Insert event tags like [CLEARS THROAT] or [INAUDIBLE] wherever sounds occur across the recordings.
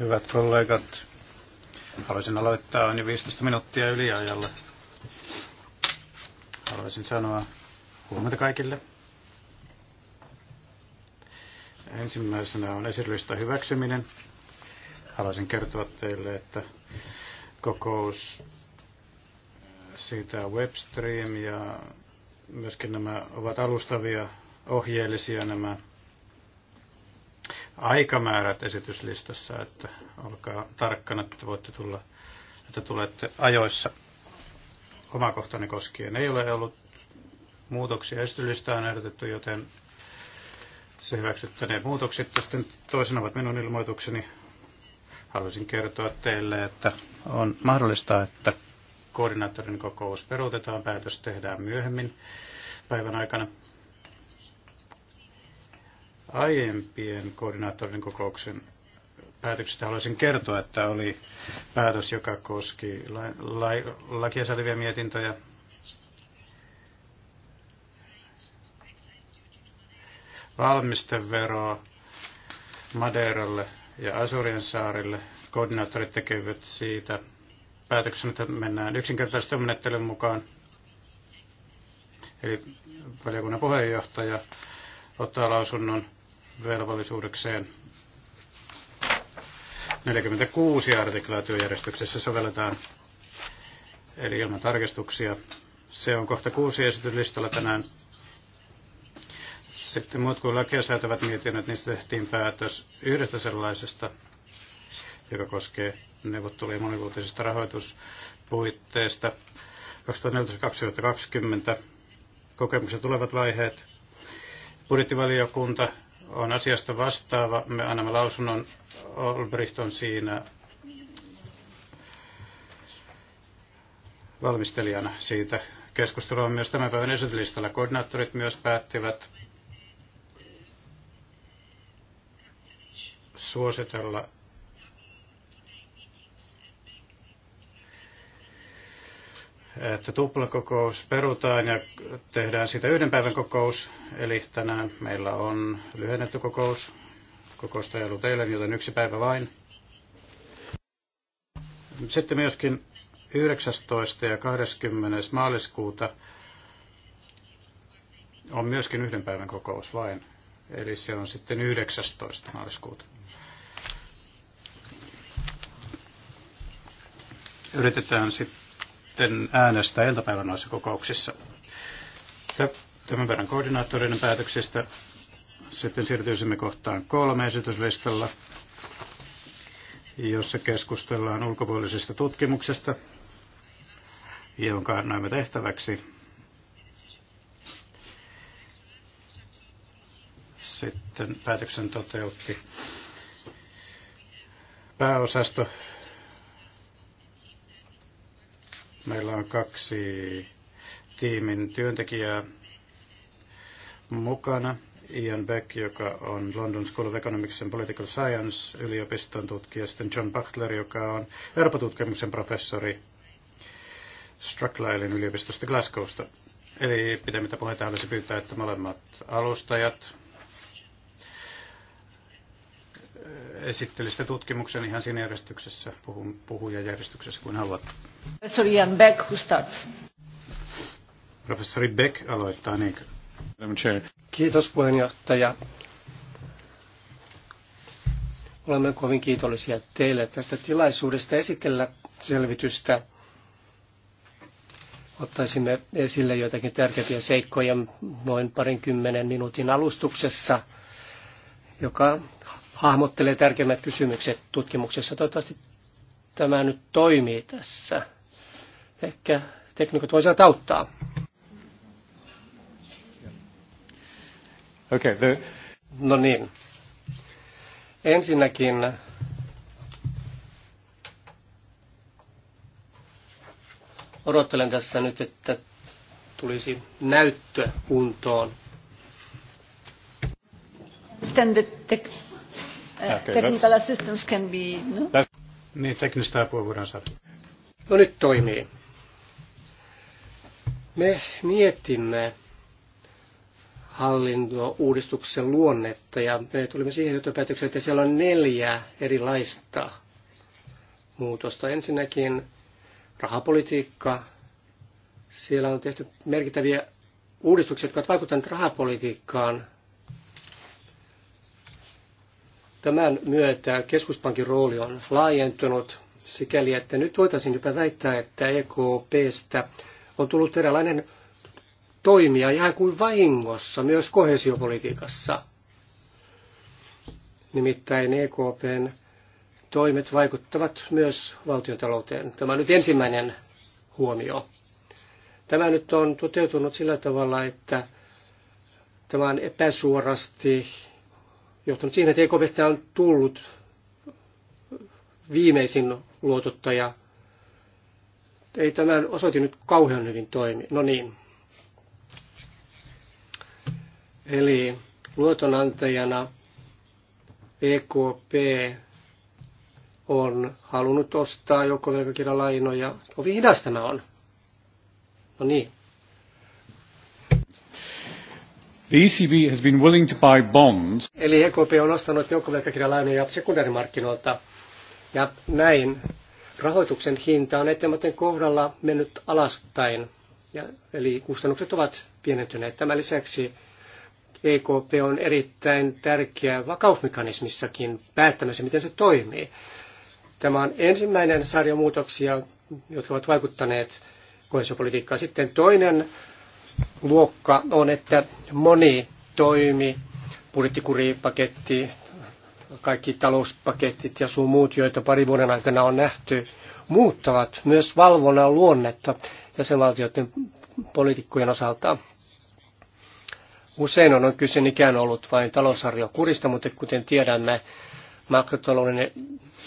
Hyvät kollegat, haluaisin aloittaa aina 15 minuuttia yliajalle. Haluaisin sanoa huomenta kaikille. Ensimmäisenä on esirylistä hyväksyminen. Haluaisin kertoa teille, että kokous siitä Webstream ja myöskin nämä ovat alustavia ohjeellisia nämä aikamäärät esityslistassa, että olkaa tarkkana, että voitte tulla, että tulette ajoissa. Omakohtani koskien ei ole ollut muutoksia esityslistaan ehdotettu, joten se hyväksyttäneet muutokset. Sitten toisena ovat minun ilmoitukseni. Haluaisin kertoa teille, että on mahdollista, että koordinaattorin kokous peruutetaan, päätös tehdään myöhemmin päivän aikana aiempien koordinaattorin kokouksen päätöksestä haluaisin kertoa, että oli päätös, joka koski la- la- lakia säätäviä mietintöjä. Valmisteveroa Madeiralle ja Asurien saarille. Koordinaattorit tekevät siitä päätöksen, että mennään yksinkertaisesti menettelyn mukaan. Eli valiokunnan puheenjohtaja ottaa lausunnon velvollisuudekseen. 46 artiklaa työjärjestyksessä sovelletaan, eli ilman tarkistuksia. Se on kohta kuusi esityslistalla tänään. Sitten muut kuin lakia säätävät mietinnöt, niistä tehtiin päätös yhdestä sellaisesta, joka koskee neuvottelujen monivuotisesta rahoituspuitteesta 2014-2020. Kokemukset tulevat vaiheet. Budjettivaliokunta on asiasta vastaava. Me annamme lausunnon, Olbricht on siinä valmistelijana siitä. Keskustelu on myös tämän päivän esityslistalla. Koordinaattorit myös päättivät suositella että tuplakokous perutaan ja tehdään siitä yhden päivän kokous. Eli tänään meillä on lyhennetty kokous. Kokousta ei ollut eilen, joten yksi päivä vain. Sitten myöskin 19. ja 20. maaliskuuta on myöskin yhden päivän kokous vain. Eli se on sitten 19. maaliskuuta. Yritetään sitten sitten äänestää iltapäivän noissa kokouksissa. Tämän verran koordinaattoreiden päätöksistä. Sitten siirtyisimme kohtaan kolme esityslistalla, jossa keskustellaan ulkopuolisesta tutkimuksesta, jonka annoimme tehtäväksi. Sitten päätöksen toteutti pääosasto Meillä on kaksi tiimin työntekijää mukana. Ian Beck, joka on London School of Economics and Political Science yliopiston tutkija, sitten John Butler, joka on Euroopan tutkimuksen professori Strucklailin yliopistosta Glasgowsta. Eli pitämättä puheita haluaisin pyytää, että molemmat alustajat esittelystä tutkimuksen ihan siinä järjestyksessä, puhun, puhujajärjestyksessä kuin haluat. Professori Jan Beck, who starts? Professori Beck aloittaa, niin. Kiitos puheenjohtaja. Olemme kovin kiitollisia teille tästä tilaisuudesta esitellä selvitystä. Ottaisimme esille joitakin tärkeimpiä seikkoja noin parinkymmenen minuutin alustuksessa, joka hahmottelee tärkeimmät kysymykset tutkimuksessa. Toivottavasti tämä nyt toimii tässä. Ehkä teknikot voisivat auttaa. Okay, the... No niin. Ensinnäkin odottelen tässä nyt, että tulisi näyttö kuntoon. Sitten the, the Eh, technical assistance can be... No? Niin, teknistä apua voidaan saada. No nyt toimii. Me mietimme hallinto-uudistuksen luonnetta ja me tulimme siihen johtopäätökseen, että siellä on neljä erilaista muutosta. Ensinnäkin rahapolitiikka. Siellä on tehty merkittäviä uudistuksia, jotka ovat vaikuttaneet rahapolitiikkaan Tämän myötä keskuspankin rooli on laajentunut sikäli, että nyt voitaisiin jopa väittää, että EKPstä on tullut eräänlainen toimija ihan kuin vahingossa myös kohesiopolitiikassa. Nimittäin EKPn toimet vaikuttavat myös valtiontalouteen. Tämä on nyt ensimmäinen huomio. Tämä nyt on toteutunut sillä tavalla, että tämä on epäsuorasti johtanut siihen, että EKPstä on tullut viimeisin luotottaja. Ei tämä osoiti nyt kauhean hyvin toimi. No niin. Eli luotonantajana EKP on halunnut ostaa joko velkakirjalainoja. Kovin hidas tämä on. No niin. The ECB has been willing to buy bonds. Eli EKP on ostanut joukkovelkakirjalainoja sekundaarimarkkinoilta ja näin rahoituksen hinta on etemäten kohdalla mennyt alaspäin, ja, eli kustannukset ovat pienentyneet. Tämän lisäksi EKP on erittäin tärkeä vakausmekanismissakin päättämässä, miten se toimii. Tämä on ensimmäinen sarja muutoksia, jotka ovat vaikuttaneet kohesiopolitiikkaan. Sitten toinen luokka on, että moni toimi, budjettikuripaketti, kaikki talouspaketit ja sun muut, joita pari vuoden aikana on nähty, muuttavat myös valvonnan luonnetta jäsenvaltioiden poliitikkojen osalta. Usein on kyse ikään ollut vain talousarviokurista, mutta kuten tiedämme, makrotalouden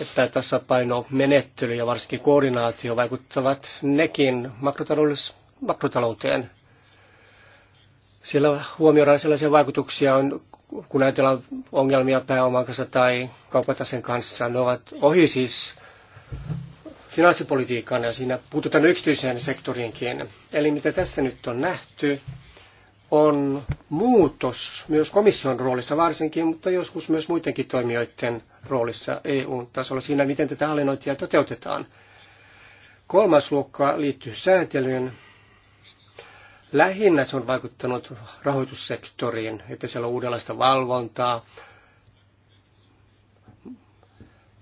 epätasapaino, menettely ja varsinkin koordinaatio vaikuttavat nekin makrotalouteen. Siellä huomioidaan sellaisia vaikutuksia, on, kun ajatellaan ongelmia pääoman kanssa tai kaupatasen kanssa. Ne ovat ohi siis finanssipolitiikan ja siinä puututaan yksityiseen sektoriinkin. Eli mitä tässä nyt on nähty, on muutos myös komission roolissa varsinkin, mutta joskus myös muidenkin toimijoiden roolissa EU-tasolla siinä, miten tätä hallinnointia toteutetaan. Kolmas luokka liittyy sääntelyyn, Lähinnä se on vaikuttanut rahoitussektoriin, että siellä on uudenlaista valvontaa,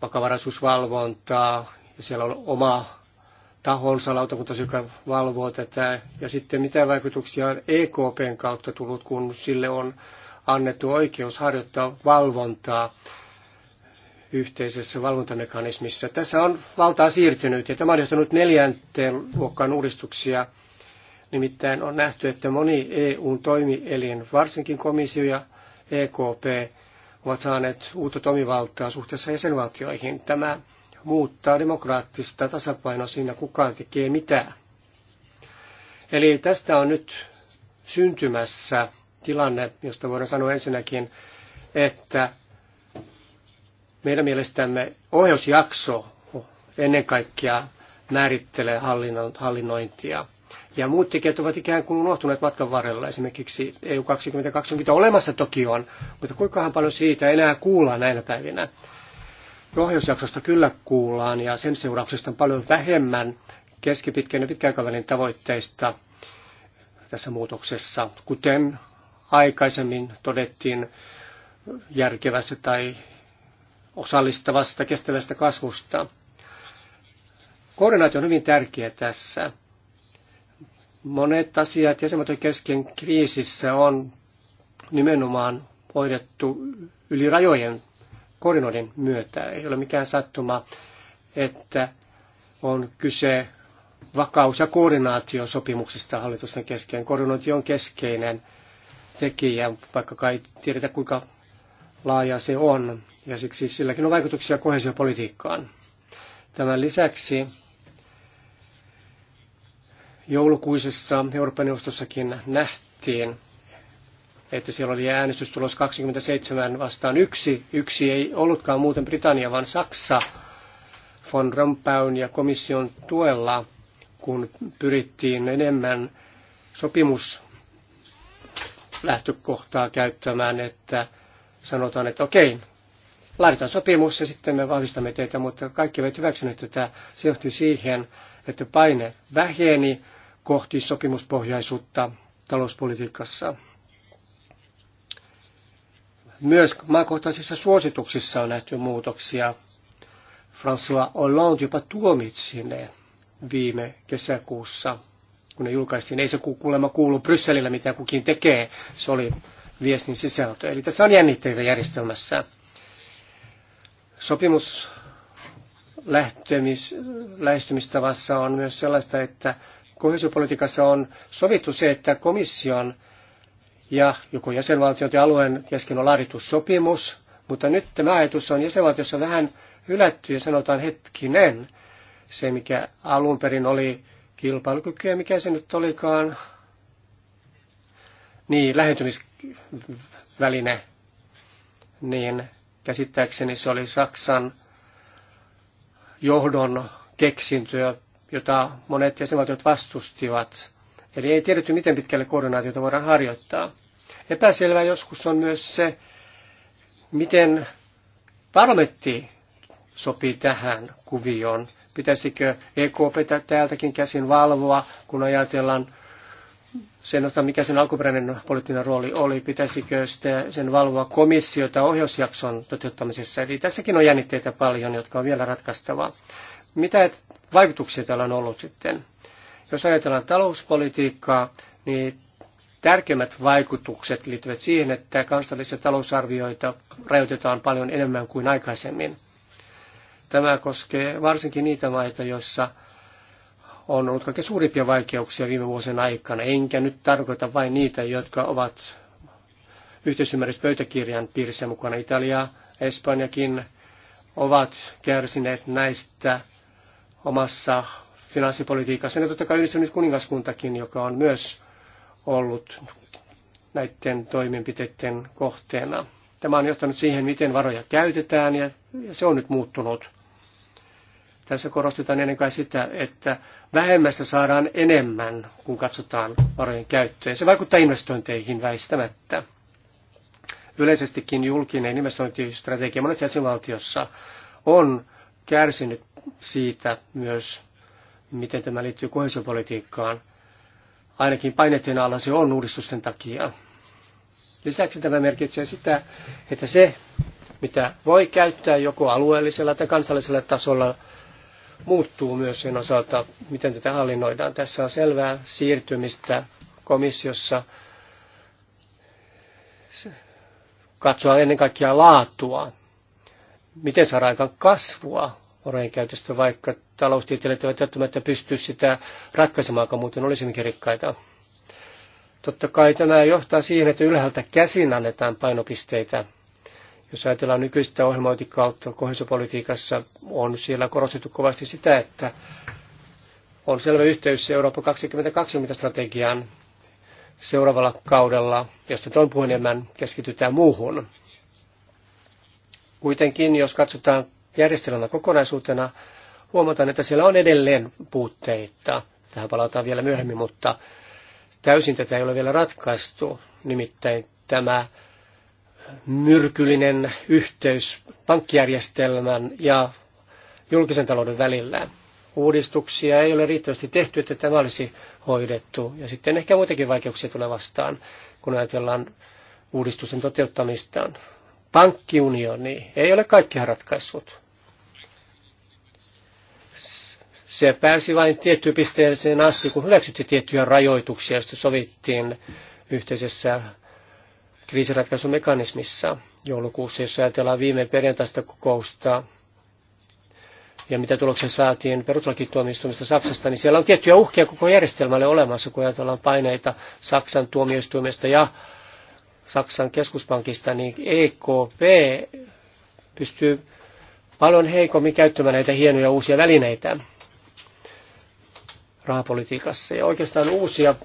vakavaraisuusvalvontaa, ja siellä on oma tahonsa lautakunta, joka valvoo tätä, ja sitten mitä vaikutuksia on EKPn kautta tullut, kun sille on annettu oikeus harjoittaa valvontaa yhteisessä valvontamekanismissa. Tässä on valtaa siirtynyt, ja tämä on johtanut neljänteen luokkaan uudistuksia – Nimittäin on nähty, että moni EUn toimielin, varsinkin komissio ja EKP, ovat saaneet uutta toimivaltaa suhteessa jäsenvaltioihin. Tämä muuttaa demokraattista tasapainoa siinä, kukaan tekee mitä. Eli tästä on nyt syntymässä tilanne, josta voidaan sanoa ensinnäkin, että meidän mielestämme ohjausjakso ennen kaikkea määrittelee hallinnointia. Ja muut tekijät ovat ikään kuin unohtuneet matkan varrella. Esimerkiksi EU 2020 olemassa toki on, mutta kuinkahan paljon siitä enää kuullaan näinä päivinä. Ohjausjaksosta kyllä kuullaan ja sen seurauksesta on paljon vähemmän keskipitkän ja pitkäaikavälin tavoitteista tässä muutoksessa, kuten aikaisemmin todettiin järkevästä tai osallistavasta kestävästä kasvusta. Koordinaatio on hyvin tärkeä tässä. Monet asiat jäsenmaiden kesken kriisissä on nimenomaan hoidettu yli rajojen koordinoiden myötä. Ei ole mikään sattuma, että on kyse vakaus- ja koordinaatiosopimuksista hallitusten kesken. Koordinointi on keskeinen tekijä, vaikka kai tiedetä kuinka laaja se on, ja siksi silläkin on vaikutuksia kohesiopolitiikkaan. Tämän lisäksi joulukuisessa Euroopan neuvostossakin nähtiin, että siellä oli äänestystulos 27 vastaan yksi. Yksi ei ollutkaan muuten Britannia, vaan Saksa von Rompuyn ja komission tuella, kun pyrittiin enemmän sopimus lähtökohtaa käyttämään, että sanotaan, että okei, laaditaan sopimus ja sitten me vahvistamme teitä, mutta kaikki eivät hyväksyneet tätä. Se johti siihen, että paine väheni kohti sopimuspohjaisuutta talouspolitiikassa. Myös maakohtaisissa suosituksissa on nähty muutoksia. François Hollande jopa tuomitsi ne viime kesäkuussa, kun ne julkaistiin. Ei se kuulemma kuulu Brysselillä, mitä kukin tekee. Se oli viestin sisältö. Eli tässä on jännitteitä järjestelmässä. Sopimus lähtemis, lähestymistavassa on myös sellaista, että kohesiopolitiikassa on sovittu se, että komission ja joko jäsenvaltion ja alueen kesken on laadittu sopimus, mutta nyt tämä ajatus on jäsenvaltiossa vähän hylätty ja sanotaan hetkinen, se mikä alun perin oli kilpailukykyä, mikä se nyt olikaan, niin lähentymisväline, niin käsittääkseni se oli Saksan johdon keksintöä, jota monet jäsenvaltiot vastustivat. Eli ei tiedetty, miten pitkälle koordinaatiota voidaan harjoittaa. Epäselvää joskus on myös se, miten parlamentti sopii tähän kuvioon. Pitäisikö EKP täältäkin käsin valvoa, kun ajatellaan sen osalta, mikä sen alkuperäinen poliittinen rooli oli, pitäisikö sitä, sen valvoa komissiota ohjausjakson toteuttamisessa. Eli tässäkin on jännitteitä paljon, jotka on vielä ratkaistavaa. Mitä vaikutuksia täällä on ollut sitten? Jos ajatellaan talouspolitiikkaa, niin tärkeimmät vaikutukset liittyvät siihen, että kansallisia talousarvioita rajoitetaan paljon enemmän kuin aikaisemmin. Tämä koskee varsinkin niitä maita, joissa on ollut kaikkein suurimpia vaikeuksia viime vuosien aikana, enkä nyt tarkoita vain niitä, jotka ovat yhteisymmärryspöytäkirjan piirissä mukana. Italia, Espanjakin ovat kärsineet näistä omassa finanssipolitiikassa. Ja totta kai yhdistynyt kuningaskuntakin, joka on myös ollut näiden toimenpiteiden kohteena. Tämä on johtanut siihen, miten varoja käytetään ja se on nyt muuttunut. Tässä korostetaan ennen kaikkea sitä, että vähemmästä saadaan enemmän, kun katsotaan varojen käyttöä. Se vaikuttaa investointeihin väistämättä. Yleisestikin julkinen investointistrategia monessa jäsenvaltiossa on kärsinyt siitä myös, miten tämä liittyy kohesiopolitiikkaan. Ainakin paineiden alla se on uudistusten takia. Lisäksi tämä merkitsee sitä, että se, mitä voi käyttää joko alueellisella tai kansallisella tasolla, muuttuu myös sen osalta, miten tätä hallinnoidaan. Tässä on selvää siirtymistä komissiossa katsoa ennen kaikkea laatua, miten saadaan aikaan kasvua orojen käytöstä, vaikka taloustieteilijät eivät välttämättä pysty sitä kun muuten olisimmekin rikkaita. Totta kai tämä johtaa siihen, että ylhäältä käsin annetaan painopisteitä jos ajatellaan nykyistä ohjelmointikautta kohdistopolitiikassa, on siellä korostettu kovasti sitä, että on selvä yhteys Eurooppa 2020 strategiaan seuraavalla kaudella, josta tuon puhun enemmän keskitytään muuhun. Kuitenkin, jos katsotaan järjestelmän kokonaisuutena, huomataan, että siellä on edelleen puutteita. Tähän palataan vielä myöhemmin, mutta täysin tätä ei ole vielä ratkaistu. Nimittäin tämä myrkyllinen yhteys pankkijärjestelmän ja julkisen talouden välillä. Uudistuksia ei ole riittävästi tehty, että tämä olisi hoidettu. Ja sitten ehkä muitakin vaikeuksia tulee vastaan, kun ajatellaan uudistusten toteuttamistaan. Pankkiunioni ei ole kaikkia ratkaissut. Se pääsi vain tiettyyn pisteeseen asti, kun hyväksyttiin tiettyjä rajoituksia, joista sovittiin yhteisessä kriisiratkaisumekanismissa joulukuussa, jos ajatellaan viime perjantaista kokousta ja mitä tuloksia saatiin perustuslakituomioistuimesta Saksasta, niin siellä on tiettyjä uhkia koko järjestelmälle olemassa, kun ajatellaan paineita Saksan tuomioistuimesta ja Saksan keskuspankista, niin EKP pystyy paljon heikommin käyttämään näitä hienoja uusia välineitä rahapolitiikassa. Ja oikeastaan uusia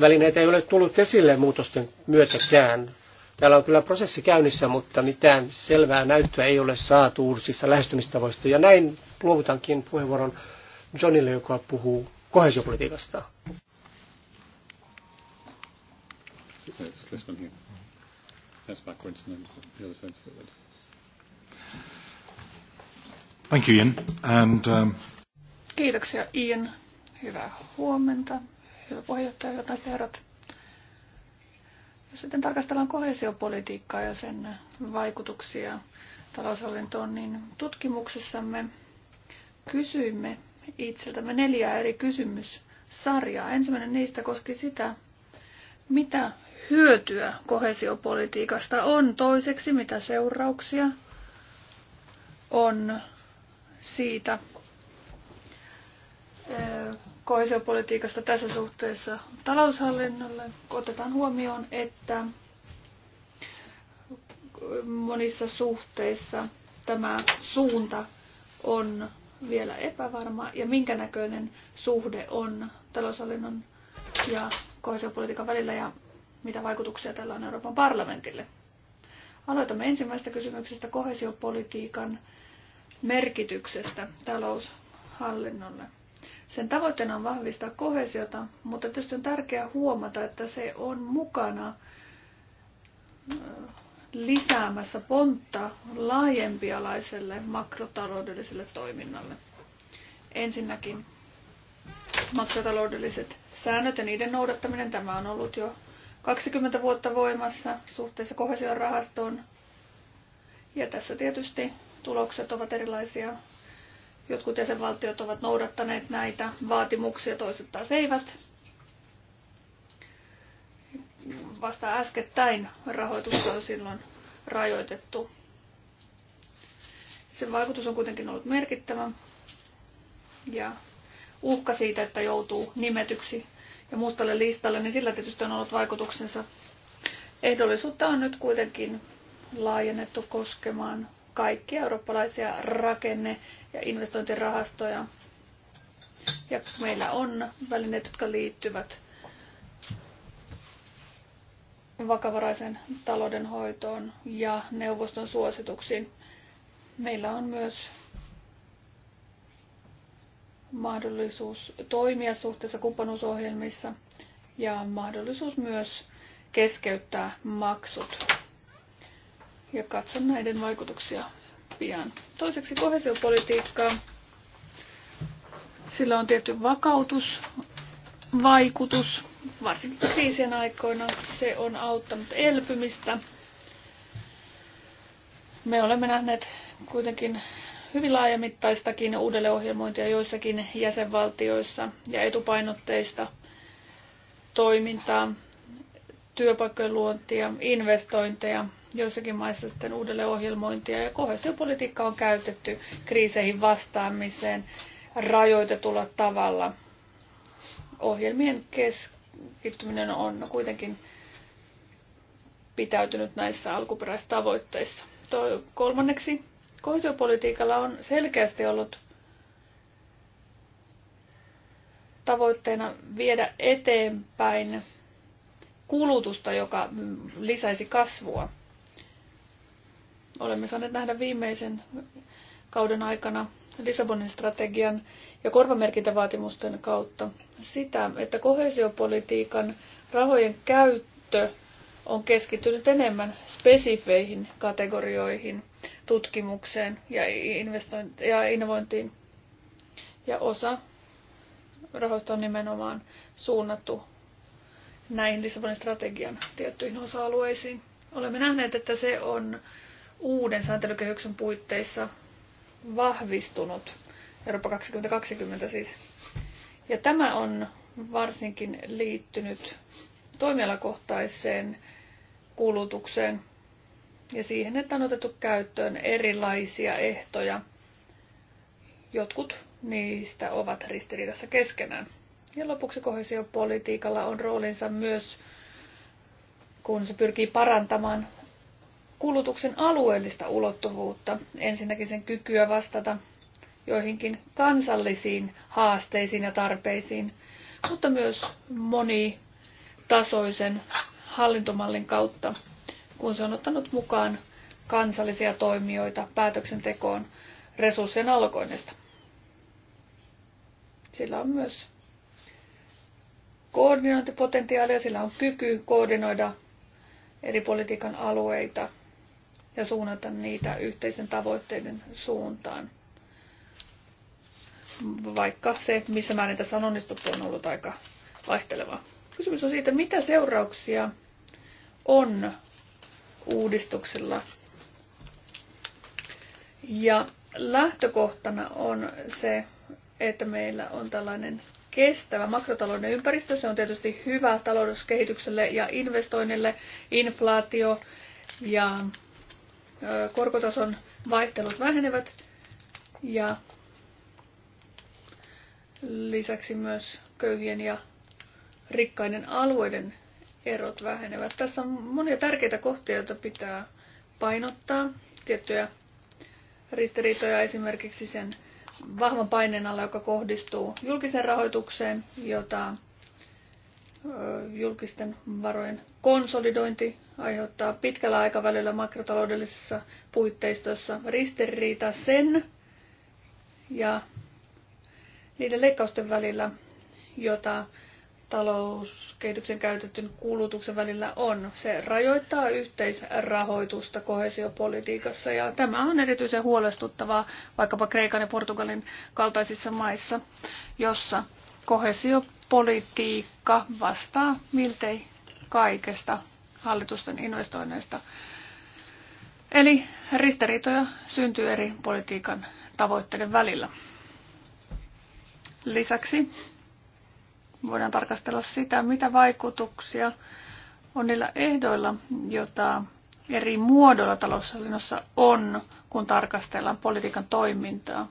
välineitä ei ole tullut esille muutosten myötäkään. Täällä on kyllä prosessi käynnissä, mutta mitään selvää näyttöä ei ole saatu uusista lähestymistavoista. Ja näin luovutankin puheenvuoron Johnille, joka puhuu kohesiopolitiikasta. Thank you, Ian. And, um... Kiitoksia, Ian. Hyvää huomenta hyvä puheenjohtaja, hyvät herrat. Jos sitten tarkastellaan kohesiopolitiikkaa ja sen vaikutuksia taloushallintoon, niin tutkimuksessamme kysyimme itseltämme neljää eri kysymyssarjaa. Ensimmäinen niistä koski sitä, mitä hyötyä kohesiopolitiikasta on. Toiseksi, mitä seurauksia on siitä, koesiopolitiikasta tässä suhteessa taloushallinnolle. Otetaan huomioon, että monissa suhteissa tämä suunta on vielä epävarma ja minkä näköinen suhde on taloushallinnon ja kohesiopolitiikan välillä ja mitä vaikutuksia tällä on Euroopan parlamentille. Aloitamme ensimmäisestä kysymyksestä kohesiopolitiikan merkityksestä taloushallinnolle. Sen tavoitteena on vahvistaa kohesiota, mutta tietysti on tärkeää huomata, että se on mukana lisäämässä pontta laajempialaiselle makrotaloudelliselle toiminnalle. Ensinnäkin makrotaloudelliset säännöt ja niiden noudattaminen. Tämä on ollut jo 20 vuotta voimassa suhteessa kohesion rahastoon. Ja tässä tietysti tulokset ovat erilaisia Jotkut jäsenvaltiot ovat noudattaneet näitä vaatimuksia, toiset taas eivät. Vasta äskettäin rahoitusta on silloin rajoitettu. Sen vaikutus on kuitenkin ollut merkittävä ja uhka siitä, että joutuu nimetyksi ja mustalle listalle, niin sillä tietysti on ollut vaikutuksensa. Ehdollisuutta on nyt kuitenkin laajennettu koskemaan kaikkia eurooppalaisia rakenne- ja investointirahastoja. Ja meillä on välineet, jotka liittyvät vakavaraisen taloudenhoitoon ja neuvoston suosituksiin. Meillä on myös mahdollisuus toimia suhteessa kumppanuusohjelmissa ja mahdollisuus myös keskeyttää maksut ja katson näiden vaikutuksia pian. Toiseksi kohesiopolitiikkaa. Sillä on tietty vakautus, vaikutus. varsinkin kriisien aikoina. Se on auttanut elpymistä. Me olemme nähneet kuitenkin hyvin laajamittaistakin uudelleenohjelmointia joissakin jäsenvaltioissa ja etupainotteista toimintaa, työpaikkojen luontia, investointeja – joissakin maissa sitten uudelleenohjelmointia ohjelmointia ja kohesiopolitiikka on käytetty kriiseihin vastaamiseen rajoitetulla tavalla. Ohjelmien keskittyminen on kuitenkin pitäytynyt näissä alkuperäistavoitteissa. Toi kolmanneksi, kohesiopolitiikalla on selkeästi ollut tavoitteena viedä eteenpäin kulutusta, joka lisäisi kasvua. Olemme saaneet nähdä viimeisen kauden aikana Lissabonin strategian ja korvamerkintävaatimusten kautta sitä, että kohesiopolitiikan rahojen käyttö on keskittynyt enemmän spesifeihin kategorioihin, tutkimukseen ja, ja innovointiin. Ja osa rahoista on nimenomaan suunnattu näihin Lissabonin strategian tiettyihin osa-alueisiin. Olemme nähneet, että se on uuden sääntelykehyksen puitteissa vahvistunut. Eurooppa 2020 siis. Ja tämä on varsinkin liittynyt toimialakohtaiseen kulutukseen ja siihen, että on otettu käyttöön erilaisia ehtoja. Jotkut niistä ovat ristiriidassa keskenään. Ja lopuksi kohesiopolitiikalla on roolinsa myös, kun se pyrkii parantamaan kulutuksen alueellista ulottuvuutta, ensinnäkin sen kykyä vastata joihinkin kansallisiin haasteisiin ja tarpeisiin, mutta myös monitasoisen hallintomallin kautta, kun se on ottanut mukaan kansallisia toimijoita päätöksentekoon resurssien alkoinnista. Sillä on myös koordinointipotentiaalia, sillä on kyky koordinoida eri politiikan alueita ja suunnata niitä yhteisen tavoitteiden suuntaan. Vaikka se, missä määrin tässä on onnistuttu, on ollut aika vaihtelevaa. Kysymys on siitä, mitä seurauksia on uudistuksella. Ja lähtökohtana on se, että meillä on tällainen kestävä makrotalouden ympäristö. Se on tietysti hyvä talouskehitykselle ja investoinnille, inflaatio ja korkotason vaihtelut vähenevät ja lisäksi myös köyhien ja rikkaiden alueiden erot vähenevät. Tässä on monia tärkeitä kohtia, joita pitää painottaa. Tiettyjä ristiriitoja esimerkiksi sen vahvan paineen alla, joka kohdistuu julkiseen rahoitukseen, jota julkisten varojen konsolidointi aiheuttaa pitkällä aikavälillä makrotaloudellisessa puitteistossa ristiriita sen ja niiden leikkausten välillä, jota talouskehityksen käytetyn kulutuksen välillä on. Se rajoittaa yhteisrahoitusta kohesiopolitiikassa ja tämä on erityisen huolestuttavaa vaikkapa Kreikan ja Portugalin kaltaisissa maissa, jossa Kohesiopolitiikka vastaa miltei kaikesta hallitusten investoinneista. Eli ristiriitoja syntyy eri politiikan tavoitteiden välillä. Lisäksi voidaan tarkastella sitä, mitä vaikutuksia on niillä ehdoilla, joita eri muodoilla taloushallinnossa on, kun tarkastellaan politiikan toimintaa.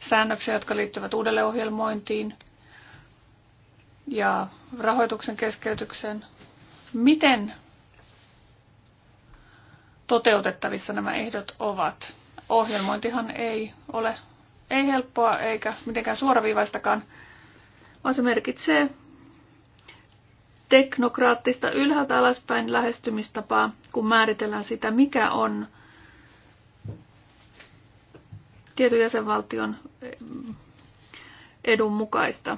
Säännöksiä, jotka liittyvät uudelleenohjelmointiin, ja rahoituksen keskeytykseen. Miten toteutettavissa nämä ehdot ovat? Ohjelmointihan ei ole ei helppoa eikä mitenkään suoraviivaistakaan, vaan se merkitsee teknokraattista ylhäältä alaspäin lähestymistapaa, kun määritellään sitä, mikä on tietyn jäsenvaltion edun mukaista.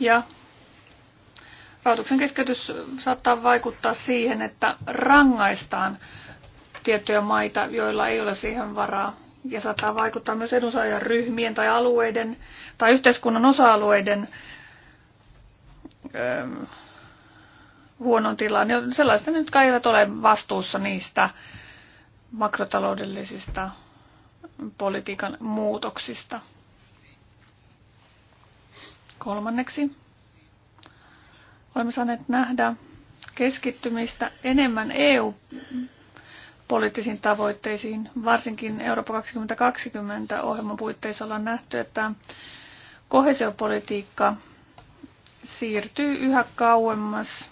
Ja rahoituksen keskeytys saattaa vaikuttaa siihen, että rangaistaan tiettyjä maita, joilla ei ole siihen varaa. Ja saattaa vaikuttaa myös edunsaajan ryhmien tai alueiden tai yhteiskunnan osa-alueiden öö, huonon tilaan. Sellaista nyt kai eivät ole vastuussa niistä makrotaloudellisista politiikan muutoksista. Kolmanneksi olemme saaneet nähdä keskittymistä enemmän EU-poliittisiin tavoitteisiin. Varsinkin Eurooppa 2020 ohjelman puitteissa ollaan nähty, että kohesiopolitiikka siirtyy yhä kauemmas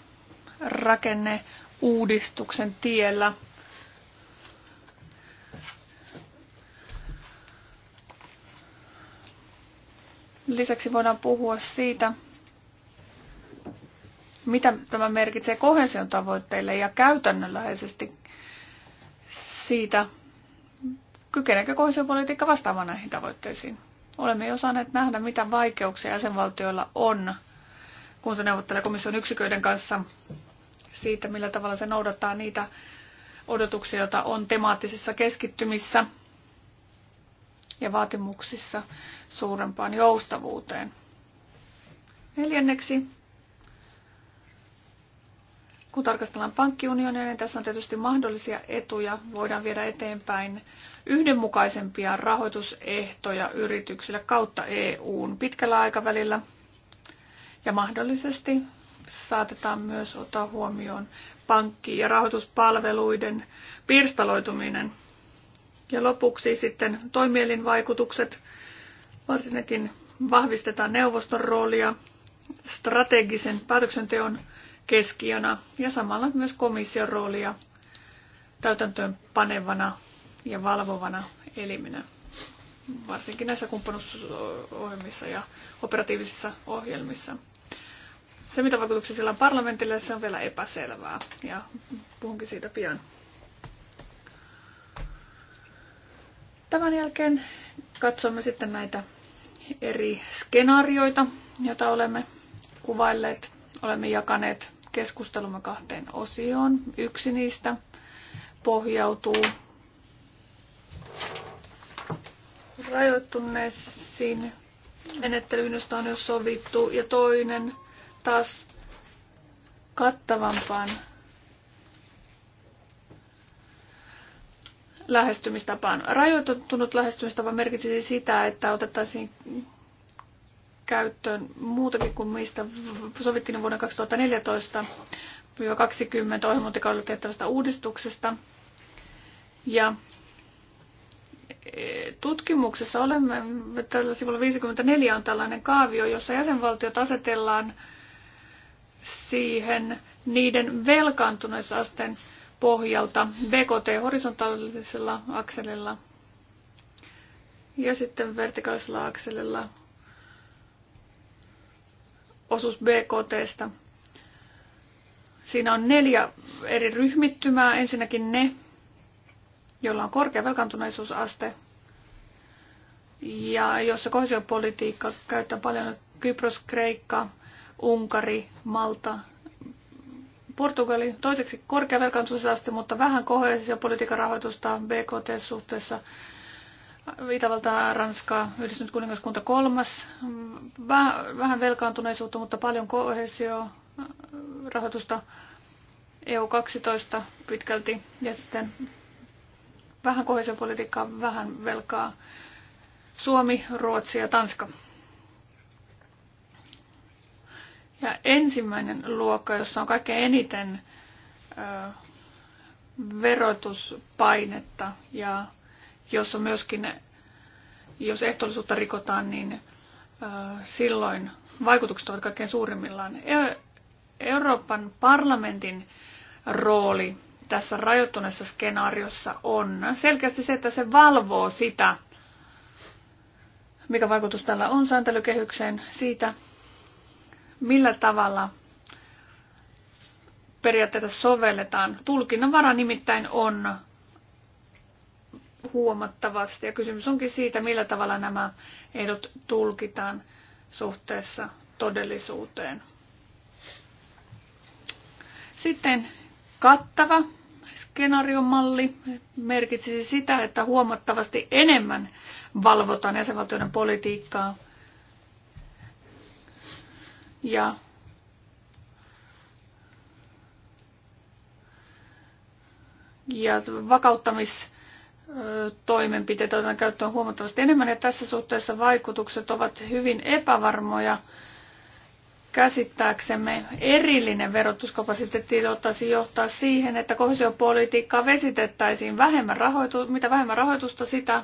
rakenneuudistuksen tiellä – Lisäksi voidaan puhua siitä, mitä tämä merkitsee kohesion tavoitteille ja käytännönläheisesti siitä, kykeneekö kohesiopolitiikka vastaamaan näihin tavoitteisiin. Olemme jo saaneet nähdä, mitä vaikeuksia jäsenvaltioilla on, kun se neuvottelee komission yksiköiden kanssa siitä, millä tavalla se noudattaa niitä odotuksia, joita on temaattisissa keskittymissä – ja vaatimuksissa suurempaan joustavuuteen. Neljänneksi, kun tarkastellaan pankkiunionia, niin tässä on tietysti mahdollisia etuja. Voidaan viedä eteenpäin yhdenmukaisempia rahoitusehtoja yrityksille kautta EUn pitkällä aikavälillä. Ja mahdollisesti saatetaan myös ottaa huomioon pankki- ja rahoituspalveluiden pirstaloituminen – ja lopuksi sitten toimielinvaikutukset. Varsinkin vahvistetaan neuvoston roolia strategisen päätöksenteon keskiönä ja samalla myös komission roolia täytäntöön panevana ja valvovana eliminä, varsinkin näissä kumppanuusohjelmissa ja operatiivisissa ohjelmissa. Se, mitä vaikutuksia sillä on parlamentille, se on vielä epäselvää ja puhunkin siitä pian. Tämän jälkeen katsomme sitten näitä eri skenaarioita, joita olemme kuvailleet. Olemme jakaneet keskustelumme kahteen osioon. Yksi niistä pohjautuu rajoittuneisiin menettelyyn, josta on jo sovittu, ja toinen taas kattavampaan lähestymistapaan. Rajoitettunut lähestymistapa merkitsisi sitä, että otettaisiin käyttöön muutakin kuin mistä sovittiin vuonna 2014 20 ohjelmointikaudella tehtävästä uudistuksesta. Ja eh, tutkimuksessa olemme, tällä sivulla 54 on tällainen kaavio, jossa jäsenvaltiot asetellaan siihen niiden velkaantuneisuusasteen pohjalta BKT-horisontaalisella akselilla ja sitten vertikaalisella akselilla osuus BKTstä. Siinä on neljä eri ryhmittymää. Ensinnäkin ne, joilla on korkea velkaantuneisuusaste ja jossa kohesiopolitiikka käyttää paljon Kypros, Kreikka, Unkari, Malta Portugali toiseksi korkea velkaantumisaste, mutta vähän kohesiopolitiikan rahoitusta BKT-suhteessa. Itävalta, Ranska, Yhdistynyt kuningaskunta kolmas. Vähän velkaantuneisuutta, mutta paljon kohesio äh, rahoitusta EU12 pitkälti ja sitten vähän kohesiopolitiikkaa, vähän velkaa. Suomi, Ruotsi ja Tanska. Ja ensimmäinen luokka, jossa on kaikkein eniten ö, verotuspainetta ja jossa myöskin, jos ehtoollisuutta rikotaan, niin ö, silloin vaikutukset ovat kaikkein suurimmillaan. E, Euroopan parlamentin rooli tässä rajoittuneessa skenaariossa on selkeästi se, että se valvoo sitä, mikä vaikutus tällä on sääntelykehykseen siitä, millä tavalla periaatteita sovelletaan. Tulkinnanvara nimittäin on huomattavasti ja kysymys onkin siitä, millä tavalla nämä ehdot tulkitaan suhteessa todellisuuteen. Sitten kattava skenaariomalli merkitsisi sitä, että huomattavasti enemmän valvotaan jäsenvaltioiden politiikkaa – ja ja vakauttamistoimenpiteitä otetaan käyttöön huomattavasti enemmän ja tässä suhteessa vaikutukset ovat hyvin epävarmoja. Käsittääksemme erillinen verotuskapasiteetti ottaisi johtaa siihen, että kohesiopolitiikkaa vesitettäisiin vähemmän rahoitu- mitä vähemmän rahoitusta sitä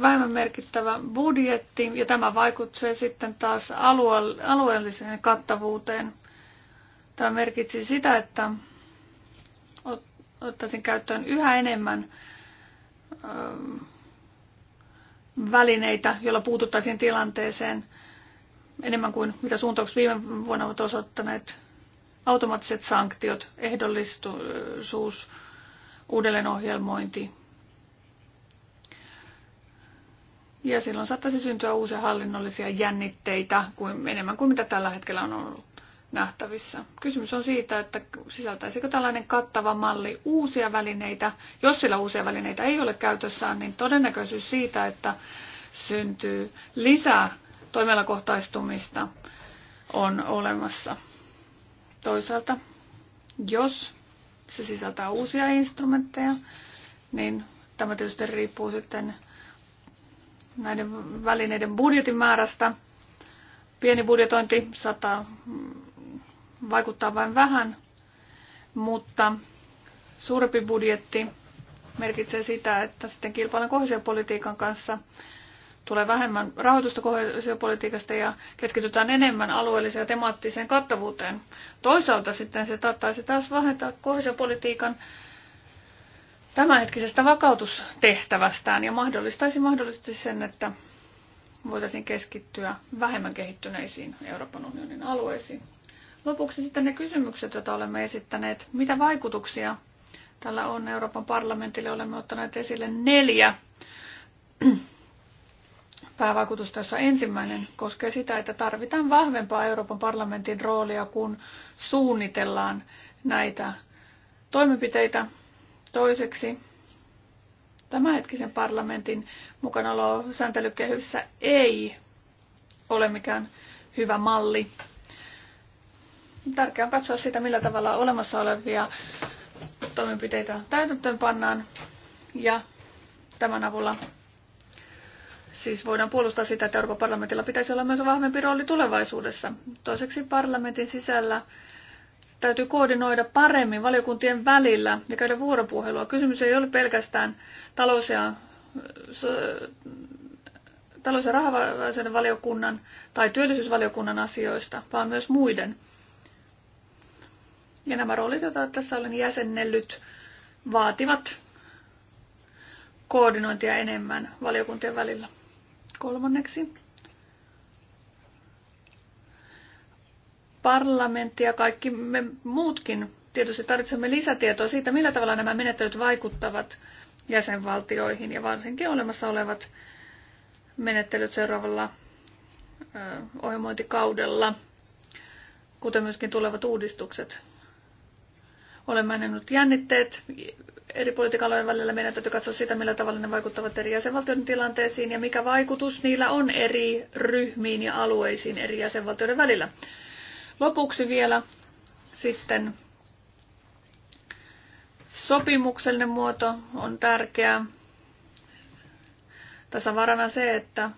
vähemmän merkittävä budjetti ja tämä vaikuttaa sitten taas alueelliseen kattavuuteen. Tämä merkitsi sitä, että ottaisin käyttöön yhä enemmän välineitä, joilla puututtaisiin tilanteeseen enemmän kuin mitä suuntaukset viime vuonna ovat osoittaneet. Automaattiset sanktiot, ehdollisuus, uudelleenohjelmointi, Ja silloin saattaisi syntyä uusia hallinnollisia jännitteitä kuin, enemmän kuin mitä tällä hetkellä on ollut nähtävissä. Kysymys on siitä, että sisältäisikö tällainen kattava malli uusia välineitä. Jos sillä uusia välineitä ei ole käytössään, niin todennäköisyys siitä, että syntyy lisää toimialakohtaistumista on olemassa. Toisaalta, jos se sisältää uusia instrumentteja, niin tämä tietysti riippuu sitten näiden välineiden budjetin määrästä. Pieni budjetointi saattaa vaikuttaa vain vähän, mutta suurempi budjetti merkitsee sitä, että sitten kilpailun kohesiopolitiikan kanssa tulee vähemmän rahoitusta kohesiopolitiikasta ja keskitytään enemmän alueelliseen ja temaattiseen kattavuuteen. Toisaalta sitten se taattaisi taas vähentää kohesiopolitiikan tämänhetkisestä vakautustehtävästään ja mahdollistaisi mahdollisesti sen, että voitaisiin keskittyä vähemmän kehittyneisiin Euroopan unionin alueisiin. Lopuksi sitten ne kysymykset, joita olemme esittäneet. Mitä vaikutuksia tällä on Euroopan parlamentille? Olemme ottaneet esille neljä päävaikutusta, jossa ensimmäinen koskee sitä, että tarvitaan vahvempaa Euroopan parlamentin roolia, kun suunnitellaan näitä toimenpiteitä, Toiseksi, tämänhetkisen parlamentin mukanaolo sääntelykehyssä ei ole mikään hyvä malli. Tärkeää on katsoa sitä, millä tavalla olemassa olevia toimenpiteitä täytäntöön pannaan ja tämän avulla siis voidaan puolustaa sitä, että Euroopan parlamentilla pitäisi olla myös vahvempi rooli tulevaisuudessa. Toiseksi parlamentin sisällä täytyy koordinoida paremmin valiokuntien välillä ja käydä vuoropuhelua. Kysymys ei ole pelkästään talous- ja, talous- ja rahavaisen valiokunnan tai työllisyysvaliokunnan asioista, vaan myös muiden. Ja nämä roolit, joita tässä olen jäsennellyt, vaativat koordinointia enemmän valiokuntien välillä. Kolmanneksi parlamentti ja kaikki me muutkin tietysti tarvitsemme lisätietoa siitä, millä tavalla nämä menettelyt vaikuttavat jäsenvaltioihin ja varsinkin olemassa olevat menettelyt seuraavalla ohjelmointikaudella, kuten myöskin tulevat uudistukset. Olemme nähneet jännitteet eri politiikalojen välillä. Meidän täytyy katsoa sitä, millä tavalla ne vaikuttavat eri jäsenvaltioiden tilanteisiin ja mikä vaikutus niillä on eri ryhmiin ja alueisiin eri jäsenvaltioiden välillä. Lopuksi vielä sitten sopimuksellinen muoto on tärkeä. Tässä varana se, että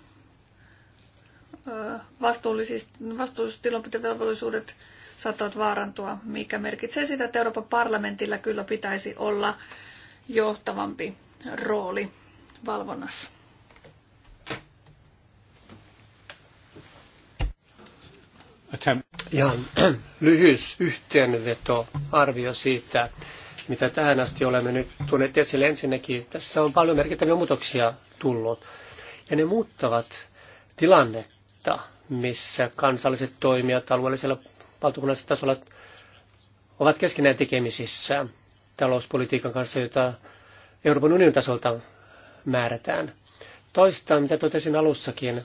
vastuullistilanpitovelvollisuudet saattavat vaarantua, mikä merkitsee sitä, että Euroopan parlamentilla kyllä pitäisi olla johtavampi rooli valvonnassa. Ihan [CLEARS THROAT] lyhyys yhteenveto arvio siitä, mitä tähän asti olemme nyt tuoneet esille. Ensinnäkin tässä on paljon merkittäviä muutoksia tullut, ja ne muuttavat tilannetta, missä kansalliset toimijat alueellisella valtakunnallisella tasolla ovat keskenään tekemisissä talouspolitiikan kanssa, jota Euroopan unionin tasolta määrätään. Toista, mitä totesin alussakin,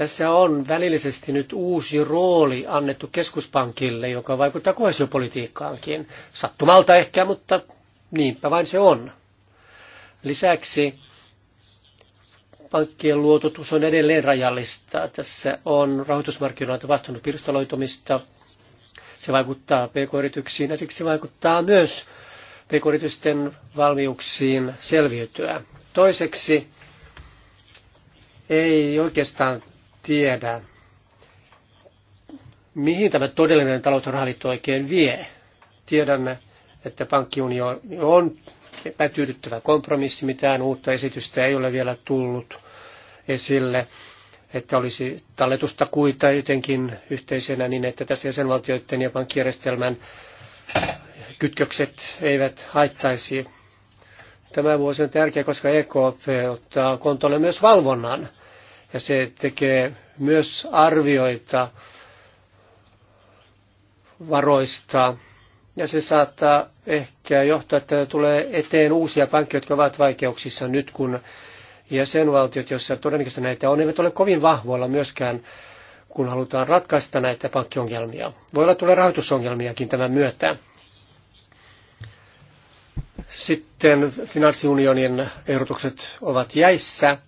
tässä on välillisesti nyt uusi rooli annettu keskuspankille, joka vaikuttaa kohesiopolitiikkaankin. Sattumalta ehkä, mutta niinpä vain se on. Lisäksi pankkien luototus on edelleen rajallista. Tässä on rahoitusmarkkinoilla tapahtunut pirstaloitumista. Se vaikuttaa pk-yrityksiin ja siksi vaikuttaa myös pk-yritysten valmiuksiin selviytyä. Toiseksi ei oikeastaan tiedä, mihin tämä todellinen talous- ja rahaliitto oikein vie. Tiedämme, että pankkiunioni on epätyydyttävä kompromissi, mitään uutta esitystä ei ole vielä tullut esille, että olisi talletusta kuita jotenkin yhteisenä niin, että tässä jäsenvaltioiden ja pankkijärjestelmän kytkökset eivät haittaisi. Tämä vuosi on tärkeä, koska EKP ottaa kontolle myös valvonnan – ja se tekee myös arvioita varoista. Ja se saattaa ehkä johtaa, että tulee eteen uusia pankkeja, jotka ovat vaikeuksissa nyt, kun jäsenvaltiot, joissa todennäköisesti näitä on, eivät ole kovin vahvoilla myöskään, kun halutaan ratkaista näitä pankkiongelmia. Voi olla tulee rahoitusongelmiakin tämän myötä. Sitten finanssiunionin ehdotukset ovat jäissä.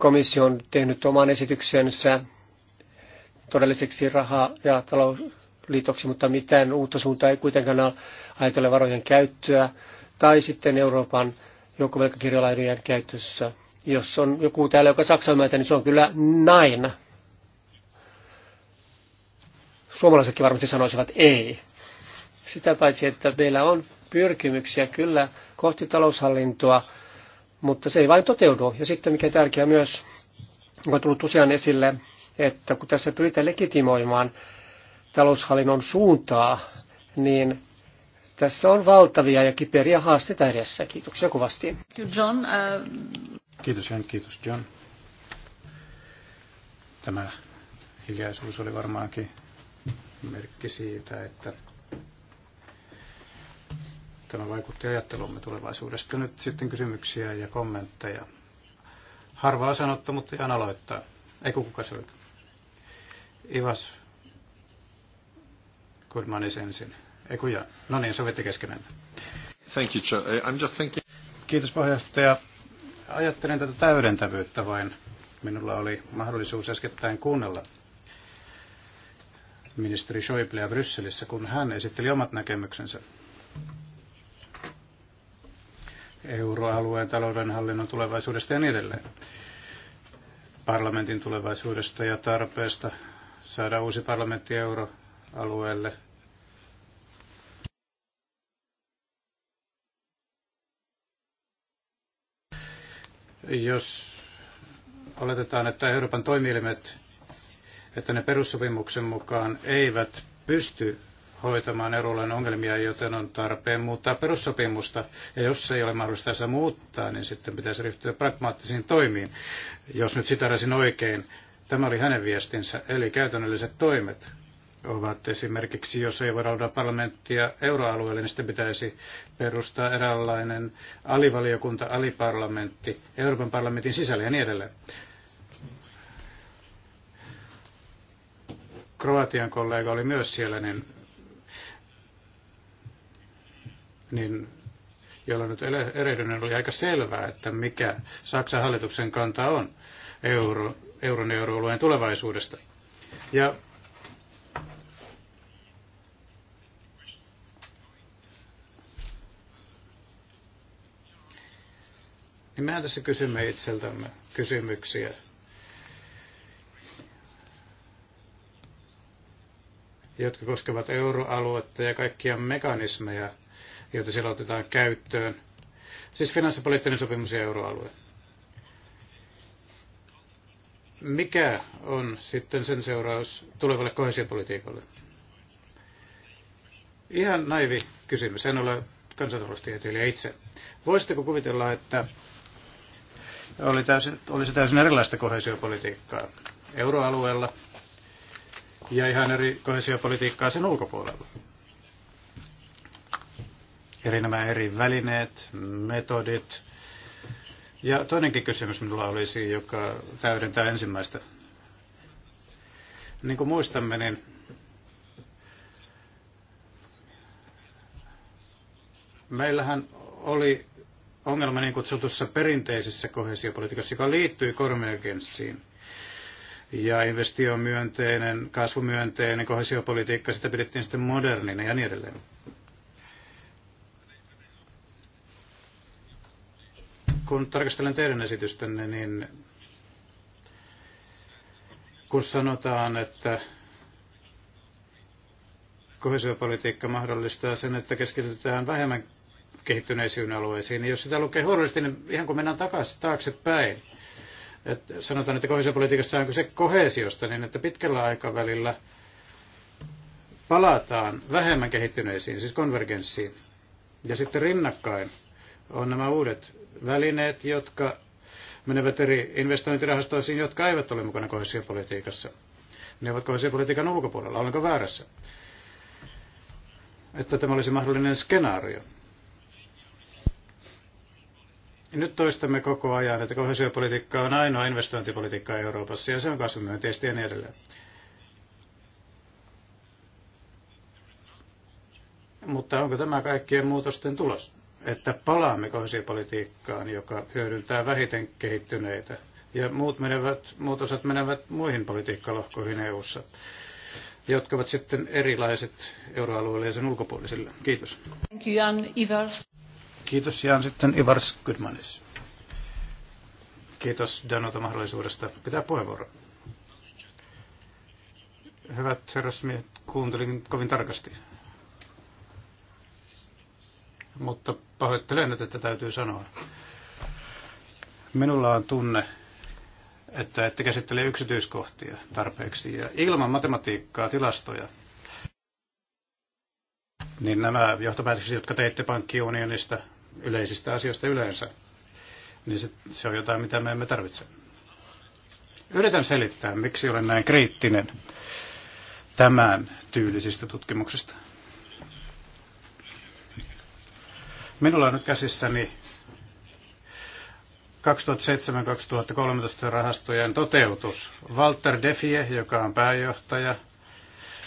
Komissio on tehnyt oman esityksensä todelliseksi raha- ja talousliitoksi, mutta mitään uutta suuntaa ei kuitenkaan ajatella varojen käyttöä. Tai sitten Euroopan joukkovelkakirjalainojen käytössä. Jos on joku täällä, joka Saksan myötä, niin se on kyllä näin. Suomalaisetkin varmasti sanoisivat ei. Sitä paitsi, että meillä on pyrkimyksiä kyllä kohti taloushallintoa, mutta se ei vain toteudu. Ja sitten mikä tärkeää myös, joka on tullut usein esille, että kun tässä pyritään legitimoimaan taloushallinnon suuntaa, niin tässä on valtavia ja kiperiä haasteita edessä. Kiitoksia kovasti. John, uh... Kiitos Jan, kiitos John. Tämä hiljaisuus oli varmaankin merkki siitä, että Tämä vaikutti ajattelumme tulevaisuudesta. Nyt sitten kysymyksiä ja kommentteja. Harvaa sanottu, mutta ihan aloittaa. Ei kuka se oli? Ivas Kudmanis ensin. Ei kun Jan. No niin, sovitte keskenään. Thank you, I'm just thinking... Kiitos puheenjohtaja. Ajattelin tätä täydentävyyttä vain. Minulla oli mahdollisuus äskettäin kuunnella ministeri Schäublea Brysselissä, kun hän esitteli omat näkemyksensä euroalueen taloudenhallinnon tulevaisuudesta ja niin edelleen. Parlamentin tulevaisuudesta ja tarpeesta saada uusi parlamentti euroalueelle jos oletetaan, että Euroopan toimielimet, että ne perussopimuksen mukaan eivät pysty hoitamaan euroalueen ongelmia, joten on tarpeen muuttaa perussopimusta. Ja jos se ei ole mahdollista sitä muuttaa, niin sitten pitäisi ryhtyä pragmaattisiin toimiin, jos nyt sitarasin oikein. Tämä oli hänen viestinsä, eli käytännölliset toimet ovat esimerkiksi, jos ei voida olla parlamenttia euroalueelle, niin sitten pitäisi perustaa eräänlainen alivaliokunta, aliparlamentti Euroopan parlamentin sisällä ja niin edelleen. Kroatian kollega oli myös siellä, niin niin jolla nyt erehdyn, oli aika selvää, että mikä Saksan hallituksen kanta on euro, euron euroalueen tulevaisuudesta. Ja niin mehän tässä kysymme itseltämme kysymyksiä. jotka koskevat euroaluetta ja kaikkia mekanismeja, joita siellä otetaan käyttöön. Siis finanssipoliittinen sopimus ja euroalue. Mikä on sitten sen seuraus tulevalle kohesiopolitiikalle? Ihan naivi kysymys. En ole kansantaloustieteilijä itse. Voisitteko kuvitella, että oli täysin, olisi täysin erilaista kohesiopolitiikkaa euroalueella ja ihan eri kohesiopolitiikkaa sen ulkopuolella? Eri nämä eri välineet, metodit. Ja toinenkin kysymys minulla olisi, joka täydentää ensimmäistä. Niin kuin muistamme, niin meillähän oli ongelma niin kutsutussa perinteisessä kohesiopolitiikassa, joka liittyy konvergenssiin. Ja investiomyönteinen, kasvumyönteinen kohesiopolitiikka, sitä pidettiin sitten modernina ja niin edelleen. kun tarkastelen teidän esitystänne, niin kun sanotaan, että kohesiopolitiikka mahdollistaa sen, että keskitytään vähemmän kehittyneisiin alueisiin, niin jos sitä lukee huolellisesti, niin ihan kun mennään takaisin taaksepäin, että sanotaan, että kohesiopolitiikassa on kyse kohesiosta, niin että pitkällä aikavälillä palataan vähemmän kehittyneisiin, siis konvergenssiin, ja sitten rinnakkain on nämä uudet välineet, jotka menevät eri investointirahastoisiin, jotka eivät ole mukana kohesiopolitiikassa. Ne ovat kohesiopolitiikan ulkopuolella. Olenko väärässä? Että tämä olisi mahdollinen skenaario. Nyt toistamme koko ajan, että kohesiopolitiikka on ainoa investointipolitiikka Euroopassa ja se on kasvumyönteistä ja niin edelleen. Mutta onko tämä kaikkien muutosten tulos? että palaamme kohesiopolitiikkaan, joka hyödyntää vähiten kehittyneitä. Ja muut, menevät, muut osat menevät muihin politiikkalohkoihin EU-ssa, jotka ovat sitten erilaiset euroalueelle ja sen ulkopuolisille. Kiitos. Thank you, Jan Kiitos Jan sitten Ivars Goodmanis. Kiitos Danota mahdollisuudesta pitää puheenvuoro. Hyvät herrasmiehet, kuuntelin kovin tarkasti mutta pahoittelen nyt, että täytyy sanoa. Minulla on tunne, että ette käsittele yksityiskohtia tarpeeksi. Ja ilman matematiikkaa, tilastoja, niin nämä johtopäätökset, jotka teitte pankkiunionista, yleisistä asioista yleensä, niin se, se on jotain, mitä me emme tarvitse. Yritän selittää, miksi olen näin kriittinen tämän tyylisistä tutkimuksista. Minulla on nyt käsissäni 2007-2013 rahastojen toteutus. Walter Defie, joka on pääjohtaja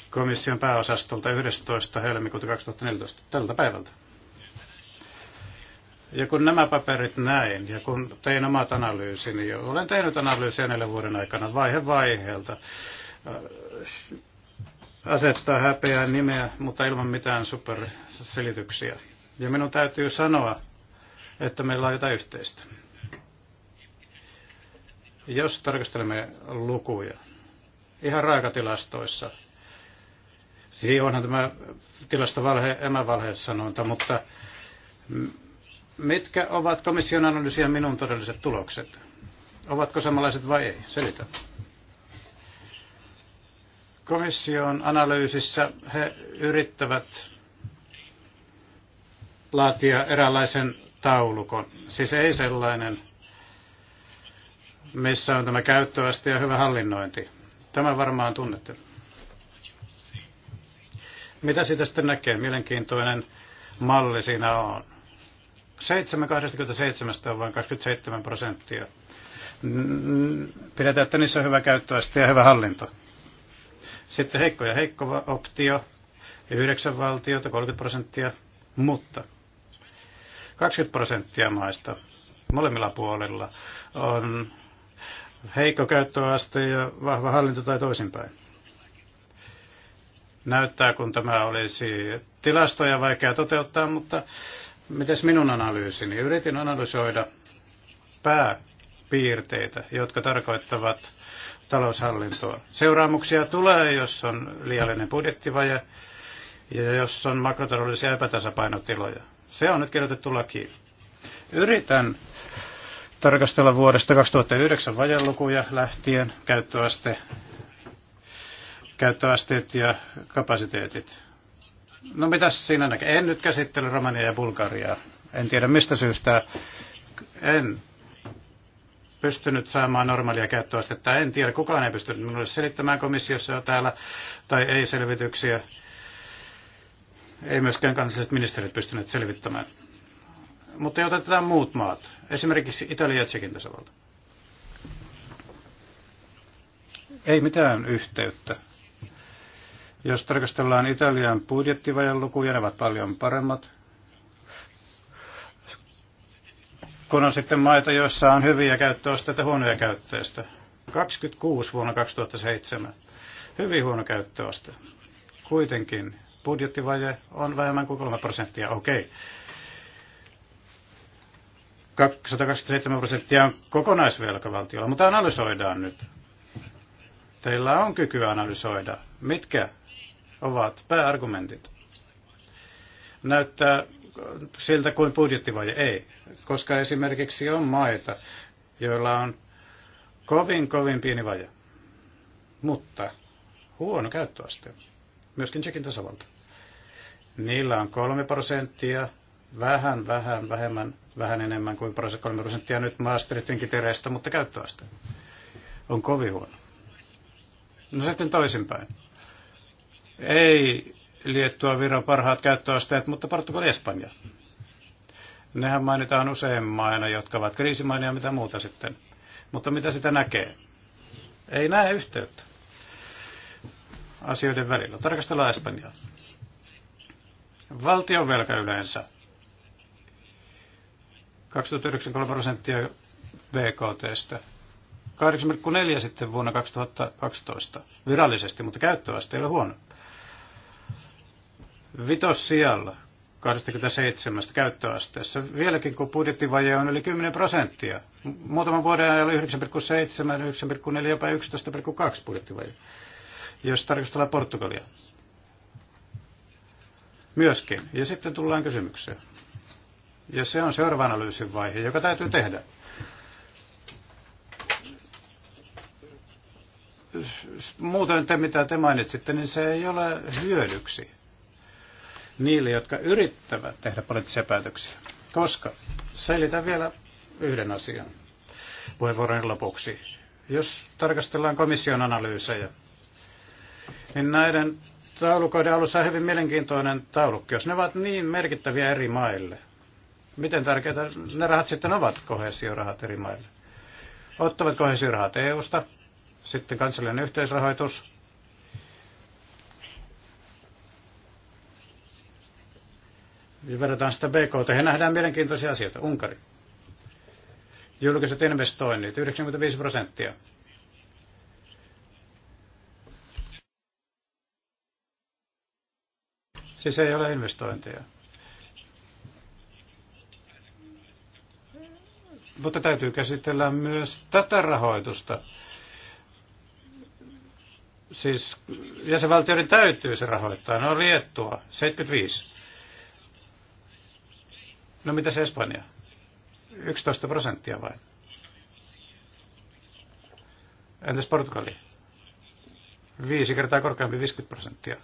komission pääosastolta 11. helmikuuta 2014 tältä päivältä. Ja kun nämä paperit näin, ja kun tein omat analyysini, ja olen tehnyt analyysiä neljän vuoden aikana vaihe vaiheelta, äh, asettaa häpeää nimeä, mutta ilman mitään superselityksiä. Ja minun täytyy sanoa, että meillä on jotain yhteistä. Jos tarkastelemme lukuja, ihan raakatilastoissa, siis onhan tämä tilastovalhe emävalhe sanonta, mutta mitkä ovat komission analyysiä minun todelliset tulokset? Ovatko samanlaiset vai ei? Selitä. Komission analyysissä he yrittävät laatia eräänlaisen taulukon. Siis ei sellainen, missä on tämä käyttöaste ja hyvä hallinnointi. Tämä varmaan tunnette. Mitä siitä sitten näkee? Mielenkiintoinen malli siinä on. 727 on vain 27 prosenttia. Pidetään, että niissä on hyvä käyttöaste ja hyvä hallinto. Sitten heikko ja heikko optio, Yhdeksän valtiota, 30 prosenttia, mutta 20 prosenttia maista molemmilla puolilla on heikko käyttöaste ja vahva hallinto tai toisinpäin. Näyttää, kun tämä olisi tilastoja vaikea toteuttaa, mutta mites minun analyysini? Yritin analysoida pääpiirteitä, jotka tarkoittavat taloushallintoa. Seuraamuksia tulee, jos on liiallinen budjettivaje ja jos on makrotaloudellisia epätasapainotiloja. Se on nyt kirjoitettu lakiin. Yritän tarkastella vuodesta 2009 vajelukuja lähtien käyttöaste, käyttöasteet ja kapasiteetit. No mitä siinä näkee? En nyt käsittele Romania ja Bulgariaa. En tiedä mistä syystä. En pystynyt saamaan normaalia käyttöastetta. En tiedä, kukaan ei pystynyt minulle selittämään komissiossa täällä tai ei selvityksiä ei myöskään kansalliset ministerit pystyneet selvittämään. Mutta ei otetaan muut maat, esimerkiksi Italia ja Tsekin tasavalta. Ei mitään yhteyttä. Jos tarkastellaan Italian budjettivajan lukuja, ne ovat paljon paremmat. Kun on sitten maita, joissa on hyviä käyttöasteita ja huonoja käyttöistä. 26 vuonna 2007. Hyvin huono käyttöaste. Kuitenkin budjettivaje on vähemmän kuin 3 prosenttia. Okei. Okay. 127 prosenttia on kokonaisvelka valtiolla, mutta analysoidaan nyt. Teillä on kykyä analysoida. Mitkä ovat pääargumentit? Näyttää siltä kuin budjettivaje ei, koska esimerkiksi on maita, joilla on kovin, kovin pieni vaje, mutta huono käyttöaste myöskin Tsekin tasavalta. Niillä on kolme prosenttia, vähän, vähän, vähemmän, vähän enemmän kuin kolme prosenttia nyt Maastrichtin kitereistä, mutta käyttöaste on kovin huono. No sitten toisinpäin. Ei Liettua Viro parhaat käyttöasteet, mutta Portugali Espanja. Nehän mainitaan usein maina, jotka ovat kriisimaina ja mitä muuta sitten. Mutta mitä sitä näkee? Ei näe yhteyttä asioiden välillä. Tarkastellaan Espanjaa. Valtion velka yleensä. 2093 prosenttia BKTstä. 8,4 sitten vuonna 2012 virallisesti, mutta käyttöaste ei ole huono. Vitos sijalla 27 käyttöasteessa. Vieläkin kun budjettivaje on yli 10 prosenttia. Muutaman vuoden ajan oli 9,7, 9,4, jopa 11,2 budjettivaje jos tarkastellaan Portugalia. Myöskin. Ja sitten tullaan kysymykseen. Ja se on seuraava analyysin vaihe, joka täytyy tehdä. Muuten te, mitä te mainitsitte, niin se ei ole hyödyksi niille, jotka yrittävät tehdä poliittisia päätöksiä. Koska, selitän vielä yhden asian puheenvuoron lopuksi. Jos tarkastellaan komission analyysejä, niin näiden taulukoiden alussa on hyvin mielenkiintoinen taulukko. Jos ne ovat niin merkittäviä eri maille, miten tärkeitä ne rahat sitten ovat, kohesiorahat eri maille? Ottavat kohesiorahat EU-sta, sitten kansallinen yhteisrahoitus, ja verrataan sitä BKT, he nähdään mielenkiintoisia asioita. Unkari. Julkiset investoinnit, 95 prosenttia. Siis ei ole investointeja. Mutta täytyy käsitellä myös tätä rahoitusta. Siis jäsenvaltioiden täytyy se rahoittaa. No Liettua, 75. No mitä se Espanja? 11 prosenttia vain. Entäs Portugali? Viisi kertaa korkeampi 50 prosenttia.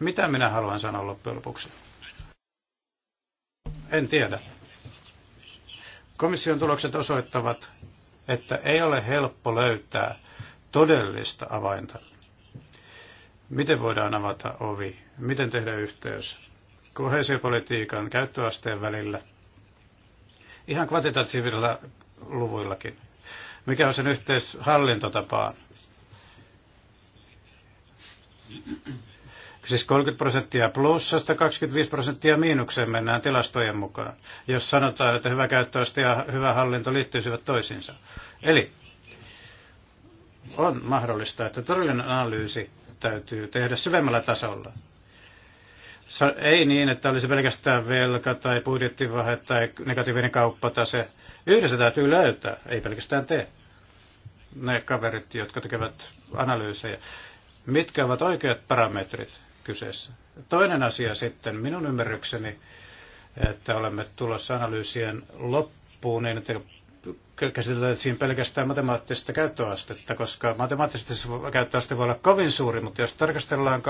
Mitä minä haluan sanoa loppujen lopuksi? En tiedä. Komission tulokset osoittavat, että ei ole helppo löytää todellista avainta. Miten voidaan avata ovi? Miten tehdä yhteys kohesiopolitiikan käyttöasteen välillä? Ihan kvantitatiivisilla luvuillakin. Mikä on sen yhteys hallintotapaan? Siis 30 prosenttia plussasta, 25 prosenttia miinukseen mennään tilastojen mukaan, jos sanotaan, että hyvä käyttöaste ja hyvä hallinto liittyisivät toisiinsa. Eli on mahdollista, että todellinen analyysi täytyy tehdä syvemmällä tasolla. Ei niin, että olisi pelkästään velka tai budjettivahe tai negatiivinen kauppatase. Yhdessä täytyy löytää, ei pelkästään te, ne kaverit, jotka tekevät analyysejä. Mitkä ovat oikeat parametrit? kyseessä. Toinen asia sitten, minun ymmärrykseni, että olemme tulossa analyysien loppuun, niin että siinä pelkästään matemaattista käyttöastetta, koska matemaattisesti käyttöaste voi olla kovin suuri, mutta jos tarkastellaan 2000-2006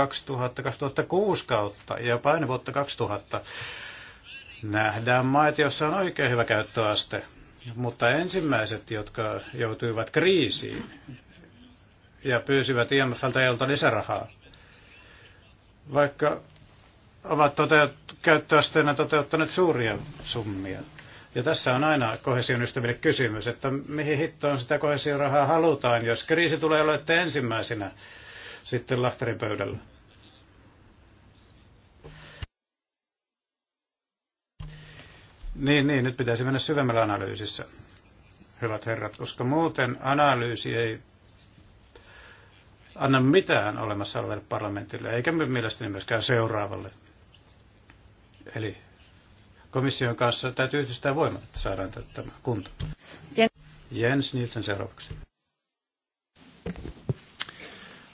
kautta ja jopa aina vuotta 2000, nähdään maita, joissa on oikein hyvä käyttöaste, mutta ensimmäiset, jotka joutuivat kriisiin ja pyysivät IMFltä EUlta lisärahaa, vaikka ovat toteut- käyttöasteena toteuttaneet suuria summia. Ja tässä on aina kohesion ystäville kysymys, että mihin hittoon sitä kohesiorahaa halutaan, jos kriisi tulee, olette ensimmäisenä sitten lahterin pöydällä. Niin, niin, nyt pitäisi mennä syvemmällä analyysissä, hyvät herrat, koska muuten analyysi ei anna mitään olemassa olevalle parlamentille, eikä mielestäni myöskään seuraavalle. Eli komission kanssa täytyy yhdistää voimat, että saadaan tämä kunto. Jens Nielsen seuraavaksi.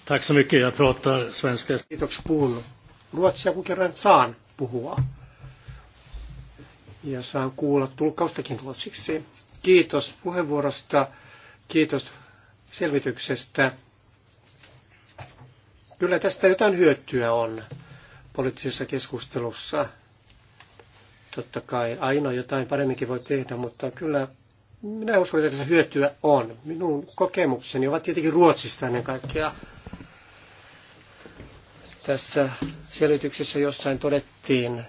Tack så mycket, jag pratar svenska. Kiitoksia puhun ruotsia, kun kerran saan puhua. Ja saan kuulla tulkkaustakin ruotsiksi. Kiitos puheenvuorosta, kiitos selvityksestä. Kyllä tästä jotain hyötyä on poliittisessa keskustelussa. Totta kai aina jotain paremminkin voi tehdä, mutta kyllä minä uskon, että tässä hyötyä on. Minun kokemukseni ovat tietenkin Ruotsista ennen kaikkea. Tässä selityksessä jossain todettiin,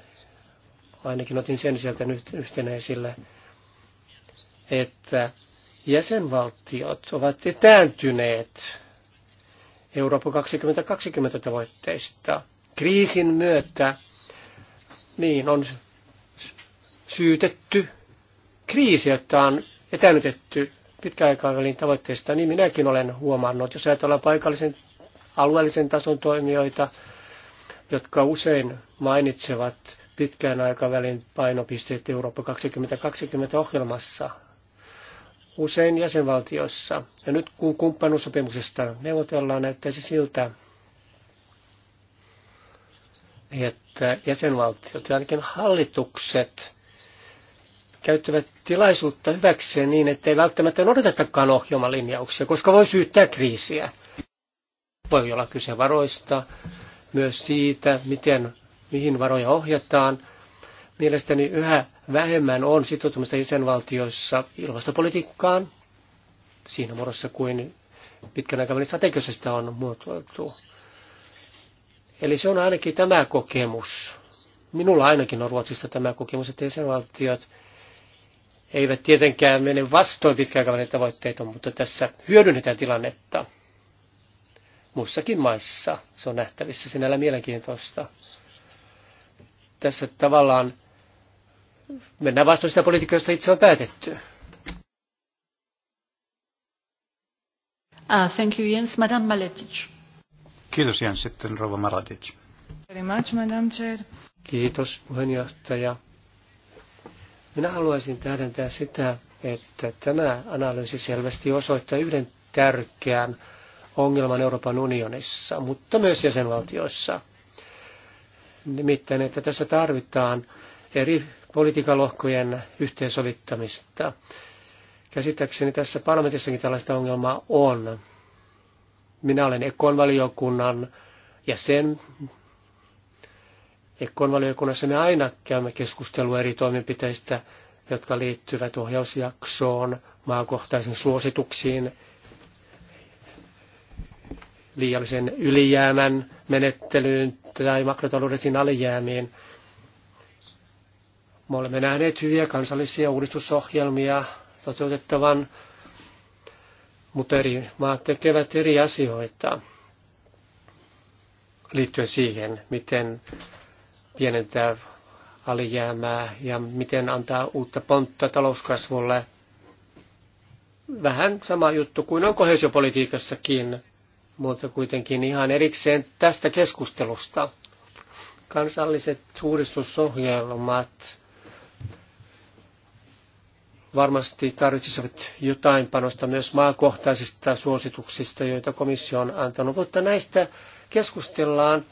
ainakin otin sen sieltä nyt yhtenä esille, että jäsenvaltiot ovat etääntyneet Eurooppa 2020 tavoitteista. Kriisin myötä niin on syytetty kriisi, jota on etänytetty pitkäaikavälin tavoitteista, niin minäkin olen huomannut. Jos ajatellaan paikallisen alueellisen tason toimijoita, jotka usein mainitsevat pitkän aikavälin painopisteet Eurooppa 2020 ohjelmassa, usein jäsenvaltioissa. Ja nyt kun kumppanuussopimuksesta neuvotellaan, näyttäisi siltä, että jäsenvaltiot ja ainakin hallitukset käyttävät tilaisuutta hyväkseen niin, ettei välttämättä noudatetakaan ohjelmalinjauksia, koska voi syyttää kriisiä. Voi olla kyse varoista, myös siitä, miten, mihin varoja ohjataan – mielestäni yhä vähemmän on sitoutumista jäsenvaltioissa ilmastopolitiikkaan siinä muodossa kuin pitkän aikavälin strategiassa sitä on muotoiltu. Eli se on ainakin tämä kokemus. Minulla ainakin on Ruotsista tämä kokemus, että jäsenvaltiot eivät tietenkään mene vastoin pitkäaikavälin tavoitteita, mutta tässä hyödynnetään tilannetta. Muissakin maissa se on nähtävissä sinällä mielenkiintoista. Tässä tavallaan mennään vastoin sitä politiikkaa, josta itse on päätetty. Ah, thank you, Jens. Madame Maletic. Kiitos, Jens. Sitten rouva Maletic. Very much, Madame Chair. Kiitos, puheenjohtaja. Minä haluaisin tähdentää sitä, että tämä analyysi selvästi osoittaa yhden tärkeän ongelman Euroopan unionissa, mutta myös jäsenvaltioissa. Nimittäin, että tässä tarvitaan eri politiikalohkojen yhteensovittamista. Käsittääkseni tässä parlamentissakin tällaista ongelmaa on. Minä olen Ekon valiokunnan jäsen. Ekon valiokunnassa me aina käymme keskustelua eri toimenpiteistä, jotka liittyvät ohjausjaksoon, maakohtaisiin suosituksiin, liiallisen ylijäämän menettelyyn tai makrotaloudellisiin alijäämiin – me olemme nähneet hyviä kansallisia uudistusohjelmia toteutettavan, mutta eri maat tekevät eri asioita liittyen siihen, miten pienentää alijäämää ja miten antaa uutta pontta talouskasvulle. Vähän sama juttu kuin on kohesiopolitiikassakin, mutta kuitenkin ihan erikseen tästä keskustelusta. Kansalliset uudistusohjelmat varmasti tarvitsisivat jotain panosta myös maakohtaisista suosituksista, joita komissio on antanut, mutta näistä keskustellaan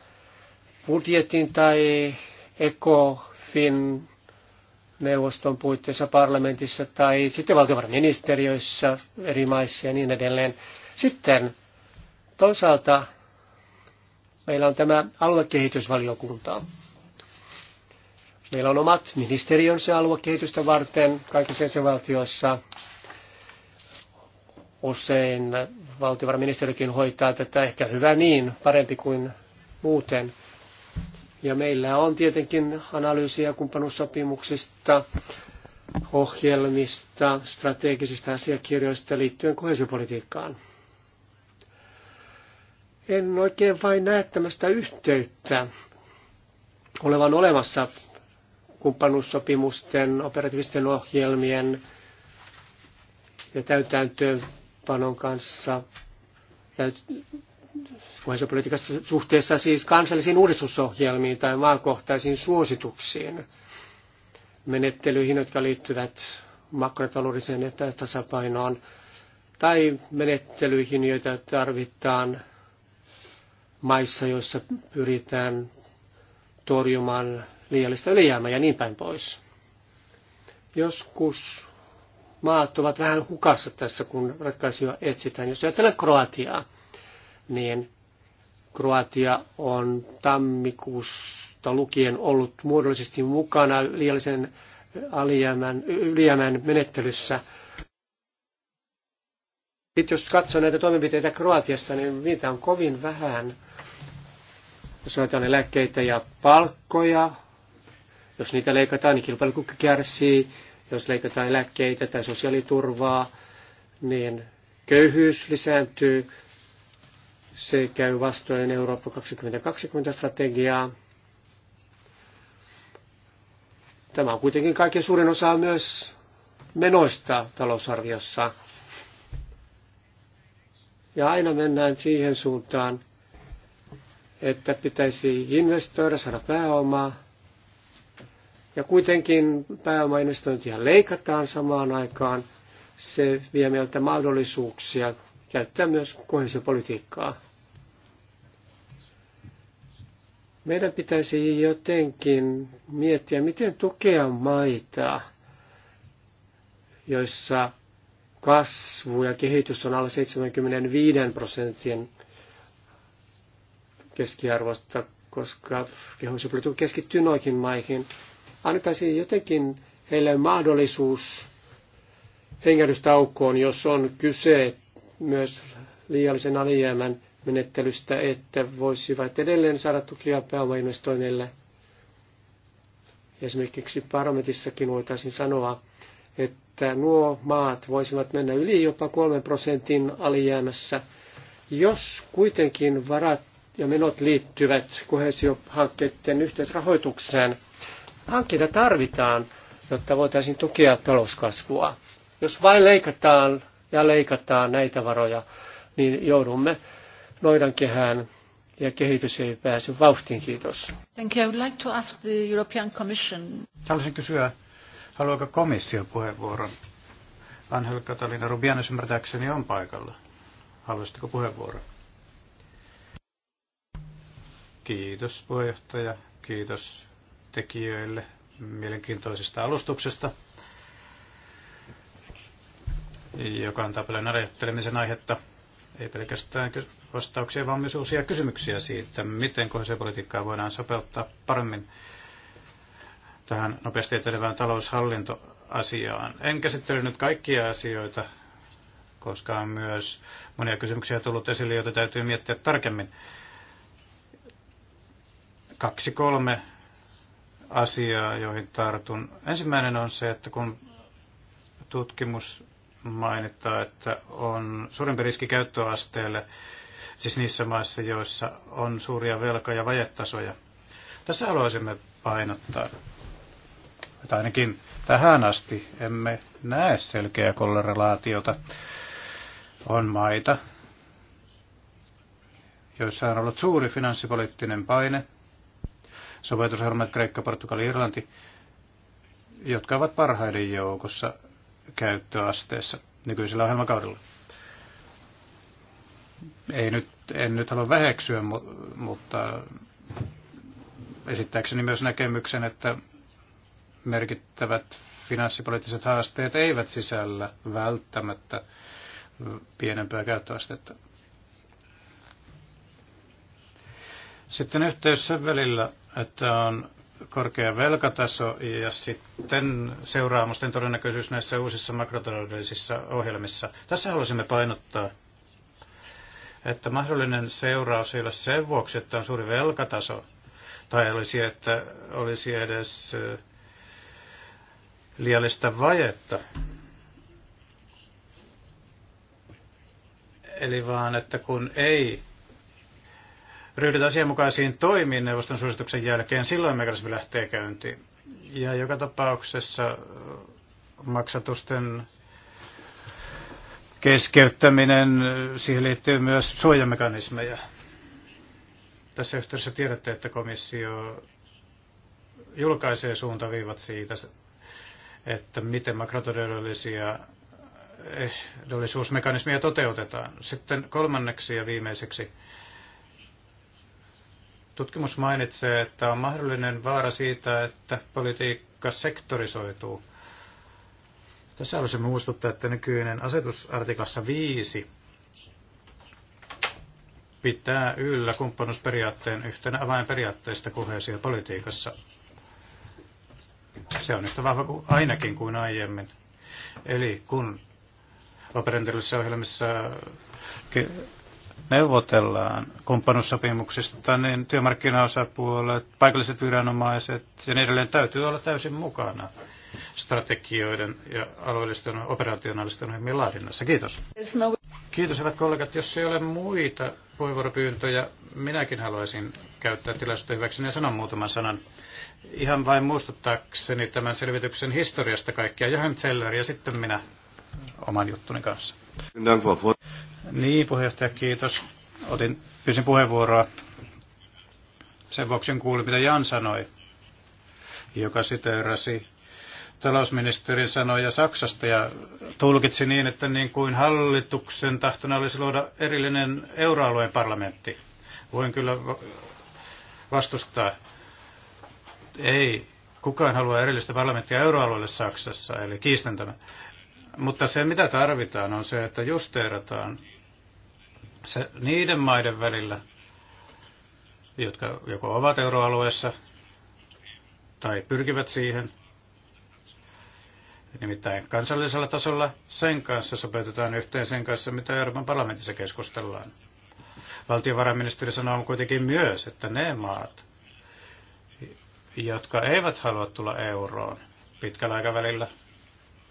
budjetin tai ECOFIN neuvoston puitteissa parlamentissa tai sitten valtiovarainministeriöissä eri maissa ja niin edelleen. Sitten toisaalta meillä on tämä aluekehitysvaliokunta. Meillä on omat ministeriönsä aluekehitystä varten kaikissa jäsenvaltioissa. Usein valtiovarainministeriökin hoitaa tätä ehkä hyvä niin, parempi kuin muuten. Ja meillä on tietenkin analyysiä kumppanuussopimuksista, ohjelmista, strategisista asiakirjoista liittyen kohesiopolitiikkaan. En oikein vain näe tämmöistä yhteyttä olevan olemassa kumppanuussopimusten, operatiivisten ohjelmien ja täytäntöönpanon kanssa kohesiopolitiikassa suhteessa siis kansallisiin uudistusohjelmiin tai maakohtaisiin suosituksiin, menettelyihin, jotka liittyvät makrotaloudelliseen epätasapainoon, tai menettelyihin, joita tarvitaan maissa, joissa pyritään torjumaan liiallista ylijäämää ja niin päin pois. Joskus maat ovat vähän hukassa tässä, kun ratkaisuja etsitään. Jos ajatellaan Kroatiaa, niin Kroatia on tammikuusta lukien ollut muodollisesti mukana liiallisen alijäämän, ylijäämän menettelyssä. Sitten jos katsoo näitä toimenpiteitä Kroatiasta, niin niitä on kovin vähän. Jos ajatellaan lääkkeitä ja palkkoja, jos niitä leikataan, niin kilpailukyky kärsii. Jos leikataan eläkkeitä tai sosiaaliturvaa, niin köyhyys lisääntyy. Se käy vastoin Eurooppa 2020-strategiaa. Tämä on kuitenkin kaiken suurin osa myös menoista talousarviossa. Ja aina mennään siihen suuntaan, että pitäisi investoida, saada pääomaa, ja kuitenkin pääomainvestointia leikataan samaan aikaan. Se vie meiltä mahdollisuuksia käyttää myös kohesiopolitiikkaa. Meidän pitäisi jotenkin miettiä, miten tukea maita, joissa kasvu ja kehitys on alle 75 prosentin keskiarvosta, koska kehityspolitiikka keskittyy noihin maihin – antaisi jotenkin heille mahdollisuus hengähdystaukoon, jos on kyse myös liiallisen alijäämän menettelystä, että voisivat edelleen saada tukia pääomainvestoinneille. Esimerkiksi parametissakin voitaisiin sanoa, että nuo maat voisivat mennä yli jopa 3 prosentin alijäämässä, jos kuitenkin varat ja menot liittyvät kohesiohankkeiden yhteisrahoitukseen Hankkeita tarvitaan, jotta voitaisiin tukea talouskasvua. Jos vain leikataan ja leikataan näitä varoja, niin joudumme kehään ja kehitys ei pääse vauhtiin. Kiitos. Thank you. I would like to ask the European Commission. Haluaisin kysyä, haluaako komissio puheenvuoron? Angel Katalina Rubianus ymmärtääkseni on paikalla. Haluaisitko puheenvuoron? Kiitos puheenjohtaja, kiitos tekijöille mielenkiintoisesta alustuksesta, joka antaa paljon arjoittelemisen aihetta. Ei pelkästään vastauksia, vaan myös uusia kysymyksiä siitä, miten kohesiopolitiikkaa voidaan sopeuttaa paremmin tähän nopeasti etenevään taloushallintoasiaan. En käsittele nyt kaikkia asioita, koska on myös monia kysymyksiä tullut esille, joita täytyy miettiä tarkemmin. Kaksi kolme asiaa, joihin tartun. Ensimmäinen on se, että kun tutkimus mainittaa, että on suurempi riski käyttöasteelle, siis niissä maissa, joissa on suuria velka- ja vajetasoja. Tässä haluaisimme painottaa, että ainakin tähän asti emme näe selkeää kollerelaatiota. On maita, joissa on ollut suuri finanssipoliittinen paine – soveltusohjelmat Kreikka, Portugali, Irlanti, jotka ovat parhaiden joukossa käyttöasteessa nykyisellä ohjelmakaudella. Ei nyt, en nyt halua väheksyä, mutta esittääkseni myös näkemyksen, että merkittävät finanssipoliittiset haasteet eivät sisällä välttämättä pienempää käyttöastetta. Sitten yhteys sen välillä, että on korkea velkataso ja sitten seuraamusten todennäköisyys näissä uusissa makrotaloudellisissa ohjelmissa. Tässä haluaisimme painottaa, että mahdollinen seuraus ei ole sen vuoksi, että on suuri velkataso, tai olisi, että olisi edes liiallista vajetta. Eli vaan, että kun ei ryhdyt asianmukaisiin toimiin neuvoston suosituksen jälkeen, silloin mekanismi lähtee käyntiin. Ja joka tapauksessa maksatusten keskeyttäminen, siihen liittyy myös suojamekanismeja. Tässä yhteydessä tiedätte, että komissio julkaisee suuntaviivat siitä, että miten makrotodellisia ehdollisuusmekanismeja toteutetaan. Sitten kolmanneksi ja viimeiseksi Tutkimus mainitsee, että on mahdollinen vaara siitä, että politiikka sektorisoituu. Tässä haluaisin muistuttaa, että nykyinen asetusartiklassa 5 pitää yllä kumppanuusperiaatteen yhtenä avainperiaatteista politiikassa. Se on yhtä vahva kuin, ainakin kuin aiemmin. Eli kun operantillisessa ohjelmissa neuvotellaan kumppanuussopimuksista, niin työmarkkinaosapuolet, paikalliset viranomaiset ja niin edelleen täytyy olla täysin mukana strategioiden ja alueellisten operationaalisten ohjelmien laadinnassa. Kiitos. Kiitos hyvät kollegat. Jos ei ole muita puheenvuoropyyntöjä, minäkin haluaisin käyttää tilaisuutta hyväkseni ja sanoa muutaman sanan. Ihan vain muistuttaakseni tämän selvityksen historiasta kaikkia. Johan Zeller ja sitten minä oman juttuni kanssa. Niin, puheenjohtaja, kiitos. Otin, pyysin puheenvuoroa sen vuoksi, en kuulin, mitä Jan sanoi, joka siteerasi talousministerin sanoja Saksasta ja tulkitsi niin, että niin kuin hallituksen tahtona olisi luoda erillinen euroalueen parlamentti. Voin kyllä vastustaa. Ei kukaan halua erillistä parlamenttia euroalueelle Saksassa, eli kiistän tämän. Mutta se, mitä tarvitaan, on se, että justeerataan se niiden maiden välillä, jotka joko ovat euroalueessa tai pyrkivät siihen, nimittäin kansallisella tasolla sen kanssa sopeutetaan yhteen sen kanssa, mitä Euroopan parlamentissa keskustellaan. Valtiovarainministeri sanoo kuitenkin myös, että ne maat, jotka eivät halua tulla euroon pitkällä aikavälillä,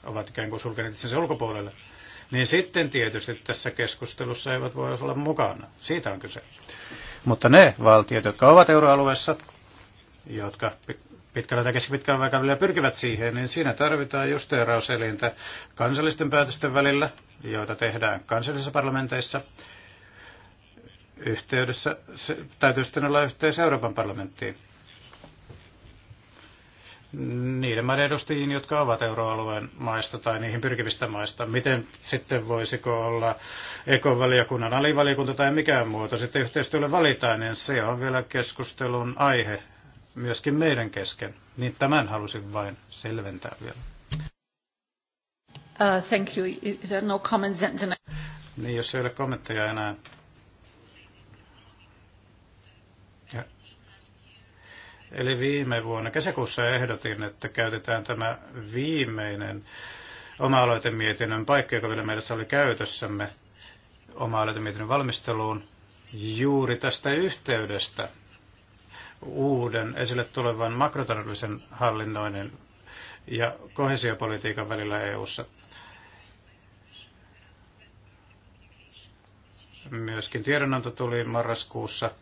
ovat ikään kuin sulkeneet itsensä ulkopuolelle, niin sitten tietysti tässä keskustelussa eivät voi olla mukana. Siitä on kyse. Mutta ne valtiot, jotka ovat euroalueessa, jotka pitkällä tai keskipitkällä aikavälillä pyrkivät siihen, niin siinä tarvitaan erauselintä kansallisten päätösten välillä, joita tehdään kansallisissa parlamenteissa. Yhteydessä se, täytyy sitten olla yhteys Euroopan parlamenttiin niiden maiden edustajiin, jotka ovat euroalueen maista tai niihin pyrkivistä maista. Miten sitten voisiko olla ekovaliokunnan alivaliokunta tai mikään muoto sitten yhteistyölle valitaan, niin se on vielä keskustelun aihe myöskin meidän kesken. Niin tämän halusin vain selventää vielä. Uh, thank you. Is there no comments? Niin, jos ei ole kommentteja enää Eli viime vuonna kesäkuussa ehdotin, että käytetään tämä viimeinen oma-aloitemietinnön paikka, joka vielä meidässä oli käytössämme oma-aloitemietinnön valmisteluun juuri tästä yhteydestä uuden esille tulevan makrotaloudellisen hallinnoinnin ja kohesiopolitiikan välillä EU:ssa. Myöskin tiedonanto tuli marraskuussa –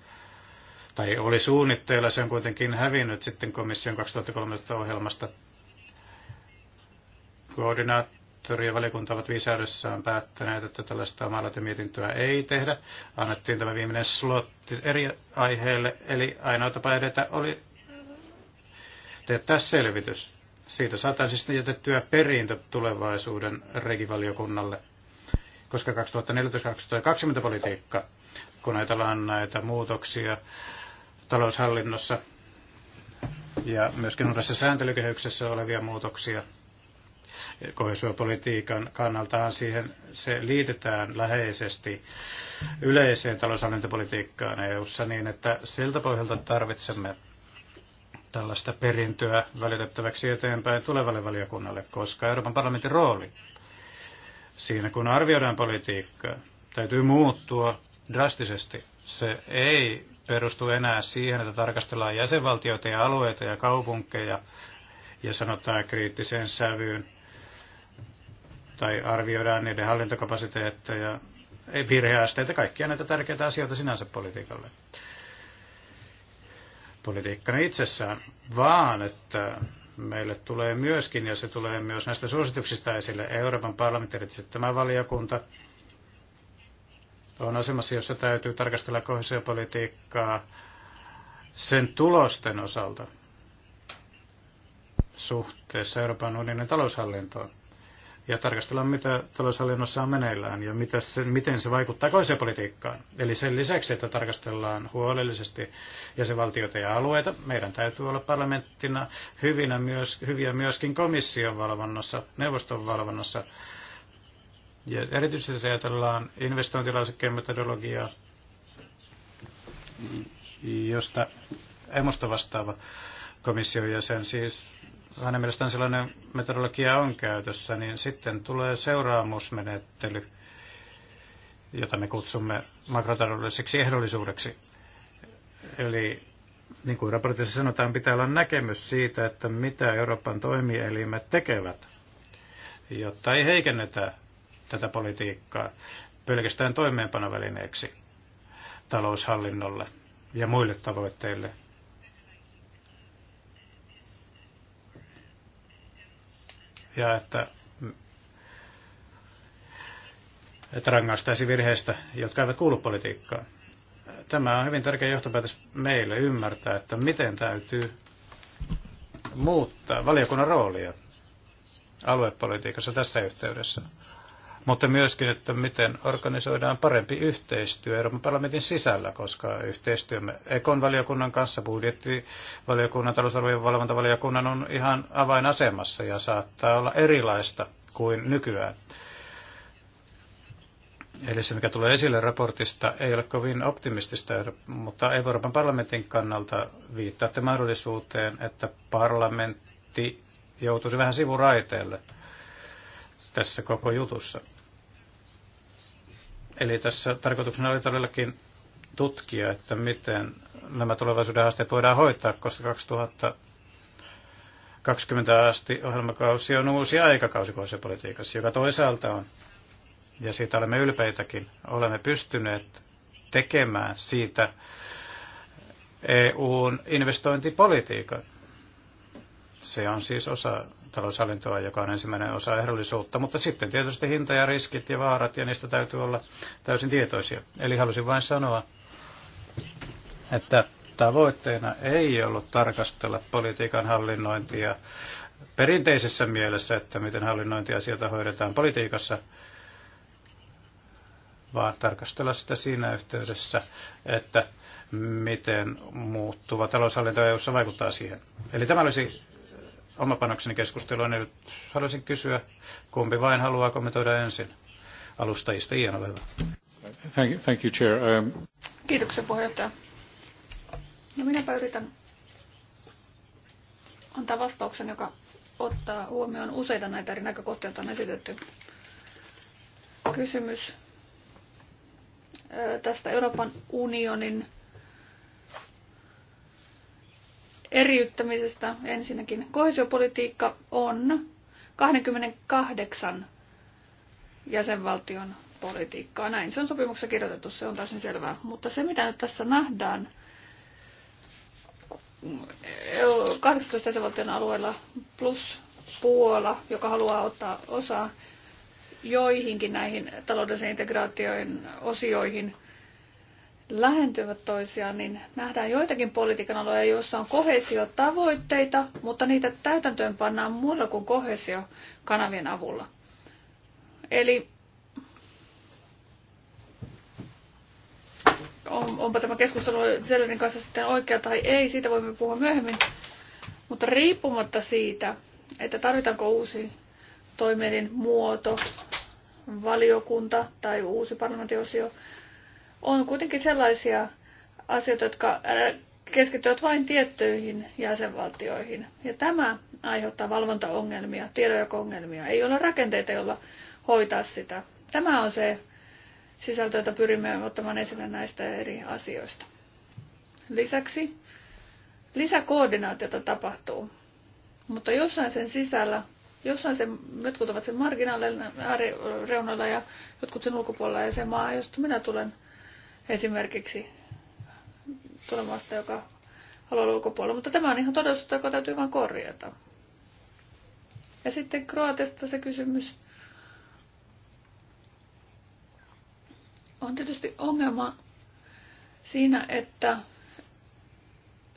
tai oli suunnitteilla, se on kuitenkin hävinnyt sitten komission 2013 ohjelmasta. Koordinaattori ja valikunta ovat viisaudessaan päättäneet, että tällaista omalaita mietintöä ei tehdä. Annettiin tämä viimeinen slotti eri aiheelle, eli ainoa tapa edetä oli tehdä selvitys. Siitä saataisiin siis sitten jätettyä perintö tulevaisuuden regivaliokunnalle, koska 2014-2020 politiikka kun ajatellaan näitä muutoksia taloushallinnossa ja myöskin uudessa sääntelykehyksessä olevia muutoksia. Kohesuopolitiikan kannaltaan siihen se liitetään läheisesti yleiseen taloushallintopolitiikkaan EU-ssa niin, että siltä pohjalta tarvitsemme tällaista perintöä välitettäväksi eteenpäin tulevalle valiokunnalle, koska Euroopan parlamentin rooli siinä, kun arvioidaan politiikkaa, täytyy muuttua drastisesti. Se ei perustu enää siihen, että tarkastellaan jäsenvaltioita ja alueita ja kaupunkeja ja sanotaan kriittiseen sävyyn tai arvioidaan niiden hallintokapasiteetteja, ei virheasteita, kaikkia näitä tärkeitä asioita sinänsä politiikalle. Politiikkana itsessään, vaan että meille tulee myöskin, ja se tulee myös näistä suosituksista esille, Euroopan parlamentti, tämä valiokunta, on asemassa, jossa täytyy tarkastella kohesiopolitiikkaa sen tulosten osalta suhteessa Euroopan unionin taloushallintoon ja tarkastella, mitä taloushallinnossa on meneillään ja mitä se, miten se vaikuttaa kohesiopolitiikkaan. Eli sen lisäksi, että tarkastellaan huolellisesti jäsenvaltioita ja alueita, meidän täytyy olla parlamenttina hyvinä myös, hyviä myöskin komission valvonnassa, neuvoston valvonnassa ja erityisesti jos ajatellaan investointilausekkeen metodologiaa, josta emosta vastaava komission jäsen, siis hänen mielestään sellainen metodologia on käytössä, niin sitten tulee seuraamusmenettely, jota me kutsumme makrotaloudelliseksi ehdollisuudeksi. Eli niin kuin raportissa sanotaan, pitää olla näkemys siitä, että mitä Euroopan toimielimet tekevät, jotta ei heikennetä tätä politiikkaa pelkästään toimeenpanovälineeksi taloushallinnolle ja muille tavoitteille. Ja että, että rangaistaisi virheistä, jotka eivät kuulu politiikkaan. Tämä on hyvin tärkeä johtopäätös meille ymmärtää, että miten täytyy muuttaa valiokunnan roolia aluepolitiikassa tässä yhteydessä mutta myöskin, että miten organisoidaan parempi yhteistyö Euroopan parlamentin sisällä, koska yhteistyömme Ekon valiokunnan kanssa, budjettivaliokunnan, talousarvojen valvontavaliokunnan on ihan avainasemassa ja saattaa olla erilaista kuin nykyään. Eli se, mikä tulee esille raportista, ei ole kovin optimistista, mutta Euroopan parlamentin kannalta viittaatte mahdollisuuteen, että parlamentti joutuisi vähän sivuraiteelle tässä koko jutussa. Eli tässä tarkoituksena oli todellakin tutkia, että miten nämä tulevaisuuden haasteet voidaan hoitaa, koska 2020 asti ohjelmakausi on uusi aikakausi politiikassa, joka toisaalta on, ja siitä olemme ylpeitäkin, olemme pystyneet tekemään siitä EUn investointipolitiikan. Se on siis osa taloushallintoa, joka on ensimmäinen osa ehdollisuutta, mutta sitten tietysti hinta ja riskit ja vaarat, ja niistä täytyy olla täysin tietoisia. Eli halusin vain sanoa, että tavoitteena ei ollut tarkastella politiikan hallinnointia perinteisessä mielessä, että miten hallinnointiasioita hoidetaan politiikassa, vaan tarkastella sitä siinä yhteydessä, että miten muuttuva taloushallinto eu vaikuttaa siihen. Eli tämä olisi oma panokseni keskusteluun, niin nyt haluaisin kysyä, kumpi vain haluaa kommentoida ensin alustajista. Ian, ole hyvä. Thank you, thank you Chair. Um... Kiitoksia puheenjohtaja. No minäpä yritän antaa vastauksen, joka ottaa huomioon useita näitä eri näkökohtia, joita on esitetty. Kysymys tästä Euroopan unionin eriyttämisestä. Ensinnäkin kohesiopolitiikka on 28 jäsenvaltion politiikkaa. Näin se on sopimuksessa kirjoitettu, se on täysin selvää. Mutta se, mitä nyt tässä nähdään 18 jäsenvaltion alueella plus Puola, joka haluaa ottaa osaa joihinkin näihin taloudellisen integraatioin osioihin – lähentyvät toisiaan, niin nähdään joitakin politiikan aloja, joissa on kohesiotavoitteita, mutta niitä täytäntöön pannaan muilla kuin kohesiokanavien avulla. Eli on, onpa tämä keskustelu Zellerin kanssa sitten oikea tai ei, siitä voimme puhua myöhemmin. Mutta riippumatta siitä, että tarvitaanko uusi toimielin muoto, valiokunta tai uusi parlamenttiosio, on kuitenkin sellaisia asioita, jotka keskittyvät vain tiettyihin jäsenvaltioihin. Ja tämä aiheuttaa valvontaongelmia, tiedonjako-ongelmia. Ei ole rakenteita, joilla hoitaa sitä. Tämä on se sisältö, jota pyrimme ottamaan esille näistä eri asioista. Lisäksi lisäkoordinaatiota tapahtuu. Mutta jossain sen sisällä, jossain sen, jotkut ovat sen reunalla ja jotkut sen ulkopuolella ja se maa, josta minä tulen – esimerkiksi tulemasta, joka haluaa ulkopuolella. Mutta tämä on ihan todellisuutta, joka täytyy vain korjata. Ja sitten Kroatista se kysymys. On tietysti ongelma siinä, että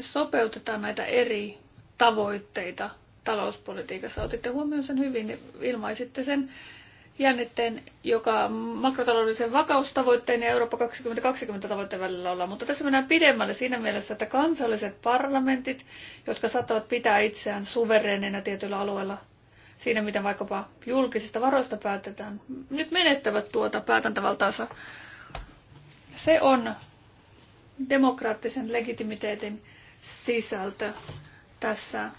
sopeutetaan näitä eri tavoitteita talouspolitiikassa. Otitte huomioon sen hyvin, ilmaisitte sen jännitteen, joka makrotaloudellisen vakaustavoitteen ja Eurooppa 2020 tavoitteen välillä ollaan. Mutta tässä mennään pidemmälle siinä mielessä, että kansalliset parlamentit, jotka saattavat pitää itseään suvereenina tietyillä alueilla siinä, miten vaikkapa julkisista varoista päätetään, nyt menettävät tuota päätäntävaltaansa. Se on demokraattisen legitimiteetin sisältö tässä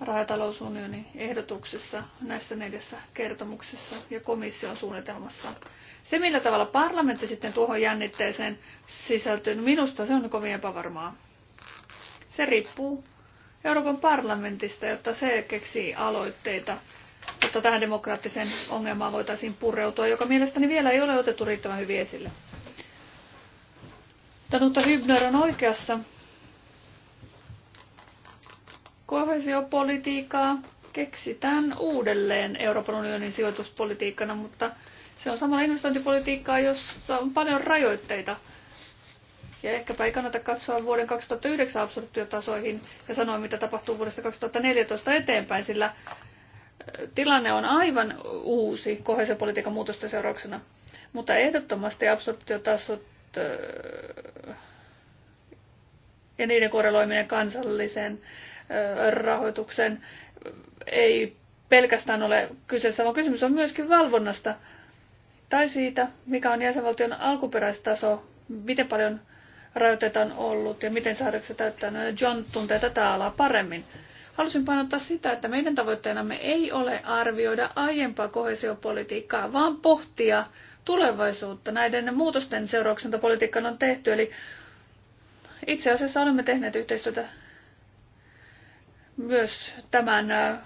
rahatalousunioni ehdotuksessa näissä neljässä kertomuksessa ja komission suunnitelmassa. Se, millä tavalla parlamentti sitten tuohon jännitteeseen sisältyy, niin minusta se on kovin epävarmaa. Se riippuu Euroopan parlamentista, jotta se keksii aloitteita, jotta tähän demokraattiseen ongelmaan voitaisiin pureutua, joka mielestäni vielä ei ole otettu riittävän hyvin esille. Tanutta Hybner on oikeassa koheesiopolitiikkaa keksitään uudelleen Euroopan unionin sijoituspolitiikkana, mutta se on samalla investointipolitiikkaa, jossa on paljon rajoitteita. Ja ehkäpä ei kannata katsoa vuoden 2009 absoluuttiotasoihin ja sanoa, mitä tapahtuu vuodesta 2014 eteenpäin, sillä tilanne on aivan uusi koheesiopolitiikan muutosten seurauksena. Mutta ehdottomasti absoluuttiotasot ja niiden korreloiminen kansalliseen rahoituksen ei pelkästään ole kyseessä, vaan kysymys on myöskin valvonnasta tai siitä, mikä on jäsenvaltion alkuperäistaso, miten paljon rajoitteita on ollut ja miten säädökset täyttää. No, John tuntee tätä alaa paremmin. Halusin painottaa sitä, että meidän tavoitteenamme ei ole arvioida aiempaa kohesiopolitiikkaa, vaan pohtia tulevaisuutta näiden muutosten seurauksena, politiikkaan on tehty. Eli itse asiassa olemme tehneet yhteistyötä myös tämän äh,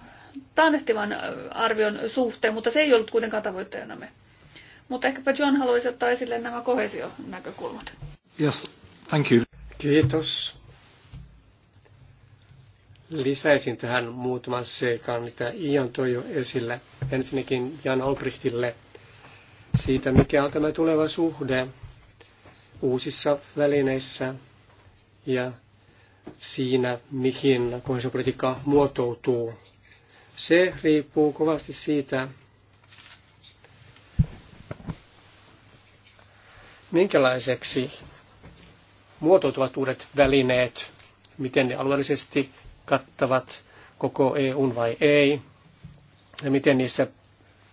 taannehtivan äh, arvion suhteen, mutta se ei ollut kuitenkaan tavoitteenamme. Mutta ehkäpä John haluaisi ottaa esille nämä kohesionäkökulmat. Yes, thank you. Kiitos. Lisäisin tähän muutaman seikan, mitä Ian toi jo esille. Ensinnäkin Jan Albrechtille siitä, mikä on tämä tuleva suhde uusissa välineissä ja siinä, mihin kohesiopolitiikka muotoutuu. Se riippuu kovasti siitä, minkälaiseksi muotoutuvat uudet välineet, miten ne alueellisesti kattavat koko EUn vai ei, ja miten niissä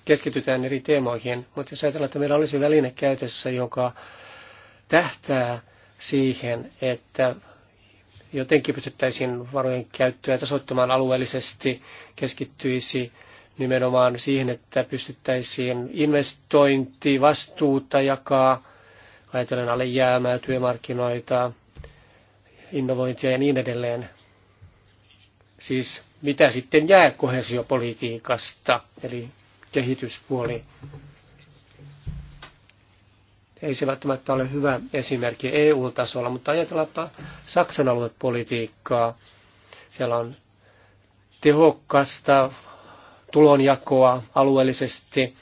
keskitytään eri teemoihin. Mutta jos ajatellaan, että meillä olisi väline käytössä, joka tähtää siihen, että jotenkin pystyttäisiin varojen käyttöä tasoittamaan alueellisesti, keskittyisi nimenomaan siihen, että pystyttäisiin investointi, vastuuta jakaa, ajatellen jäämää, työmarkkinoita, innovointia ja niin edelleen. Siis mitä sitten jää kohesiopolitiikasta, eli kehityspuoli ei se välttämättä ole hyvä esimerkki EU-tasolla, mutta ajatellaanpa Saksan aluepolitiikkaa. Siellä on tehokasta tulonjakoa alueellisesti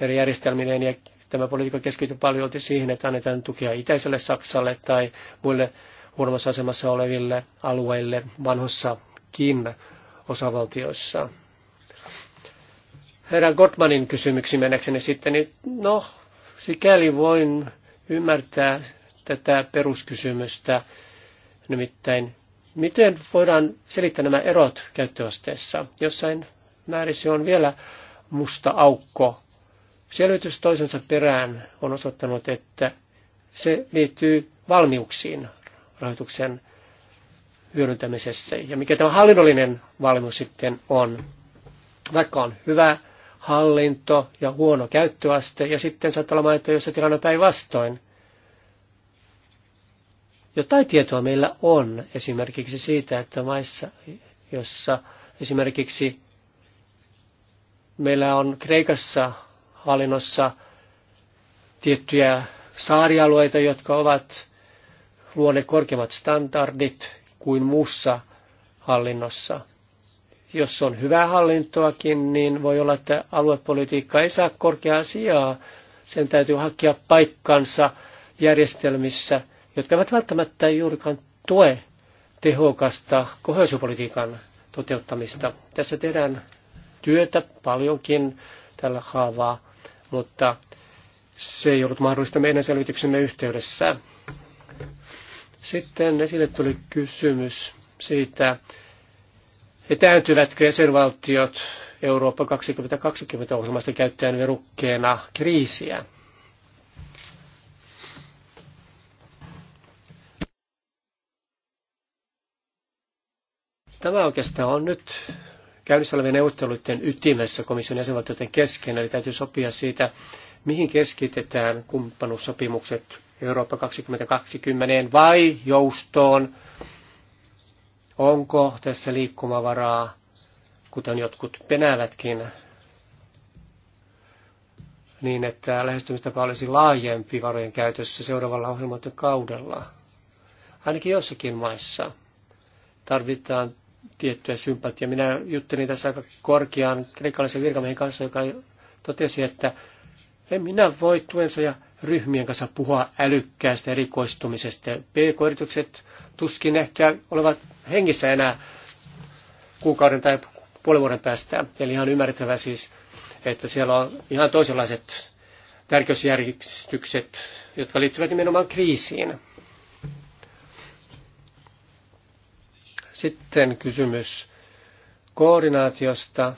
eri järjestelmineen ja tämä politiikka keskittyy paljon siihen, että annetaan tukea itäiselle Saksalle tai muille huonommassa asemassa oleville alueille vanhossakin osavaltioissa. Herran Gottmanin kysymyksiin mennäkseni sitten, niin no, sikäli voin ymmärtää tätä peruskysymystä, nimittäin miten voidaan selittää nämä erot käyttöasteessa. Jossain määrin se on vielä musta aukko. Selvitys toisensa perään on osoittanut, että se liittyy valmiuksiin rahoituksen hyödyntämisessä ja mikä tämä hallinnollinen valmius sitten on. Vaikka on hyvä hallinto ja huono käyttöaste, ja sitten saattaa olla maita, joissa tilanne on päinvastoin. Jotain tietoa meillä on esimerkiksi siitä, että maissa, jossa esimerkiksi meillä on Kreikassa hallinnossa tiettyjä saarialueita, jotka ovat luoneet korkeammat standardit kuin muussa hallinnossa – jos on hyvää hallintoakin, niin voi olla, että aluepolitiikka ei saa korkeaa sijaa. Sen täytyy hakea paikkansa järjestelmissä, jotka eivät välttämättä juurikaan tue tehokasta kohesiopolitiikan toteuttamista. Tässä tehdään työtä paljonkin tällä haavaa, mutta se ei ollut mahdollista meidän selvityksemme yhteydessä. Sitten esille tuli kysymys siitä, Etääntyvätkö jäsenvaltiot Eurooppa 2020 ohjelmasta käyttäen verukkeena kriisiä? Tämä oikeastaan on nyt käynnissä olevien neuvotteluiden ytimessä komission jäsenvaltioiden kesken, eli täytyy sopia siitä, mihin keskitetään kumppanuussopimukset Eurooppa 2020 vai joustoon Onko tässä liikkumavaraa, kuten jotkut penäävätkin, niin että lähestymistapa olisi laajempi varojen käytössä seuraavalla kaudella? Ainakin jossakin maissa tarvitaan tiettyä sympatiaa. Minä juttelin tässä aika korkean kreikkalaisen virkamiehen kanssa, joka totesi, että en minä voi tuensa ja ryhmien kanssa puhua älykkäästä erikoistumisesta. PK-yritykset tuskin ehkä olevat hengissä enää kuukauden tai puolen vuoden päästä. Eli ihan ymmärrettävä siis, että siellä on ihan toisenlaiset tärkeysjärjestykset, jotka liittyvät nimenomaan kriisiin. Sitten kysymys koordinaatiosta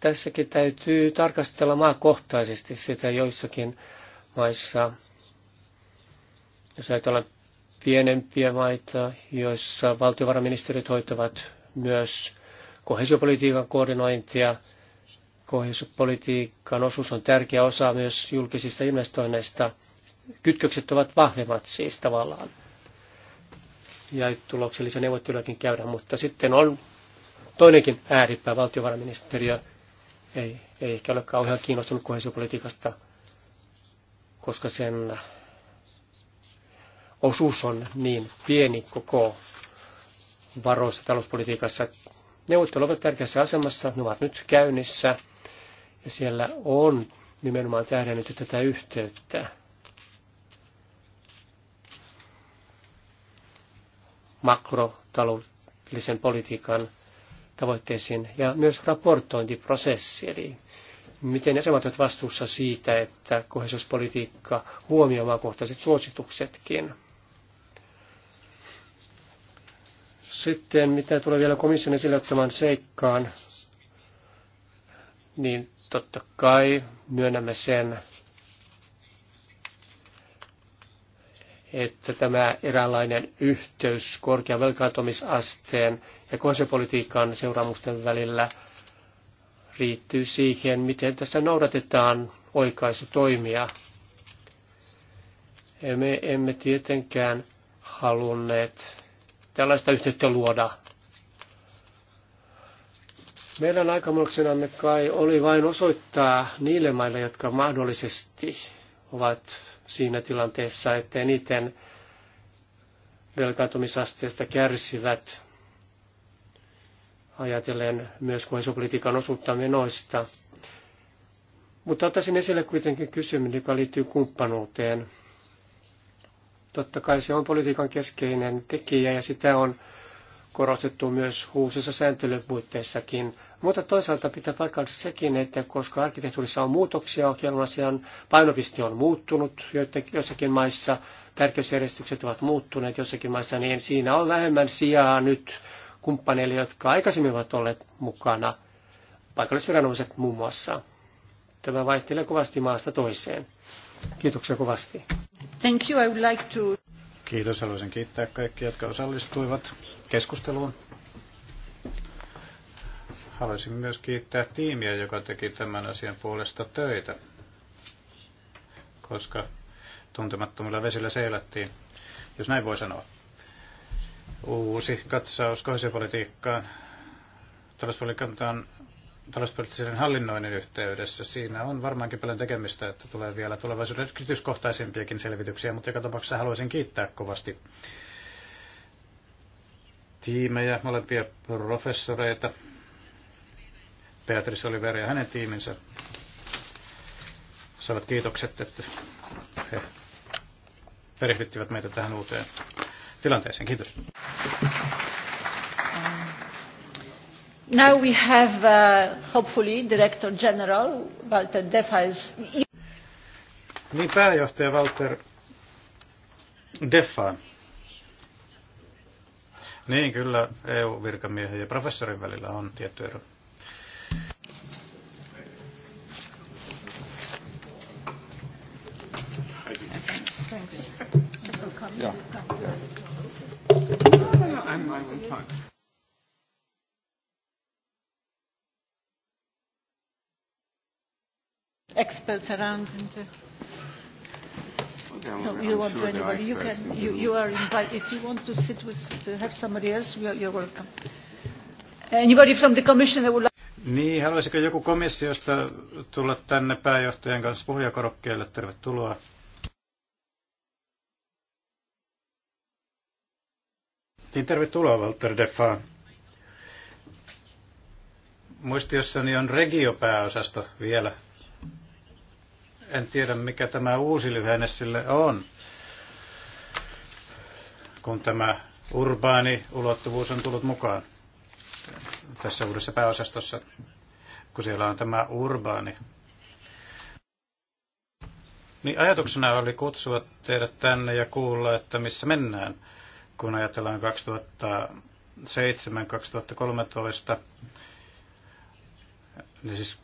tässäkin täytyy tarkastella maakohtaisesti sitä joissakin maissa. Jos ajatellaan pienempiä maita, joissa valtiovarainministeriöt hoitavat myös kohesiopolitiikan koordinointia, kohesiopolitiikan osuus on tärkeä osa myös julkisista investoinneista. Kytkökset ovat vahvemmat siis tavallaan. Ja tuloksellisia neuvottelujakin käydään, mutta sitten on toinenkin ääripää valtiovarainministeriö, ei, ei ehkä ole kauhean kiinnostunut kohesiopolitiikasta, koska sen osuus on niin pieni koko varoista talouspolitiikassa. Neuvottelut ovat tärkeässä asemassa, ne ovat nyt käynnissä ja siellä on nimenomaan tähdennetty tätä yhteyttä. makrotaloudellisen politiikan tavoitteisiin ja myös raportointiprosessi, eli miten jäsenmaat ovat vastuussa siitä, että kohesospolitiikka huomioi maakohtaiset suosituksetkin. Sitten mitä tulee vielä komission esille ottamaan seikkaan, niin totta kai myönnämme sen, että tämä eräänlainen yhteys korkean velkaantumisasteen ja konsepolitiikan seuraamusten välillä riittyy siihen, miten tässä noudatetaan oikaisutoimia. Me emme tietenkään halunneet tällaista yhteyttä luoda. Meidän aikamuksenamme kai oli vain osoittaa niille maille, jotka mahdollisesti ovat siinä tilanteessa, että eniten velkaantumisasteesta kärsivät ajatellen myös kohesopolitiikan osuutta menoista. Mutta ottaisin esille kuitenkin kysymys, joka liittyy kumppanuuteen. Totta kai se on politiikan keskeinen tekijä ja sitä on korostettu myös uusissa sääntelypuitteissakin. Mutta toisaalta pitää paikallisesti sekin, että koska arkkitehtuurissa on muutoksia, asian painopiste on muuttunut jossakin maissa, tärkeysjärjestykset ovat muuttuneet jossakin maissa, niin siinä on vähemmän sijaa nyt kumppaneille, jotka aikaisemmin ovat olleet mukana, paikallisviranomaiset muun muassa. Tämä vaihtelee kovasti maasta toiseen. Kiitoksia kovasti. Thank you. I would like to... Kiitos. Haluaisin kiittää kaikkia, jotka osallistuivat keskusteluun. Haluaisin myös kiittää tiimiä, joka teki tämän asian puolesta töitä, koska tuntemattomilla vesillä seilattiin, jos näin voi sanoa. Uusi katsaus kohesiopolitiikkaan. Talouspolitiikkaan talouspoliittisen hallinnoinnin yhteydessä. Siinä on varmaankin paljon tekemistä, että tulee vielä tulevaisuuden kritiskohtaisempiakin selvityksiä, mutta joka tapauksessa haluaisin kiittää kovasti tiimejä, molempia professoreita, Beatrice Oliver ja hänen tiiminsä saavat kiitokset, että he perehdyttivät meitä tähän uuteen tilanteeseen. Kiitos. Now we have, uh, hopefully, Director General Walter Defais. E- niin pääjohtaja Walter Defa. Niin, kyllä EU-virkamiehen ja professorin välillä on tietty ero. Thanks. Yeah. Yeah. No, no, experts around and. Uh, no, you I'm want sure anybody. You can. You, you are invited. If you want to sit with, uh, have somebody else, you're, you're welcome. Anybody from the Commission that would like. Niin, haluaisiko joku komissiosta tulla tänne pääjohtajan kanssa puhujakorokkeelle? Tervetuloa. Niin, tervetuloa Walter Defa. Muistiossani on regiopääosasto vielä en tiedä, mikä tämä uusi lyhenne sille on, kun tämä urbaani ulottuvuus on tullut mukaan tässä uudessa pääosastossa, kun siellä on tämä urbaani. Niin ajatuksena oli kutsua teidät tänne ja kuulla, että missä mennään, kun ajatellaan 2007-2013, niin siis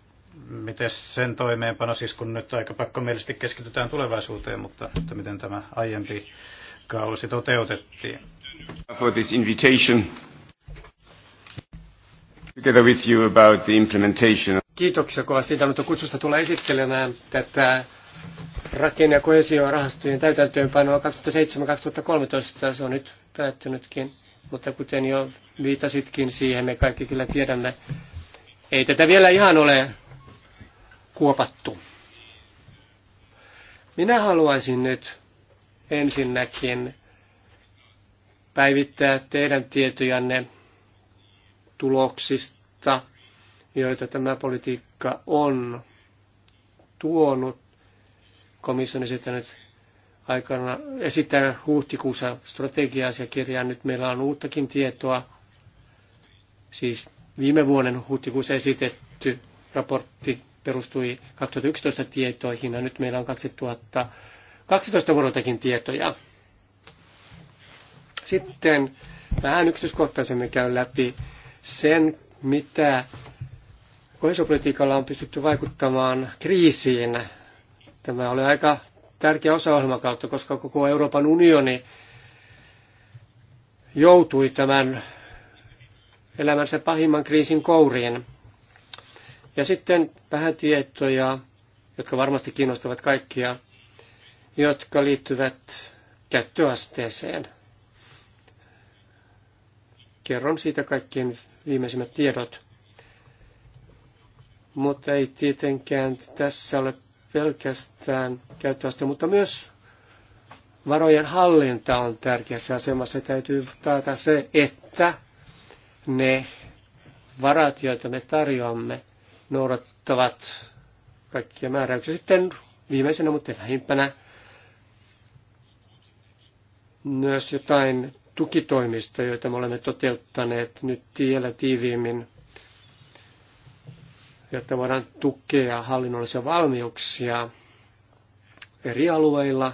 miten sen toimeenpano, siis kun nyt aika pakkomielisesti keskitytään tulevaisuuteen, mutta että miten tämä aiempi kausi toteutettiin. For this invitation. Together with you about the implementation. Kiitoksia kovasti Danuto kutsusta tulla esittelemään tätä rakenne- ja kohesiorahastojen täytäntöönpanoa 2007-2013. Se on nyt päättynytkin, mutta kuten jo viitasitkin siihen, me kaikki kyllä tiedämme, ei tätä vielä ihan ole kuopattu. Minä haluaisin nyt ensinnäkin päivittää teidän tietojanne tuloksista, joita tämä politiikka on tuonut. Komission esittänyt aikana esittää huhtikuussa strategia-asiakirjaa. Nyt meillä on uuttakin tietoa. Siis viime vuoden huhtikuussa esitetty raportti perustui 2011 tietoihin ja nyt meillä on 2012 vuodeltakin tietoja. Sitten vähän yksityiskohtaisemmin käyn läpi sen, mitä kohesiopolitiikalla on pystytty vaikuttamaan kriisiin. Tämä oli aika tärkeä osa ohjelmakautta, koska koko Euroopan unioni joutui tämän elämänsä pahimman kriisin kouriin. Ja sitten vähän tietoja, jotka varmasti kiinnostavat kaikkia, jotka liittyvät käyttöasteeseen. Kerron siitä kaikkien viimeisimmät tiedot. Mutta ei tietenkään tässä ole pelkästään käyttöaste, mutta myös varojen hallinta on tärkeässä asemassa. Täytyy taata se, että ne varat, joita me tarjoamme, noudattavat kaikkia määräyksiä. Sitten viimeisenä, mutta vähimpänä, myös jotain tukitoimista, joita me olemme toteuttaneet nyt vielä tiiviimmin, jotta voidaan tukea hallinnollisia valmiuksia eri alueilla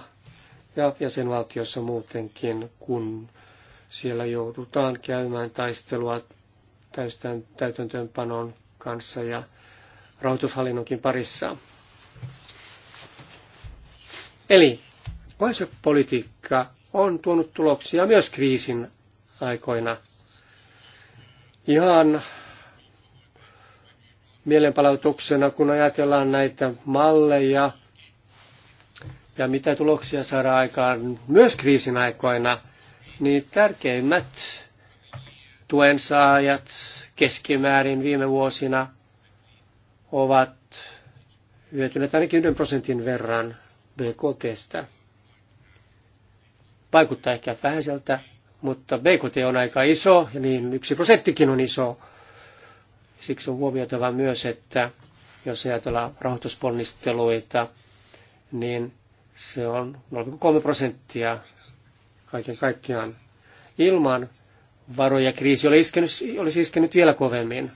ja jäsenvaltiossa muutenkin, kun siellä joudutaan käymään taistelua täystään täytäntöönpanon kanssa ja rahoitushallinnonkin parissa. Eli politiikka on tuonut tuloksia myös kriisin aikoina. Ihan mielenpalautuksena, kun ajatellaan näitä malleja ja mitä tuloksia saadaan aikaan myös kriisin aikoina, niin tärkeimmät tuensaajat keskimäärin viime vuosina ovat hyötyneet ainakin yhden prosentin verran BKTstä. Vaikuttaa ehkä vähäiseltä, mutta BKT on aika iso, ja niin yksi prosenttikin on iso. Siksi on huomioitava myös, että jos ajatellaan rahoitusponnisteluita, niin se on 0,3 prosenttia kaiken kaikkiaan. Ilman varoja kriisi olisi iskenyt, olisi iskenyt vielä kovemmin.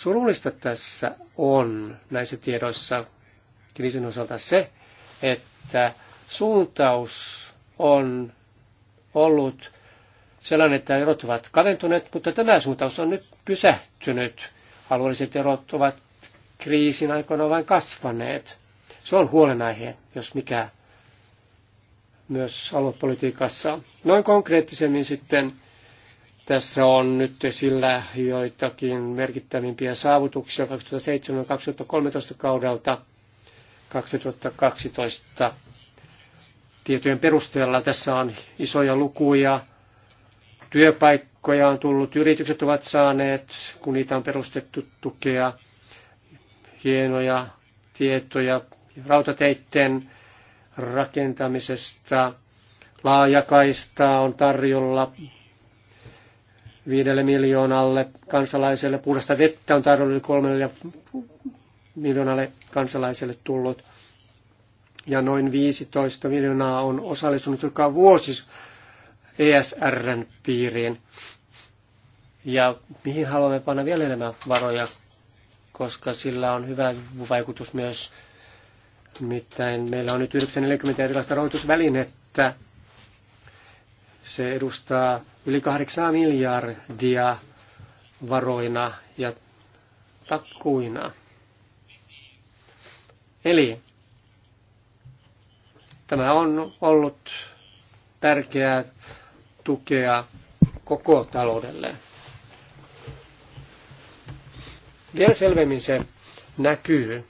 Surullista tässä on näissä tiedoissa kriisin osalta se, että suuntaus on ollut sellainen, että erot ovat kaventuneet, mutta tämä suuntaus on nyt pysähtynyt. Alueelliset erot ovat kriisin aikana vain kasvaneet. Se on huolenaihe, jos mikä, myös aluepolitiikassa. Noin konkreettisemmin sitten tässä on nyt esillä joitakin merkittävimpiä saavutuksia 2007-2013 kaudelta 2012 tietojen perusteella. Tässä on isoja lukuja. Työpaikkoja on tullut, yritykset ovat saaneet, kun niitä on perustettu tukea, hienoja tietoja rautateitten rakentamisesta. Laajakaista on tarjolla viidelle miljoonalle kansalaiselle. Puhdasta vettä on tarjolla yli kolmelle miljoonalle kansalaiselle tullut. Ja noin 15 miljoonaa on osallistunut joka vuosi ESRn piiriin. Ja mihin haluamme panna vielä enemmän varoja, koska sillä on hyvä vaikutus myös. Nimittäin meillä on nyt 940 erilaista rahoitusvälinettä, se edustaa yli 8 miljardia varoina ja takkuina. Eli tämä on ollut tärkeää tukea koko taloudelle. Vielä selvemmin se näkyy,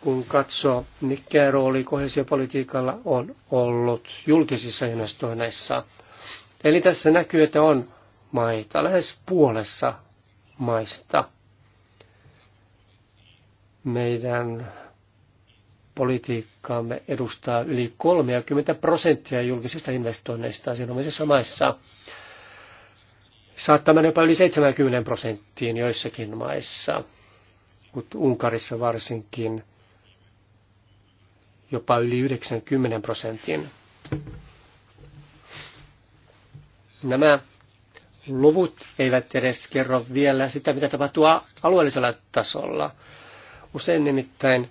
kun katsoo, mikä rooli kohesiopolitiikalla on ollut julkisissa investoinneissa. Eli tässä näkyy, että on maita, lähes puolessa maista. Meidän politiikkaamme edustaa yli 30 prosenttia julkisista investoinneista asianomaisissa maissa. Saattaa mennä jopa yli 70 prosenttiin joissakin maissa, mutta Unkarissa varsinkin jopa yli 90 prosenttiin. Nämä luvut eivät edes kerro vielä sitä, mitä tapahtuu alueellisella tasolla. Usein nimittäin,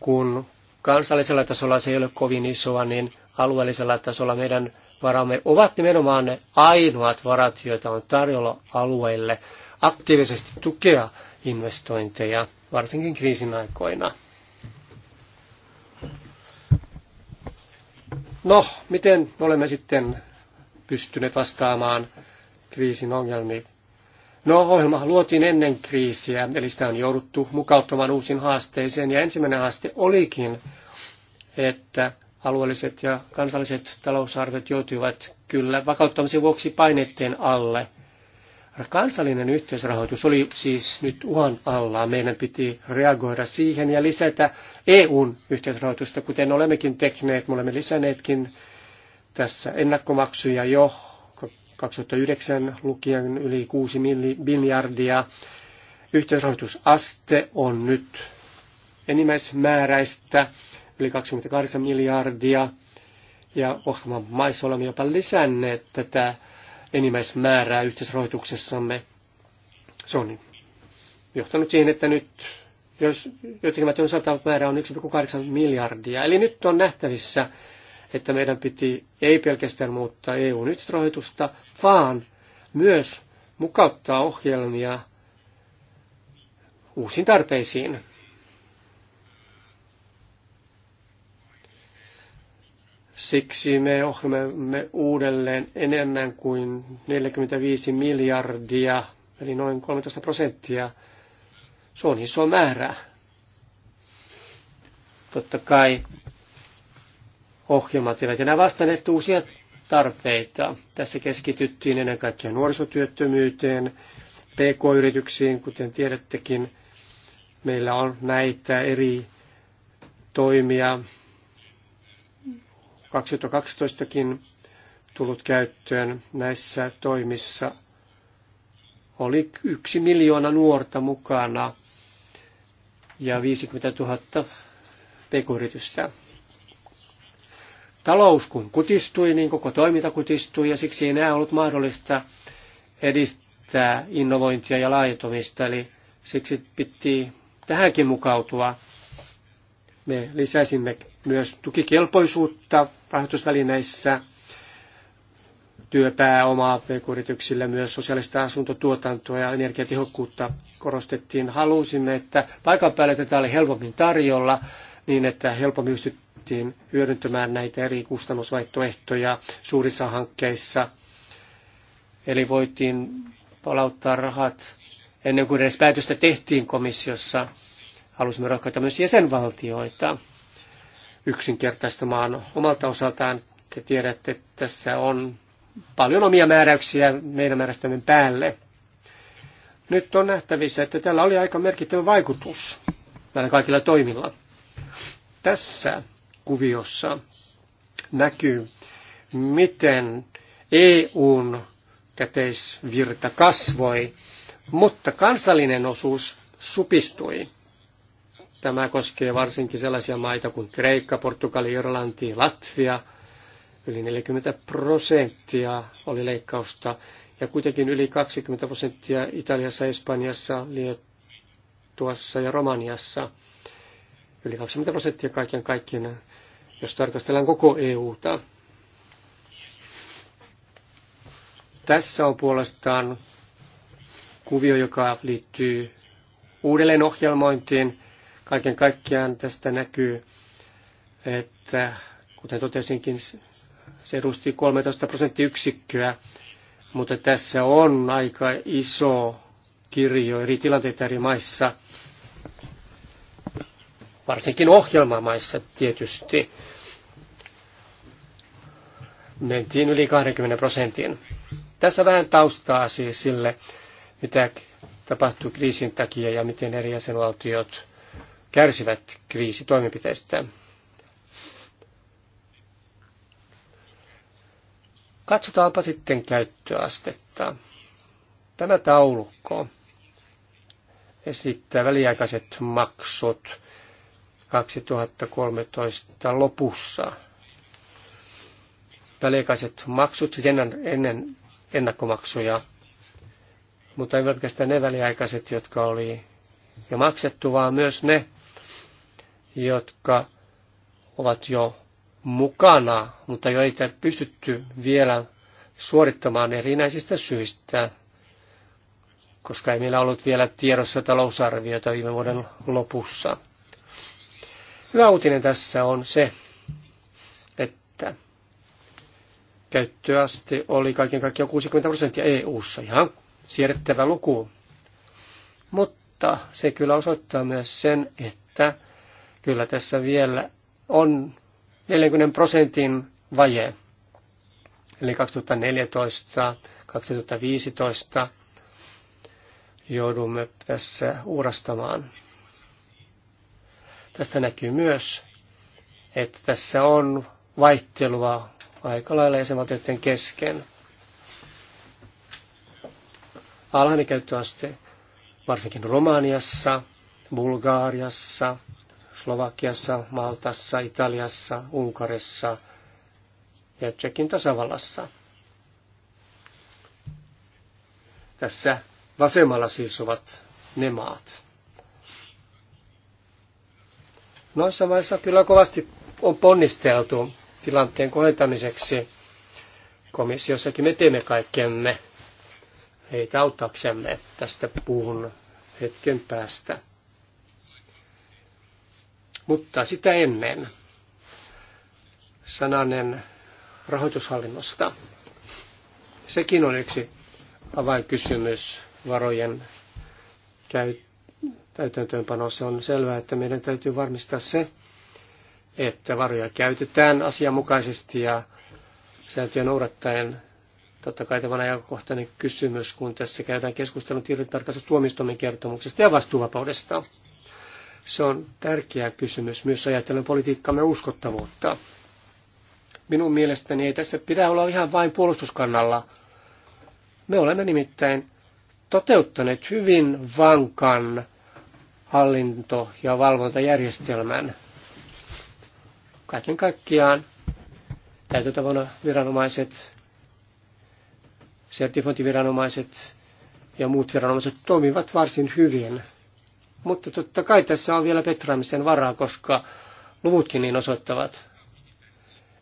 kun kansallisella tasolla se ei ole kovin isoa, niin alueellisella tasolla meidän varamme ovat nimenomaan ne ainoat varat, joita on tarjolla alueille aktiivisesti tukea investointeja, varsinkin kriisin aikoina. No, miten olemme sitten pystyneet vastaamaan kriisin ongelmiin. No, ohjelma luotiin ennen kriisiä, eli sitä on jouduttu mukauttamaan uusiin haasteisiin. Ja ensimmäinen haaste olikin, että alueelliset ja kansalliset talousarvet joutuivat kyllä vakauttamisen vuoksi painetteen alle. Kansallinen yhteisrahoitus oli siis nyt uhan alla. Meidän piti reagoida siihen ja lisätä EUn yhteisrahoitusta, kuten olemmekin tekneet, Me olemme lisänneetkin tässä ennakkomaksuja jo 2009 lukien yli 6 miljardia. Yhteisrahoitusaste on nyt enimmäismääräistä yli 28 miljardia ja ohjelman maissa olemme jopa lisänneet tätä enimmäismäärää yhteisrahoituksessamme. Se on johtanut siihen, että nyt jos jotenkin määrä on 1,8 miljardia. Eli nyt on nähtävissä, että meidän piti ei pelkästään muuttaa EUn rahoitusta, vaan myös mukauttaa ohjelmia uusiin tarpeisiin. Siksi me ohjelmamme uudelleen enemmän kuin 45 miljardia, eli noin 13 prosenttia. Se on iso määrä. Totta kai ohjelmat eivät enää vastanneet uusia tarpeita. Tässä keskityttiin ennen kaikkea nuorisotyöttömyyteen, PK-yrityksiin, kuten tiedättekin. Meillä on näitä eri toimia 2012kin tullut käyttöön näissä toimissa. Oli yksi miljoona nuorta mukana ja 50 000 pk-yritystä. Talous kun kutistui, niin koko toiminta kutistui ja siksi ei enää ollut mahdollista edistää innovointia ja laajentumista, eli siksi piti tähänkin mukautua. Me lisäsimme myös tukikelpoisuutta rahoitusvälineissä, työpääomaa pk-yrityksille, myös sosiaalista asuntotuotantoa ja energiatehokkuutta korostettiin. Halusimme, että paikan päälle tätä oli helpommin tarjolla niin, että helpommin pystyttiin hyödyntämään näitä eri kustannusvaihtoehtoja suurissa hankkeissa. Eli voitiin palauttaa rahat ennen kuin edes päätöstä tehtiin komissiossa. Halusimme rohkaita myös jäsenvaltioita yksinkertaistumaan omalta osaltaan. Te tiedätte, että tässä on paljon omia määräyksiä meidän määrästämme päälle. Nyt on nähtävissä, että tällä oli aika merkittävä vaikutus näillä kaikilla toimilla. Tässä kuviossa näkyy, miten EUn käteisvirta kasvoi, mutta kansallinen osuus supistui. Tämä koskee varsinkin sellaisia maita kuin Kreikka, Portugali, Irlanti, Latvia. Yli 40 prosenttia oli leikkausta ja kuitenkin yli 20 prosenttia Italiassa, Espanjassa, Liettuassa ja Romaniassa – yli 20 prosenttia kaiken kaikkiaan, jos tarkastellaan koko EUta. Tässä on puolestaan kuvio, joka liittyy uudelleenohjelmointiin. Kaiken kaikkiaan tästä näkyy, että kuten totesinkin, se edusti 13 prosenttiyksikköä, mutta tässä on aika iso kirjo eri tilanteita eri maissa – varsinkin ohjelmamaissa tietysti mentiin yli 20 prosentin. Tässä vähän taustaa siis sille, mitä tapahtuu kriisin takia ja miten eri jäsenvaltiot kärsivät kriisitoimenpiteistä. Katsotaanpa sitten käyttöastetta. Tämä taulukko esittää väliaikaiset maksut 2013 lopussa. Väliaikaiset maksut siis ennen, ennen ennakkomaksuja, mutta ei pelkästään ne väliaikaiset, jotka oli jo maksettu, vaan myös ne, jotka ovat jo mukana, mutta joita ei pystytty vielä suorittamaan erinäisistä syistä, koska ei meillä ollut vielä tiedossa talousarviota viime vuoden lopussa. Hyvä uutinen tässä on se, että käyttöaste oli kaiken kaikkiaan 60 prosenttia EU-ssa. Ihan siirrettävä luku. Mutta se kyllä osoittaa myös sen, että kyllä tässä vielä on 40 prosentin vaje. Eli 2014, 2015 joudumme tässä uurastamaan Tästä näkyy myös, että tässä on vaihtelua aika lailla jäsenvaltioiden kesken. Alhainen käyttöaste varsinkin Romaniassa, Bulgaariassa, Slovakiassa, Maltassa, Italiassa, Unkarissa ja Tsekin tasavallassa. Tässä vasemmalla siis ovat ne maat. Noissa maissa kyllä kovasti on ponnisteltu tilanteen kohentamiseksi. Komissiossakin me teemme kaikkemme heitä auttaaksemme. Tästä puhun hetken päästä. Mutta sitä ennen sananen rahoitushallinnosta. Sekin on yksi avainkysymys varojen käyttöön täytäntöönpanossa on selvää, että meidän täytyy varmistaa se, että varoja käytetään asianmukaisesti ja sääntöjä noudattaen. Totta kai tämä on ajankohtainen kysymys, kun tässä käydään keskustelun tuomistomin kertomuksesta ja vastuuvapaudesta. Se on tärkeä kysymys myös ajatellen politiikkamme uskottavuutta. Minun mielestäni ei tässä pidä olla ihan vain puolustuskannalla. Me olemme nimittäin toteuttaneet hyvin vankan hallinto- ja valvontajärjestelmän. Kaiken kaikkiaan täytäntövuonna viranomaiset, sertifointiviranomaiset ja muut viranomaiset toimivat varsin hyvin. Mutta totta kai tässä on vielä petraamisen varaa, koska luvutkin niin osoittavat.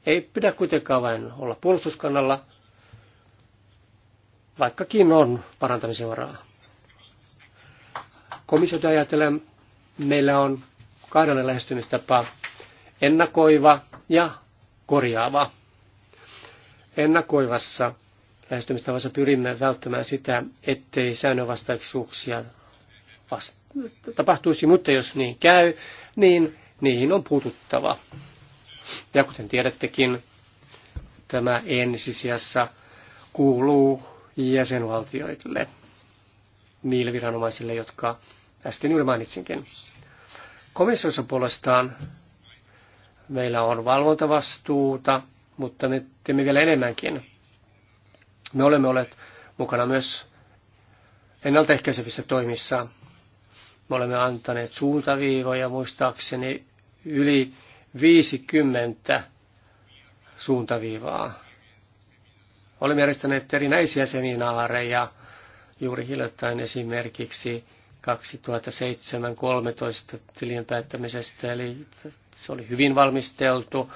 Ei pidä kuitenkaan vain olla puolustuskannalla, vaikkakin on parantamisen varaa. Komissiota ajatellen meillä on kahdella lähestymistapa, ennakoiva ja korjaava. Ennakoivassa lähestymistavassa pyrimme välttämään sitä, ettei säännönvastaisuuksia vast- tapahtuisi, mutta jos niin käy, niin niihin on puututtava. Ja kuten tiedättekin, tämä ensisijassa kuuluu jäsenvaltioille, niille viranomaisille, jotka Äsken juuri mainitsinkin. Komissiossa puolestaan meillä on valvontavastuuta, mutta me teemme vielä enemmänkin. Me olemme olleet mukana myös ennaltaehkäisevissä toimissa. Me olemme antaneet suuntaviivoja muistaakseni yli 50 suuntaviivaa. Olemme järjestäneet erinäisiä seminaareja juuri hiljattain esimerkiksi 2007-2013 tilien päättämisestä, eli se oli hyvin valmisteltu.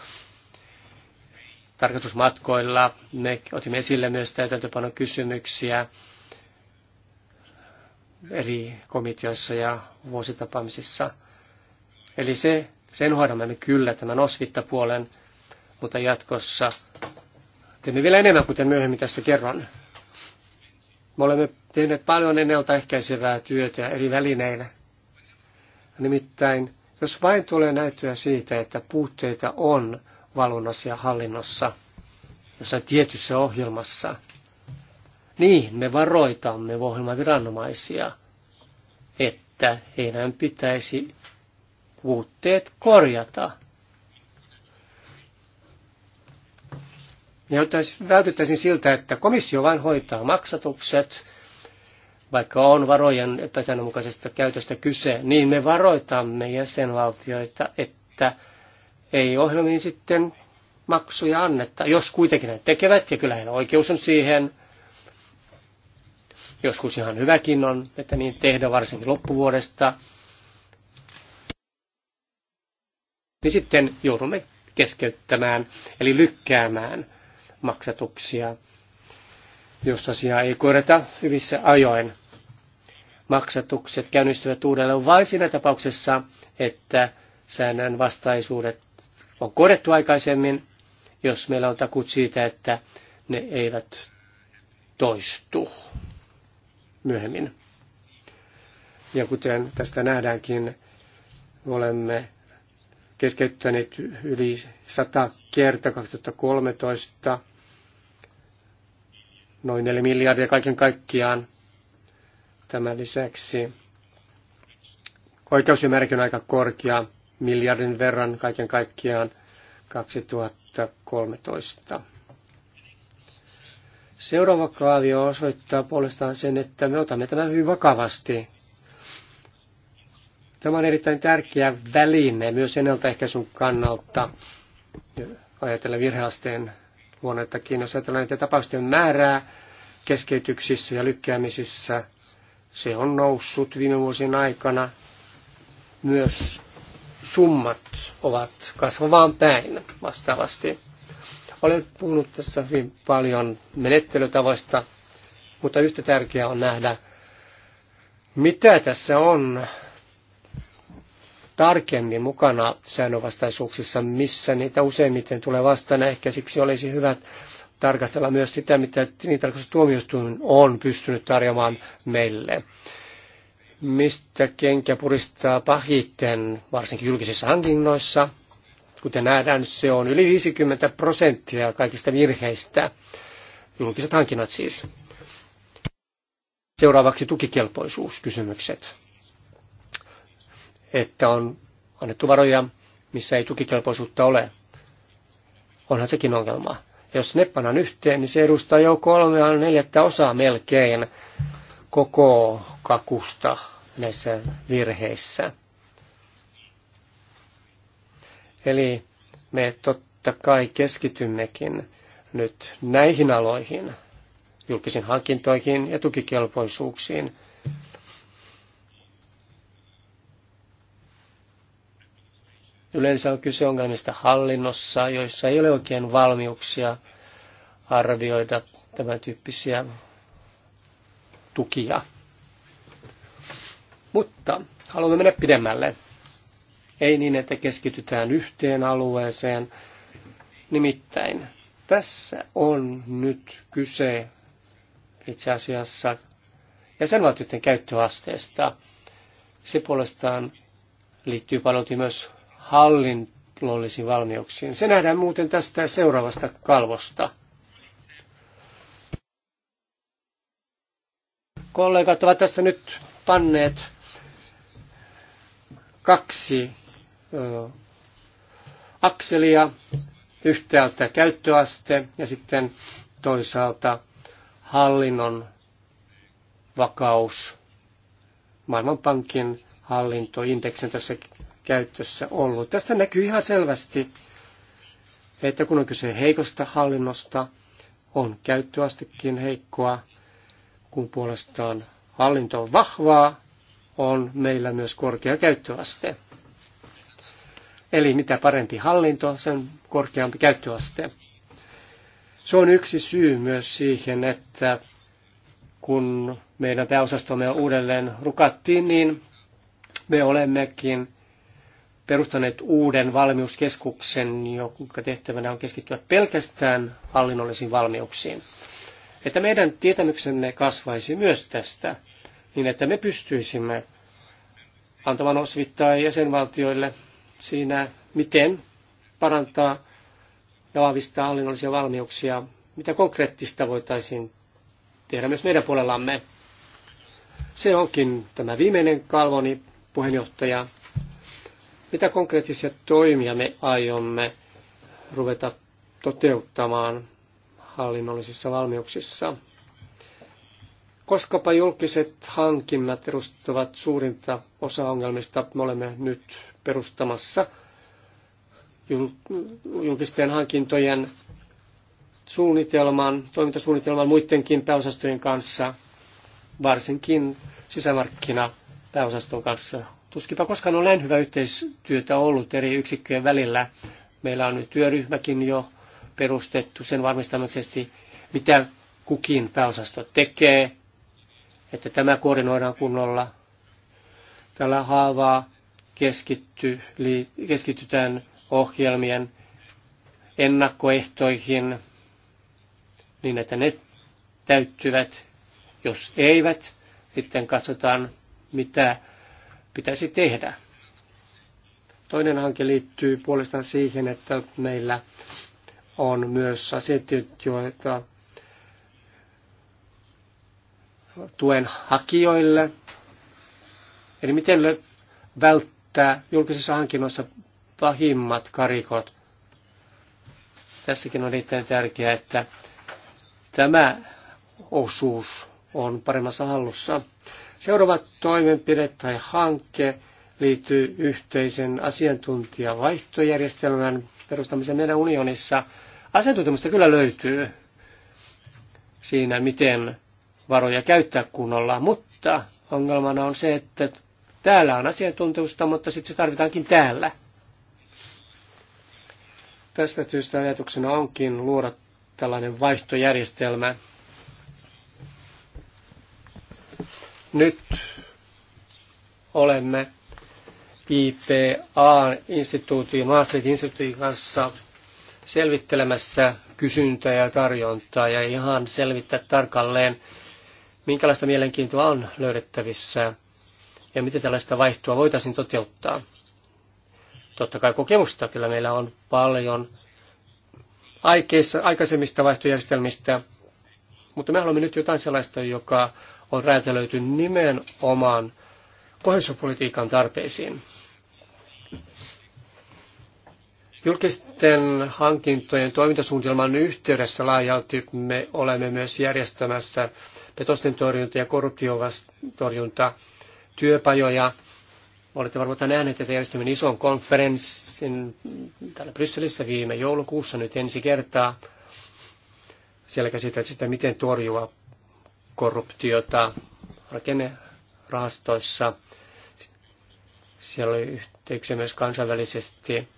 tarkoitusmatkoilla. me otimme esille myös täytäntöpanon kysymyksiä eri komiteoissa ja vuositapaamisissa. Eli se, sen hoidamme me kyllä tämän osvittapuolen, mutta jatkossa teemme vielä enemmän, kuten myöhemmin tässä kerron. Me olemme tehneet paljon ennaltaehkäisevää työtä eri välineillä. Nimittäin, jos vain tulee näyttöä siitä, että puutteita on valvonnassa ja hallinnossa, jossain tietyssä ohjelmassa, niin me varoitamme ohjelmaviranomaisia, että heidän pitäisi puutteet korjata. Ja vältyttäisiin siltä, että komissio vain hoitaa maksatukset vaikka on varojen epäsäännönmukaisesta käytöstä kyse, niin me varoitamme jäsenvaltioita, että ei ohjelmiin sitten maksuja anneta, jos kuitenkin ne tekevät, ja kyllähän oikeus on siihen, joskus ihan hyväkin on, että niin tehdä varsinkin loppuvuodesta, niin sitten joudumme keskeyttämään, eli lykkäämään maksatuksia, jos asiaa ei korjata hyvissä ajoin maksatukset käynnistyvät uudelleen vain siinä tapauksessa, että säännön vastaisuudet on korjattu aikaisemmin, jos meillä on takut siitä, että ne eivät toistu myöhemmin. Ja kuten tästä nähdäänkin, olemme keskeyttäneet yli 100 kertaa 2013 noin 4 miljardia kaiken kaikkiaan Tämän lisäksi oikeusymmärrykin aika korkea, miljardin verran kaiken kaikkiaan 2013. Seuraava kaavio osoittaa puolestaan sen, että me otamme tämän hyvin vakavasti. Tämä on erittäin tärkeä väline myös ennaltaehkäisyn kannalta. Ajatella virheasteen luonnettakin, jos ajatellaan näitä tapausten määrää keskeytyksissä ja lykkäämisissä – se on noussut viime vuosien aikana. Myös summat ovat kasvavaan päin vastaavasti. Olen puhunut tässä hyvin paljon menettelytavoista, mutta yhtä tärkeää on nähdä, mitä tässä on tarkemmin mukana säännönvastaisuuksissa, missä niitä useimmiten tulee vastaan. Ehkä siksi olisi hyvä tarkastella myös sitä, mitä tilintarkastustuomioistuin on pystynyt tarjoamaan meille. Mistä kenkä puristaa pahiten, varsinkin julkisissa hankinnoissa. Kuten nähdään, se on yli 50 prosenttia kaikista virheistä. Julkiset hankinnat siis. Seuraavaksi tukikelpoisuuskysymykset. Että on annettu varoja, missä ei tukikelpoisuutta ole. Onhan sekin ongelma jos ne pannaan yhteen, niin se edustaa jo ja neljättä osaa melkein koko kakusta näissä virheissä. Eli me totta kai keskitymmekin nyt näihin aloihin, julkisiin hankintoihin ja tukikelpoisuuksiin, Yleensä on kyse ongelmista hallinnossa, joissa ei ole oikein valmiuksia arvioida tämän tyyppisiä tukia. Mutta haluamme mennä pidemmälle. Ei niin, että keskitytään yhteen alueeseen. Nimittäin tässä on nyt kyse itse asiassa jäsenvaltioiden käyttöasteesta. Se puolestaan liittyy paljon myös hallinnollisiin valmiuksiin. Se nähdään muuten tästä seuraavasta kalvosta. Kollegat ovat tässä nyt panneet kaksi akselia, yhtäältä käyttöaste ja sitten toisaalta hallinnon vakaus. Maailmanpankin hallintoindeksin tässä käytössä ollut. Tästä näkyy ihan selvästi, että kun on kyse heikosta hallinnosta, on käyttöastekin heikkoa, kun puolestaan hallinto on vahvaa, on meillä myös korkea käyttöaste. Eli mitä parempi hallinto, sen korkeampi käyttöaste. Se on yksi syy myös siihen, että kun meidän pääosastomme uudelleen rukattiin, niin me olemmekin perustaneet uuden valmiuskeskuksen, jonka tehtävänä on keskittyä pelkästään hallinnollisiin valmiuksiin. Että meidän tietämyksemme kasvaisi myös tästä, niin että me pystyisimme antamaan osvittaa jäsenvaltioille siinä, miten parantaa ja vahvistaa hallinnollisia valmiuksia, mitä konkreettista voitaisiin tehdä myös meidän puolellamme. Se onkin tämä viimeinen kalvoni, puheenjohtaja. Mitä konkreettisia toimia me aiomme ruveta toteuttamaan hallinnollisissa valmiuksissa? Koskapa julkiset hankinnat edustavat suurinta osa ongelmista, me olemme nyt perustamassa julkisten hankintojen suunnitelman, toimintasuunnitelman muidenkin pääosastojen kanssa, varsinkin sisämarkkina pääosaston kanssa Tuskipa koskaan on näin hyvä yhteistyötä ollut eri yksikköjen välillä. Meillä on nyt työryhmäkin jo perustettu sen varmistamiseksi, mitä kukin pääosasto tekee, että tämä koordinoidaan kunnolla. Tällä haavaa keskitty, keskitytään ohjelmien ennakkoehtoihin niin, että ne täyttyvät. Jos eivät, sitten katsotaan, mitä pitäisi tehdä. Toinen hanke liittyy puolestaan siihen, että meillä on myös asiat, joita tuen hakijoille. Eli miten välttää julkisissa hankinnoissa pahimmat karikot. Tässäkin on erittäin tärkeää, että tämä osuus on paremmassa hallussa. Seuraava toimenpide tai hanke liittyy yhteisen asiantuntijavaihtojärjestelmän perustamiseen meidän unionissa. Asiantuntemusta kyllä löytyy siinä, miten varoja käyttää kunnolla, mutta ongelmana on se, että täällä on asiantuntemusta, mutta sitten se tarvitaankin täällä. Tästä syystä ajatuksena onkin luoda tällainen vaihtojärjestelmä, Nyt olemme IPA-instituutin, Maastricht-instituutin kanssa selvittelemässä kysyntää ja tarjontaa ja ihan selvittää tarkalleen, minkälaista mielenkiintoa on löydettävissä ja miten tällaista vaihtoa voitaisiin toteuttaa. Totta kai kokemusta kyllä meillä on paljon aikeissa, aikaisemmista vaihtojärjestelmistä, mutta me haluamme nyt jotain sellaista, joka on räätälöity nimenomaan kohdistuspolitiikan tarpeisiin. Julkisten hankintojen toimintasuunnitelman yhteydessä laajalti me olemme myös järjestämässä petosten torjunta ja korruptiovastorjunta työpajoja. Olette varmaan nähneet, että järjestämme ison konferenssin täällä Brysselissä viime joulukuussa nyt ensi kertaa. Siellä käsitellään sitä, miten torjua korruptiota rakennerahastoissa. Siellä oli yhteyksiä myös kansainvälisesti.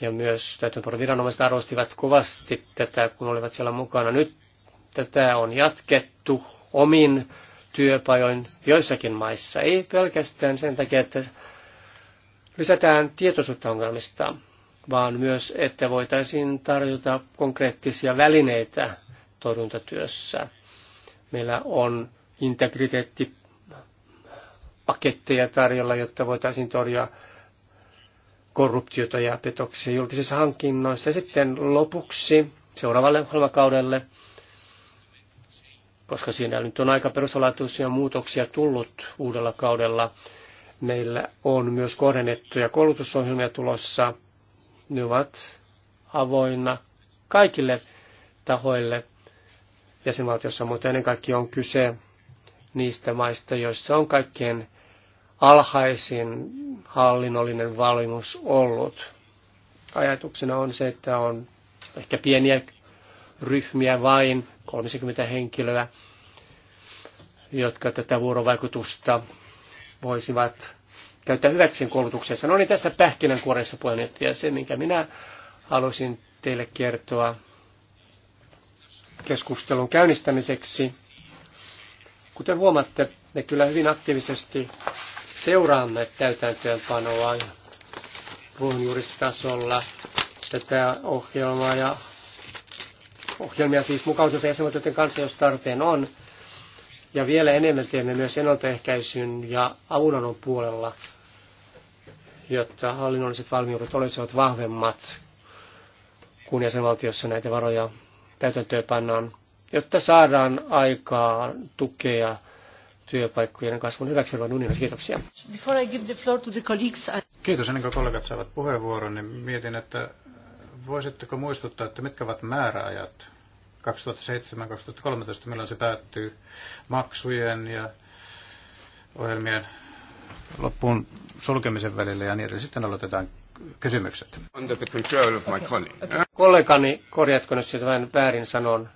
Ja myös täytyy viranomaiset arvostivat kovasti tätä, kun olivat siellä mukana. Nyt tätä on jatkettu omin työpajoin joissakin maissa. Ei pelkästään sen takia, että lisätään tietoisuutta ongelmista, vaan myös, että voitaisiin tarjota konkreettisia välineitä torjuntatyössä. Meillä on integriteettipaketteja tarjolla, jotta voitaisiin torjua korruptiota ja petoksia julkisissa hankinnoissa. Ja sitten lopuksi seuraavalle ohjelmakaudelle, koska siinä nyt on aika perusolaatuisia muutoksia tullut uudella kaudella, meillä on myös kohdennettuja koulutusohjelmia tulossa. Ne ovat avoinna kaikille tahoille jäsenvaltiossa, mutta ennen kaikkea on kyse niistä maista, joissa on kaikkien alhaisin hallinnollinen valmius ollut. Ajatuksena on se, että on ehkä pieniä ryhmiä vain, 30 henkilöä, jotka tätä vuorovaikutusta voisivat käyttää hyväksi koulutuksessa. No niin, tässä pähkinänkuoressa puheenjohtaja se, minkä minä halusin teille kertoa keskustelun käynnistämiseksi. Kuten huomaatte, me kyllä hyvin aktiivisesti seuraamme täytäntöönpanoa ruohonjuuristasolla tätä ohjelmaa ja ohjelmia siis mukautetaan jäsenvaltioiden kanssa, jos tarpeen on. Ja vielä enemmän teemme myös ennaltaehkäisyn ja avunannon puolella, jotta hallinnolliset valmiudet olisivat vahvemmat, kun jäsenvaltiossa näitä varoja täytäntöönpannaan, jotta saadaan aikaan tukea työpaikkojen kasvun hyväksyvän unionissa. Kiitoksia. Kiitos. Ennen kuin kollegat saavat puheenvuoron, niin mietin, että voisitteko muistuttaa, että mitkä ovat määräajat 2007-2013, milloin se päättyy maksujen ja ohjelmien loppuun sulkemisen välillä ja niin edelleen. Sitten aloitetaan kysymykset. Under the control of my colleague. Okay. Kollegani, korjatko nyt sitä vähän väärin sanon.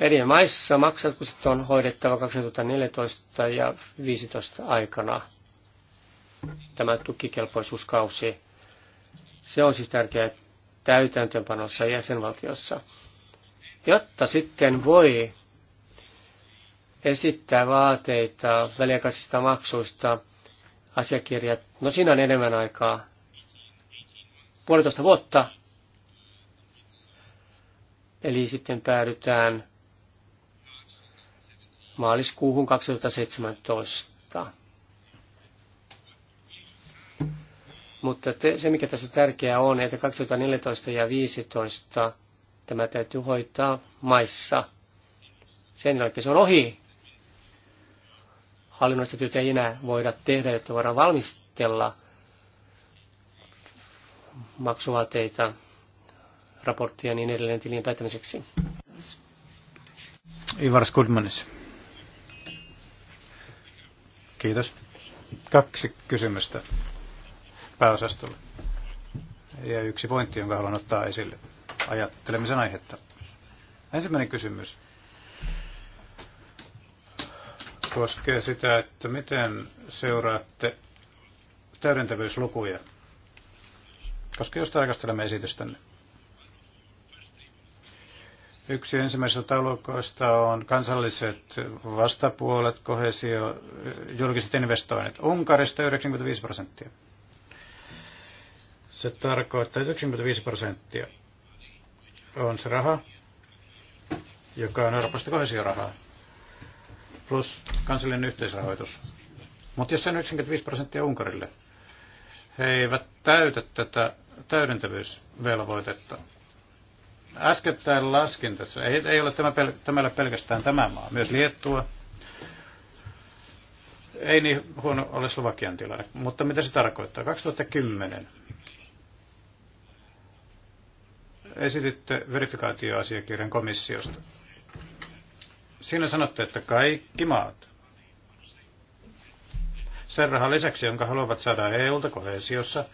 Eri maissa maksatukset on hoidettava 2014 ja 2015 aikana tämä tukikelpoisuuskausi. Se on siis tärkeää täytäntöönpanossa jäsenvaltiossa, jotta sitten voi esittää vaateita väliaikaisista maksuista – asiakirjat. No siinä on enemmän aikaa. Puolitoista vuotta. Eli sitten päädytään maaliskuuhun 2017. Mutta te, se, mikä tässä tärkeää on, että 2014 ja 2015 tämä täytyy hoitaa maissa. Sen jälkeen se on ohi hallinnollista työtä ei enää voida tehdä, jotta voidaan valmistella maksuvaateita, raporttia ja niin edelleen tilien päättämiseksi. Ivar Skudmanis. Kiitos. Kaksi kysymystä pääosastolle. Ja yksi pointti, jonka haluan ottaa esille. Ajattelemisen aihetta. Ensimmäinen kysymys koskee sitä, että miten seuraatte täydentävyyslukuja, koska jos tarkastelemme esitystänne. Yksi ensimmäisistä taulukoista on kansalliset vastapuolet, kohesio, julkiset investoinnit. Unkarista 95 prosenttia. Se tarkoittaa, että 95 prosenttia on se raha, joka on Euroopasta kohesiorahaa. rahaa plus kansallinen yhteisrahoitus. Mutta jos se on 95 prosenttia Unkarille, he eivät täytä tätä täydentävyysvelvoitetta. Äskettäin laskin tässä, ei, ei ole tämä, pel, tämä ole pelkästään tämä maa, myös Liettua. Ei niin huono ole Slovakian tilanne, mutta mitä se tarkoittaa? 2010 esititte verifikaatioasiakirjan komissiosta. Siinä sanotte, että kaikki maat sen rahan lisäksi, jonka haluavat saada EU-ta kohesiossa,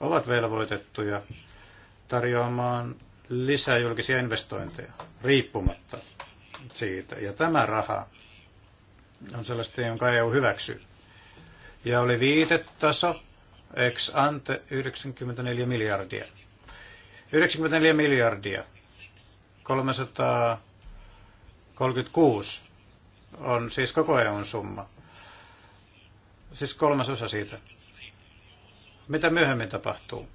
ovat velvoitettuja tarjoamaan lisää julkisia investointeja riippumatta siitä. Ja tämä raha on sellaista, jonka EU hyväksyy. Ja oli viitetaso ex ante 94 miljardia. 94 miljardia, 300 36 on siis koko EUn summa. Siis kolmasosa siitä. Mitä myöhemmin tapahtuu?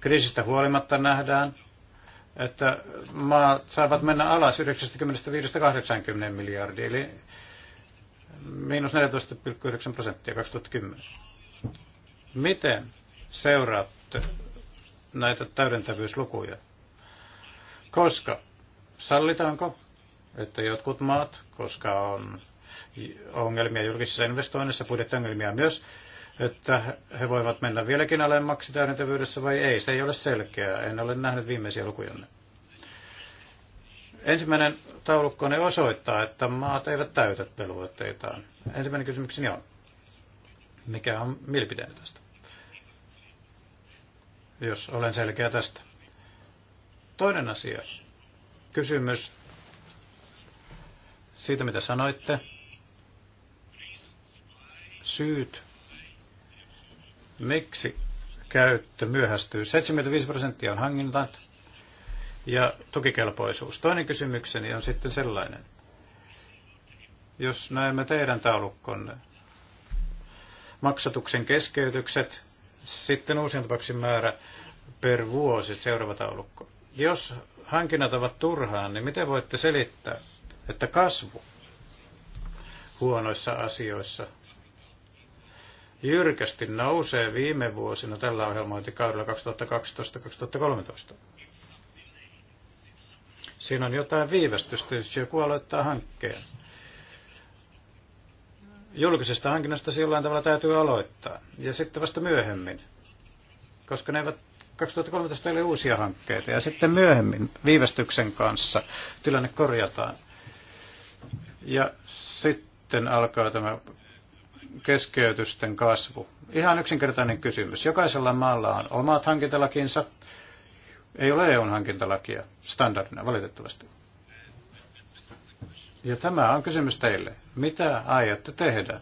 Kriisistä huolimatta nähdään, että maat saavat mennä alas 95-80 miljardia, eli miinus 14,9 prosenttia 2010. Miten seuraatte näitä täydentävyyslukuja? Koska? Sallitaanko että jotkut maat, koska on ongelmia julkisissa investoinnissa, budjettiongelmia myös, että he voivat mennä vieläkin alemmaksi täydentävyydessä vai ei. Se ei ole selkeää. En ole nähnyt viimeisiä lukujanne. Ensimmäinen taulukko ne osoittaa, että maat eivät täytä velvoitteitaan. Ensimmäinen kysymykseni on, mikä on mielipiteeni tästä? Jos olen selkeä tästä. Toinen asia, kysymys siitä, mitä sanoitte. Syyt, miksi käyttö myöhästyy. 75 prosenttia on hankinnat ja tukikelpoisuus. Toinen kysymykseni on sitten sellainen. Jos näemme teidän taulukkonne, maksatuksen keskeytykset, sitten uusintapauksen määrä per vuosi, seuraava taulukko. Jos hankinnat ovat turhaan, niin miten voitte selittää, että kasvu huonoissa asioissa jyrkästi nousee viime vuosina tällä ohjelmointikaudella 2012-2013. Siinä on jotain viivästystä, jos joku aloittaa hankkeen. Julkisesta hankinnasta jollain tavalla täytyy aloittaa, ja sitten vasta myöhemmin, koska ne eivät 2013 ei uusia hankkeita, ja sitten myöhemmin viivästyksen kanssa tilanne korjataan. Ja sitten alkaa tämä keskeytysten kasvu. Ihan yksinkertainen kysymys. Jokaisella maalla on omat hankintalakinsa. Ei ole EUn hankintalakia standardina, valitettavasti. Ja tämä on kysymys teille. Mitä aiotte tehdä?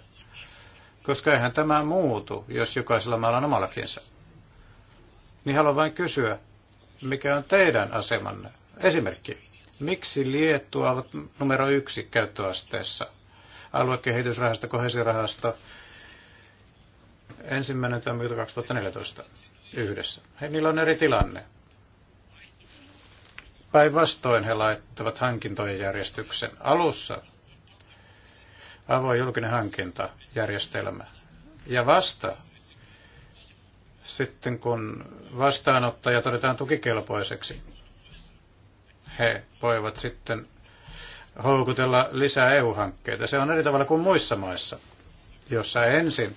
Koska eihän tämä muutu, jos jokaisella maalla on oma lakinsa. Niin haluan vain kysyä, mikä on teidän asemanne? Esimerkki. Miksi Liettua ovat numero yksi käyttöasteessa? Aluekehitysrahasto, kohesirahasto, ensimmäinen tammikuuta 2014 yhdessä. He, niillä on eri tilanne. Päinvastoin he laittavat hankintojen järjestyksen. Alussa avoin julkinen hankintajärjestelmä. Ja vasta sitten kun vastaanottaja todetaan tukikelpoiseksi, he voivat sitten houkutella lisää EU-hankkeita. Se on eri tavalla kuin muissa maissa, jossa ensin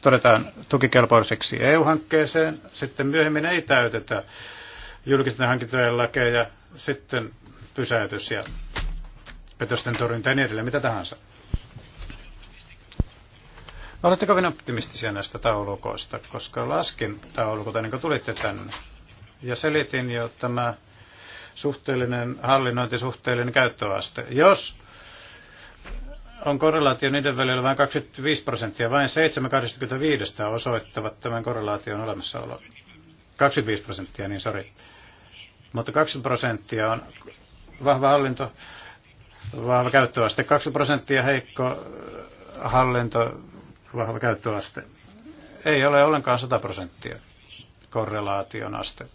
todetaan tukikelpoiseksi EU-hankkeeseen, sitten myöhemmin ei täytetä julkisten hankintojen lakeja, sitten pysäytys ja petosten torjunta ja niin edelleen, mitä tahansa. olette kovin optimistisia näistä taulukoista, koska laskin taulukota, niin kuin tulitte tänne. Ja selitin jo tämä suhteellinen hallinnointi, suhteellinen käyttöaste. Jos on korrelaatio niiden välillä vain 25 prosenttia, vain 7,25 osoittavat tämän korrelaation olemassaolo. 25 prosenttia, niin sori. Mutta 2 prosenttia on vahva hallinto, vahva käyttöaste. 2 prosenttia heikko hallinto, vahva käyttöaste. Ei ole ollenkaan 100 prosenttia korrelaation aste.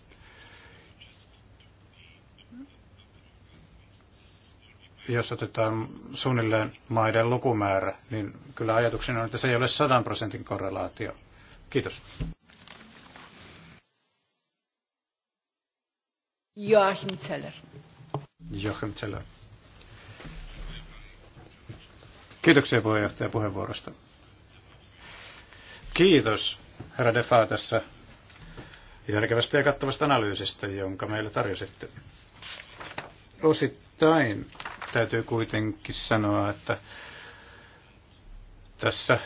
jos otetaan suunnilleen maiden lukumäärä, niin kyllä ajatuksena on, että se ei ole 100 prosentin korrelaatio. Kiitos. Joachim Zeller. Joachim Zeller. Kiitoksia puheenjohtaja puheenvuorosta. Kiitos herra Defa tässä järkevästä ja kattavasta analyysistä, jonka meille tarjositte. Osittain Täytyy kuitenkin sanoa, että tässä äh,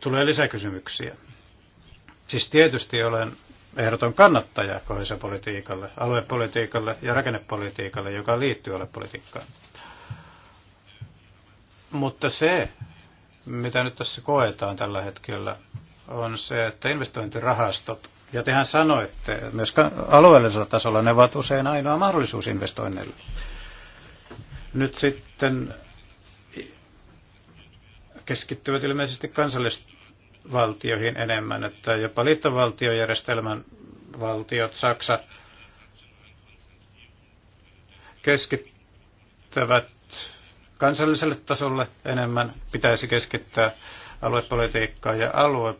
tulee lisäkysymyksiä. Siis tietysti olen ehdoton kannattaja kohesiopolitiikalle, aluepolitiikalle ja rakennepolitiikalle, joka liittyy aluepolitiikkaan. Mutta se, mitä nyt tässä koetaan tällä hetkellä, on se, että investointirahastot ja tehän sanoitte, myös alueellisella tasolla ne ovat usein ainoa mahdollisuus investoinneille. Nyt sitten keskittyvät ilmeisesti kansallisvaltioihin enemmän, että jopa liittovaltiojärjestelmän valtiot, Saksa, keskittävät kansalliselle tasolle enemmän, pitäisi keskittää aluepolitiikkaa ja alue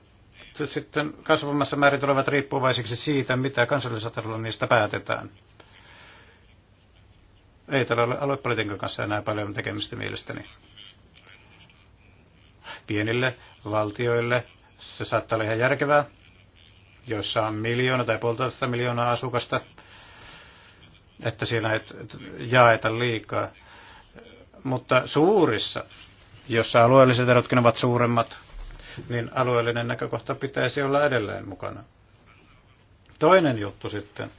sitten kasvamassa määrin tulevat riippuvaisiksi siitä, mitä kansallisella niistä päätetään. Ei tällä ole aluepolitiikan kanssa enää paljon tekemistä mielestäni. Pienille valtioille se saattaa olla ihan järkevää, joissa on miljoona tai puolitoista miljoonaa asukasta, että siinä ei jaeta liikaa. Mutta suurissa, jossa alueelliset erotkin ovat suuremmat, niin alueellinen näkökohta pitäisi olla edelleen mukana. Toinen juttu sitten,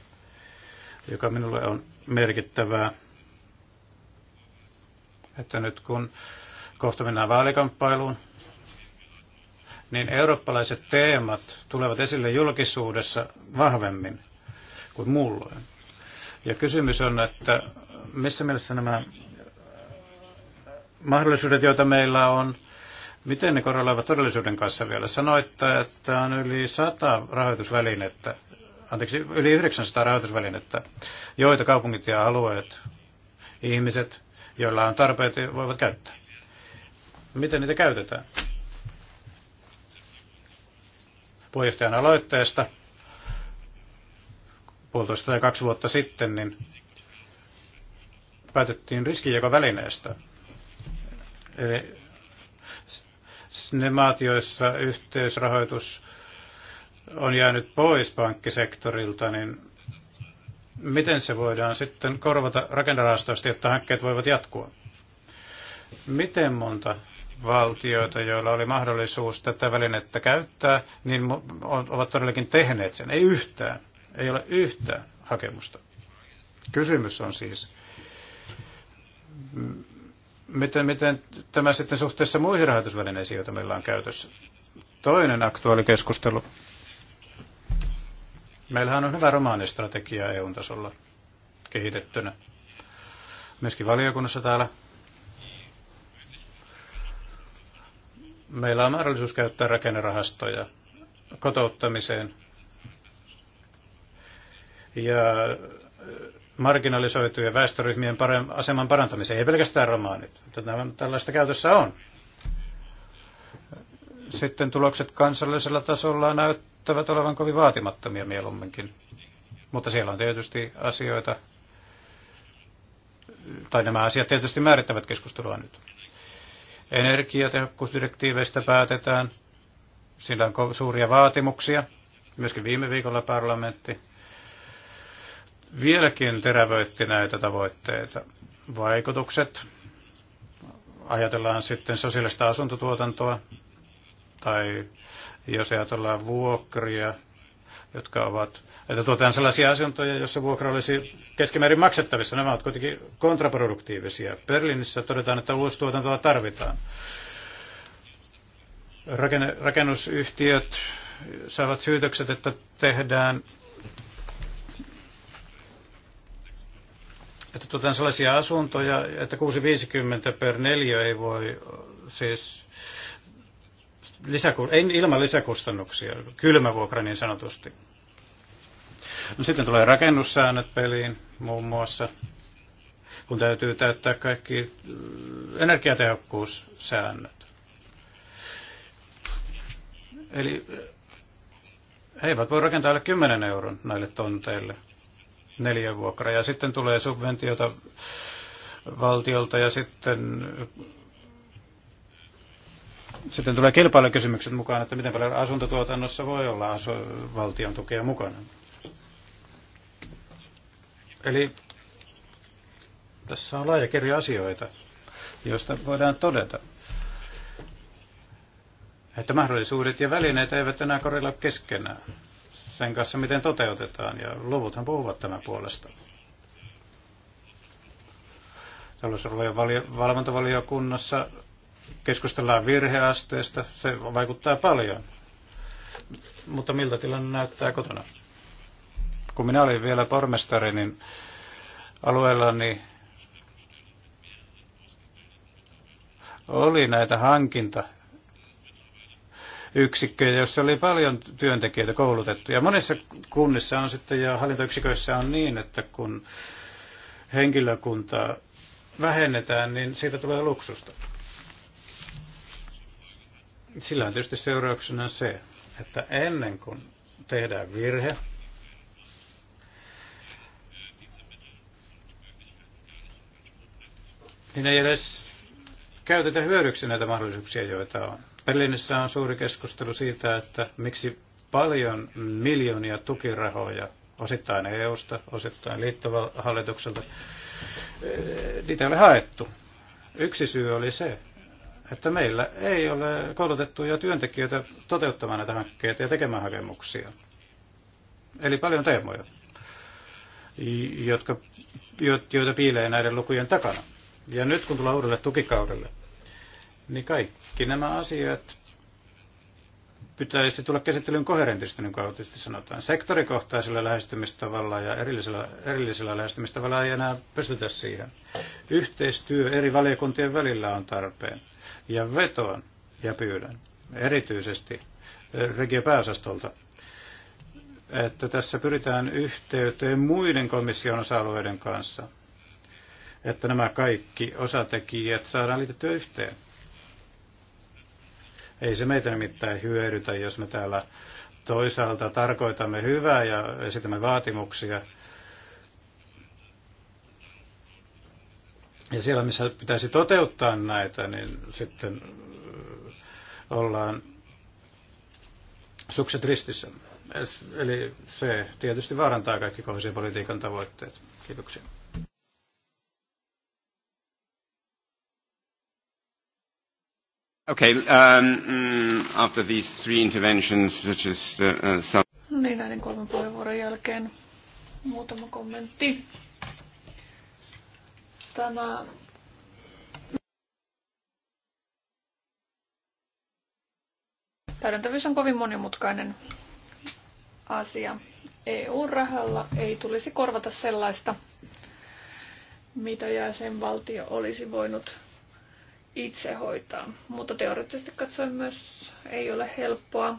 joka minulle on merkittävää, että nyt kun kohta mennään vaalikamppailuun, niin eurooppalaiset teemat tulevat esille julkisuudessa vahvemmin kuin muulloin. Ja kysymys on, että missä mielessä nämä mahdollisuudet, joita meillä on Miten ne korreloivat todellisuuden kanssa vielä? Sanoitte, että on yli 100 rahoitusvälinettä, anteeksi, yli 900 rahoitusvälinettä, joita kaupungit ja alueet, ihmiset, joilla on tarpeet, voivat käyttää. Miten niitä käytetään? Puheenjohtajan aloitteesta puolitoista tai kaksi vuotta sitten, niin päätettiin riskinjakovälineestä. Eli ne maat, joissa yhteisrahoitus on jäänyt pois pankkisektorilta, niin miten se voidaan sitten korvata rakennerahastoista, jotta hankkeet voivat jatkua? Miten monta valtioita, joilla oli mahdollisuus tätä välinettä käyttää, niin ovat todellakin tehneet sen. Ei yhtään. Ei ole yhtään hakemusta. Kysymys on siis, miten, miten tämä sitten suhteessa muihin rahoitusvälineisiin, joita meillä on käytössä? Toinen aktuaali keskustelu. Meillähän on hyvä romaanistrategia eu tasolla kehitettynä. Myöskin valiokunnassa täällä. Meillä on mahdollisuus käyttää rakennerahastoja kotouttamiseen ja marginalisoitujen väestöryhmien aseman parantamiseen, ei pelkästään romaanit, mutta tällaista käytössä on. Sitten tulokset kansallisella tasolla näyttävät olevan kovin vaatimattomia mieluumminkin. Mutta siellä on tietysti asioita, tai nämä asiat tietysti määrittävät keskustelua nyt. Energiatehokkuusdirektiiveistä päätetään. Sillä on suuria vaatimuksia. Myöskin viime viikolla parlamentti vieläkin terävöitti näitä tavoitteita. Vaikutukset, ajatellaan sitten sosiaalista asuntotuotantoa, tai jos ajatellaan vuokria, jotka ovat, että tuotetaan sellaisia asuntoja, joissa vuokra olisi keskimäärin maksettavissa. Nämä ovat kuitenkin kontraproduktiivisia. Berliinissä todetaan, että uustuotantoa tarvitaan. rakennusyhtiöt saavat syytökset, että tehdään että tuota, sellaisia asuntoja, että 6,50 per neljä ei voi siis lisäku, ei, ilman lisäkustannuksia, kylmävuokra niin sanotusti. No, sitten tulee rakennussäännöt peliin muun muassa, kun täytyy täyttää kaikki äh, energiatehokkuussäännöt. Eli äh, he eivät voi rakentaa alle 10 euron näille tonteille – neljä vuokra. Ja sitten tulee subventiota valtiolta ja sitten sitten tulee kilpailukysymykset mukaan, että miten paljon asuntotuotannossa voi olla asu- valtion tukea mukana. Eli tässä on laaja kirja asioita, joista voidaan todeta, että mahdollisuudet ja välineet eivät enää korilla keskenään sen kanssa, miten toteutetaan, ja luvuthan puhuvat tämän puolesta. Talousalueen valvontavaliokunnassa keskustellaan virheasteesta, se vaikuttaa paljon. Mutta miltä tilanne näyttää kotona? Kun minä olin vielä pormestari, niin alueellani oli näitä hankinta yksikköjä, joissa oli paljon työntekijöitä koulutettuja. Monissa kunnissa on sitten ja hallintoyksiköissä on niin, että kun henkilökuntaa vähennetään, niin siitä tulee luksusta. Sillä on tietysti seurauksena se, että ennen kuin tehdään virhe, niin ei edes käytetä hyödyksi näitä mahdollisuuksia, joita on. Berliinissä on suuri keskustelu siitä, että miksi paljon miljoonia tukirahoja, osittain EU-sta, osittain liittohallitukselta, eh, niitä ei ole haettu. Yksi syy oli se, että meillä ei ole koulutettuja työntekijöitä toteuttamaan näitä hankkeita ja tekemään hakemuksia. Eli paljon teemoja, jotka, joita piilee näiden lukujen takana. Ja nyt kun tullaan uudelle tukikaudelle, niin kaikki nämä asiat pitäisi tulla käsittelyyn koherentista, niin kuin sanotaan. Sektorikohtaisella lähestymistavalla ja erillisellä, erillisellä lähestymistavalla ei enää pystytä siihen. Yhteistyö eri valiokuntien välillä on tarpeen. Ja vetoon ja pyydän erityisesti regiopääosastolta, että tässä pyritään yhteyteen muiden komission osa-alueiden kanssa, että nämä kaikki osatekijät saadaan liitettyä yhteen. Ei se meitä nimittäin hyödytä, jos me täällä toisaalta tarkoitamme hyvää ja esitämme vaatimuksia. Ja siellä, missä pitäisi toteuttaa näitä, niin sitten äh, ollaan sukset ristissä. Eli se tietysti vaarantaa kaikki kohdisen politiikan tavoitteet. Kiitoksia. Okay, um, mm, after these three interventions, such as the, uh, some... No niin, näiden kolmen puheenvuoron jälkeen muutama kommentti. Tämä Täydentävyys on kovin monimutkainen asia. EU-rahalla ei tulisi korvata sellaista, mitä jäsenvaltio olisi voinut itse hoitaa. Mutta teoreettisesti katsoen myös ei ole helppoa.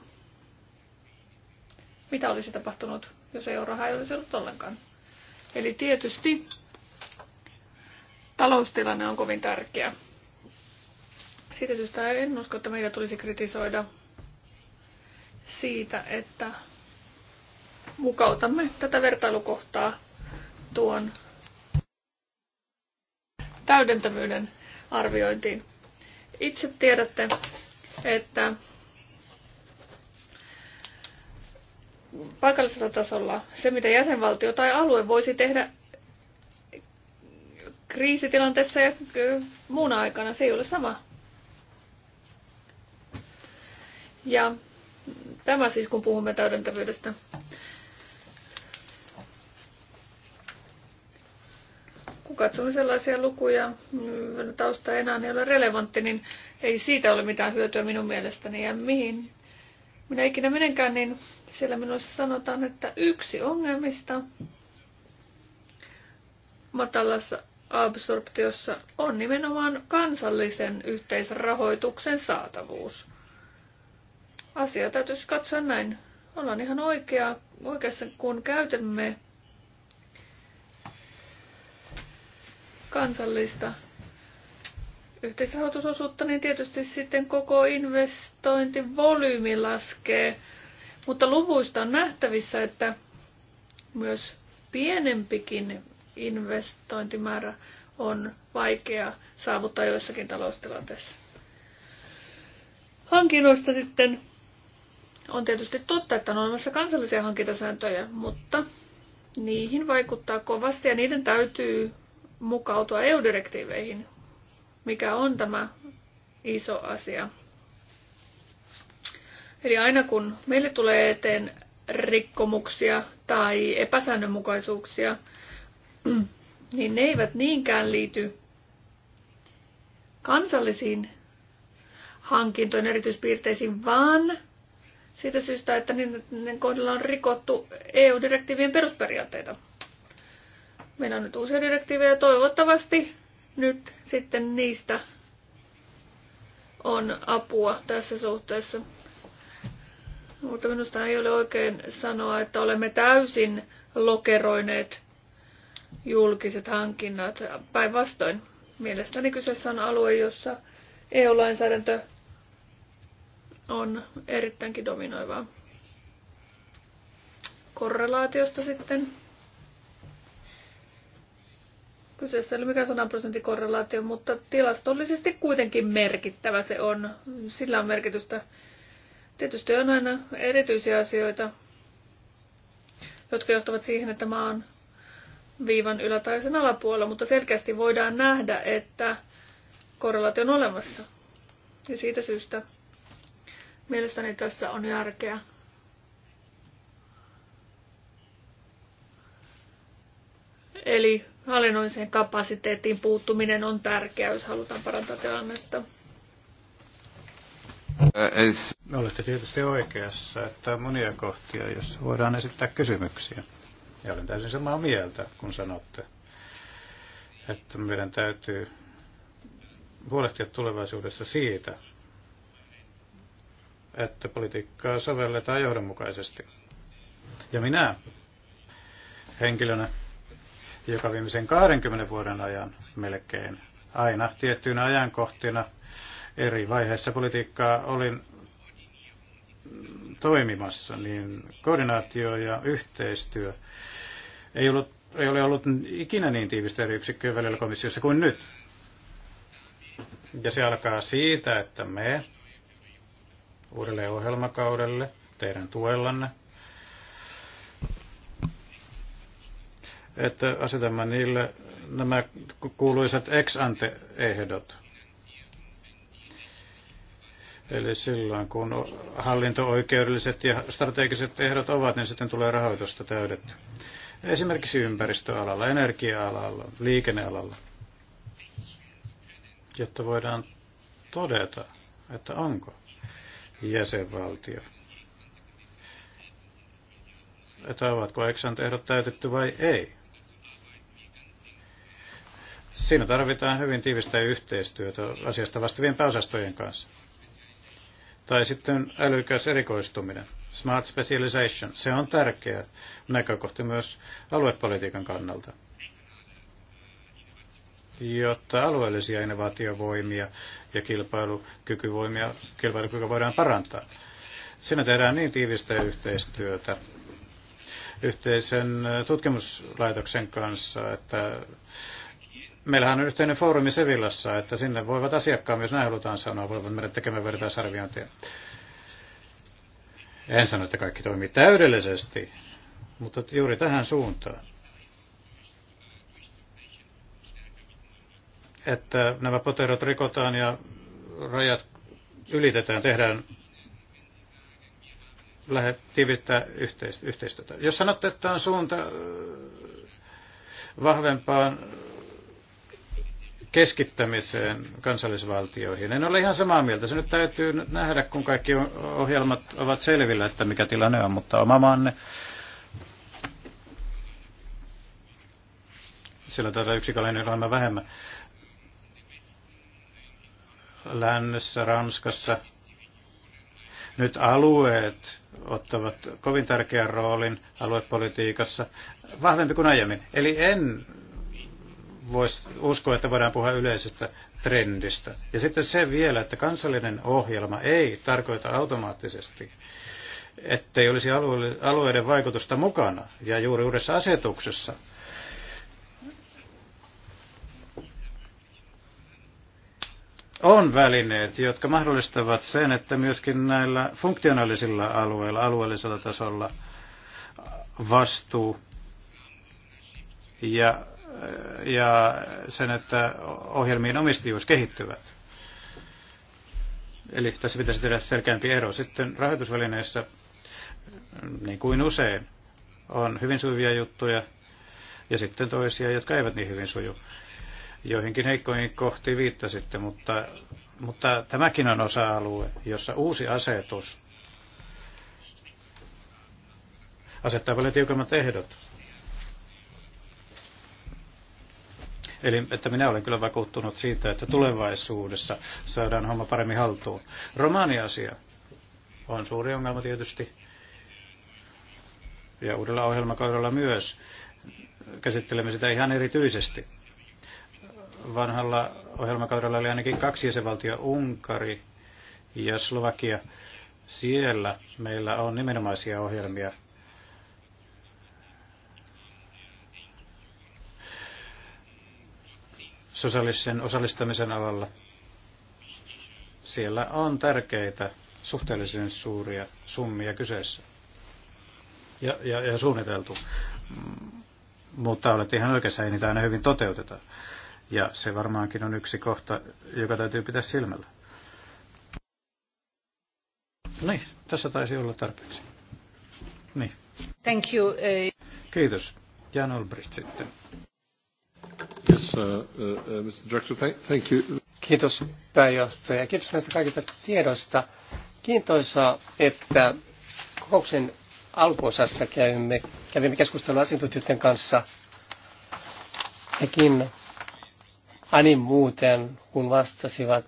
Mitä olisi tapahtunut, jos eurorahaa ei olisi ollut ollenkaan? Eli tietysti taloustilanne on kovin tärkeä. Siitä syystä en usko, että meidän tulisi kritisoida siitä, että mukautamme tätä vertailukohtaa tuon täydentävyyden arviointiin. Itse tiedätte, että paikallisella tasolla se, mitä jäsenvaltio tai alue voisi tehdä kriisitilanteessa ja muuna aikana, se ei ole sama. Ja tämä siis, kun puhumme täydentävyydestä. kun katsomme sellaisia lukuja, mm, tausta enää ole relevantti, niin ei siitä ole mitään hyötyä minun mielestäni. Ja mihin minä ikinä menenkään, niin siellä minulle sanotaan, että yksi ongelmista matalassa absorptiossa on nimenomaan kansallisen yhteisrahoituksen saatavuus. Asia täytyisi katsoa näin. Ollaan ihan oikea, oikeassa, kun käytämme kansallista yhteisrahoitusosuutta, niin tietysti sitten koko investointivolyymi laskee. Mutta luvuista on nähtävissä, että myös pienempikin investointimäärä on vaikea saavuttaa joissakin taloustilanteissa. Hankinnoista sitten on tietysti totta, että on olemassa kansallisia hankintasääntöjä, mutta niihin vaikuttaa kovasti ja niiden täytyy mukautua EU-direktiiveihin, mikä on tämä iso asia. Eli aina kun meille tulee eteen rikkomuksia tai epäsäännönmukaisuuksia, [CLEARS THROAT] niin ne eivät niinkään liity kansallisiin hankintojen erityispiirteisiin, vaan siitä syystä, että niiden kohdalla on rikottu EU-direktiivien perusperiaatteita. Meillä on nyt uusia direktiivejä toivottavasti nyt sitten niistä on apua tässä suhteessa. Mutta minusta ei ole oikein sanoa, että olemme täysin lokeroineet julkiset hankinnat. Päinvastoin mielestäni kyseessä on alue, jossa EU-lainsäädäntö on erittäinkin dominoivaa. Korrelaatiosta sitten. Kyseessä ei ole mikään 100 prosentin korrelaatio, mutta tilastollisesti kuitenkin merkittävä se on. Sillä on merkitystä. Tietysti on aina erityisiä asioita, jotka johtavat siihen, että mä oon viivan ylä- tai sen alapuolella, mutta selkeästi voidaan nähdä, että korrelaatio on olemassa. Ja siitä syystä mielestäni tässä on järkeä. Eli hallinnolliseen kapasiteettiin puuttuminen on tärkeää, jos halutaan parantaa tilannetta. Äh, no, olette tietysti oikeassa, että on monia kohtia, joissa voidaan esittää kysymyksiä. Ja olen täysin samaa mieltä, kun sanotte, että meidän täytyy huolehtia tulevaisuudessa siitä, että politiikkaa sovelletaan johdonmukaisesti. Ja minä henkilönä joka viimeisen 20 vuoden ajan melkein aina tiettyinä ajankohtina eri vaiheissa politiikkaa olin toimimassa, niin koordinaatio ja yhteistyö ei, ollut, ei ole ollut ikinä niin tiivistä eri yksikköjen välillä komissiossa kuin nyt. Ja se alkaa siitä, että me uudelle ohjelmakaudelle teidän tuellanne – että asetamme niille nämä kuuluisat ex ante ehdot. Eli silloin kun hallinto-oikeudelliset ja strategiset ehdot ovat, niin sitten tulee rahoitusta täydetty. Esimerkiksi ympäristöalalla, energia-alalla, liikennealalla. Jotta voidaan todeta, että onko jäsenvaltio. Että ovatko eksantehdot täytetty vai ei. Siinä tarvitaan hyvin tiivistä yhteistyötä asiasta vastaavien pääosastojen kanssa. Tai sitten älykäs erikoistuminen, smart specialization, se on tärkeä näkökohta myös aluepolitiikan kannalta, jotta alueellisia innovaatiovoimia ja kilpailukykyvoimia, kilpailukykyä voidaan parantaa. Siinä tehdään niin tiivistä yhteistyötä yhteisen tutkimuslaitoksen kanssa, että Meillähän on yhteinen foorumi Sevillassa, että sinne voivat asiakkaan, myös näin halutaan sanoa, voivat mennä tekemään vertaisarviointia. En sano, että kaikki toimii täydellisesti, mutta juuri tähän suuntaan. Että nämä poterot rikotaan ja rajat ylitetään, tehdään lähde tiivittää yhteistyötä. Jos sanotte, että on suunta äh, vahvempaan keskittämiseen kansallisvaltioihin. En ole ihan samaa mieltä. Se nyt täytyy nähdä, kun kaikki ohjelmat ovat selvillä, että mikä tilanne on, mutta oma maanne. Sillä tätä yksikallinen ohjelma vähemmän. Lännessä, Ranskassa. Nyt alueet ottavat kovin tärkeän roolin aluepolitiikassa, vahvempi kuin aiemmin. Eli en voisi uskoa, että voidaan puhua yleisestä trendistä. Ja sitten se vielä, että kansallinen ohjelma ei tarkoita automaattisesti, ettei olisi alueiden vaikutusta mukana. Ja juuri uudessa asetuksessa on välineet, jotka mahdollistavat sen, että myöskin näillä funktionaalisilla alueilla, alueellisella tasolla vastuu ja ja sen, että ohjelmien omistajuus kehittyvät. Eli tässä pitäisi tehdä selkeämpi ero. Sitten rahoitusvälineissä, niin kuin usein, on hyvin sujuvia juttuja ja sitten toisia, jotka eivät niin hyvin suju. Joihinkin heikkoihin kohtiin viittasitte, mutta, mutta tämäkin on osa-alue, jossa uusi asetus asettaa paljon tiukemmat ehdot Eli että minä olen kyllä vakuuttunut siitä, että tulevaisuudessa saadaan homma paremmin haltuun. Romaaniasia on suuri ongelma tietysti. Ja uudella ohjelmakaudella myös käsittelemme sitä ihan erityisesti. Vanhalla ohjelmakaudella oli ainakin kaksi jäsenvaltio, Unkari ja Slovakia. Siellä meillä on nimenomaisia ohjelmia sosiaalisen osallistamisen alalla. Siellä on tärkeitä suhteellisen suuria summia kyseessä ja, ja, ja suunniteltu. Mutta olet ihan oikeassa, ei niitä aina hyvin toteuteta. Ja se varmaankin on yksi kohta, joka täytyy pitää silmällä. Niin, tässä taisi olla tarpeeksi. Niin. Thank you. Eh. Kiitos. Jan Olbricht sitten. Yes, uh, uh, uh, Mr. thank you. Kiitos pääjohtaja. Kiitos näistä kaikista tiedoista. Kiintoisaa, että kokouksen alkuosassa kävimme, kävimme keskustelua asiantuntijoiden kanssa. Hekin ani muuten, kun vastasivat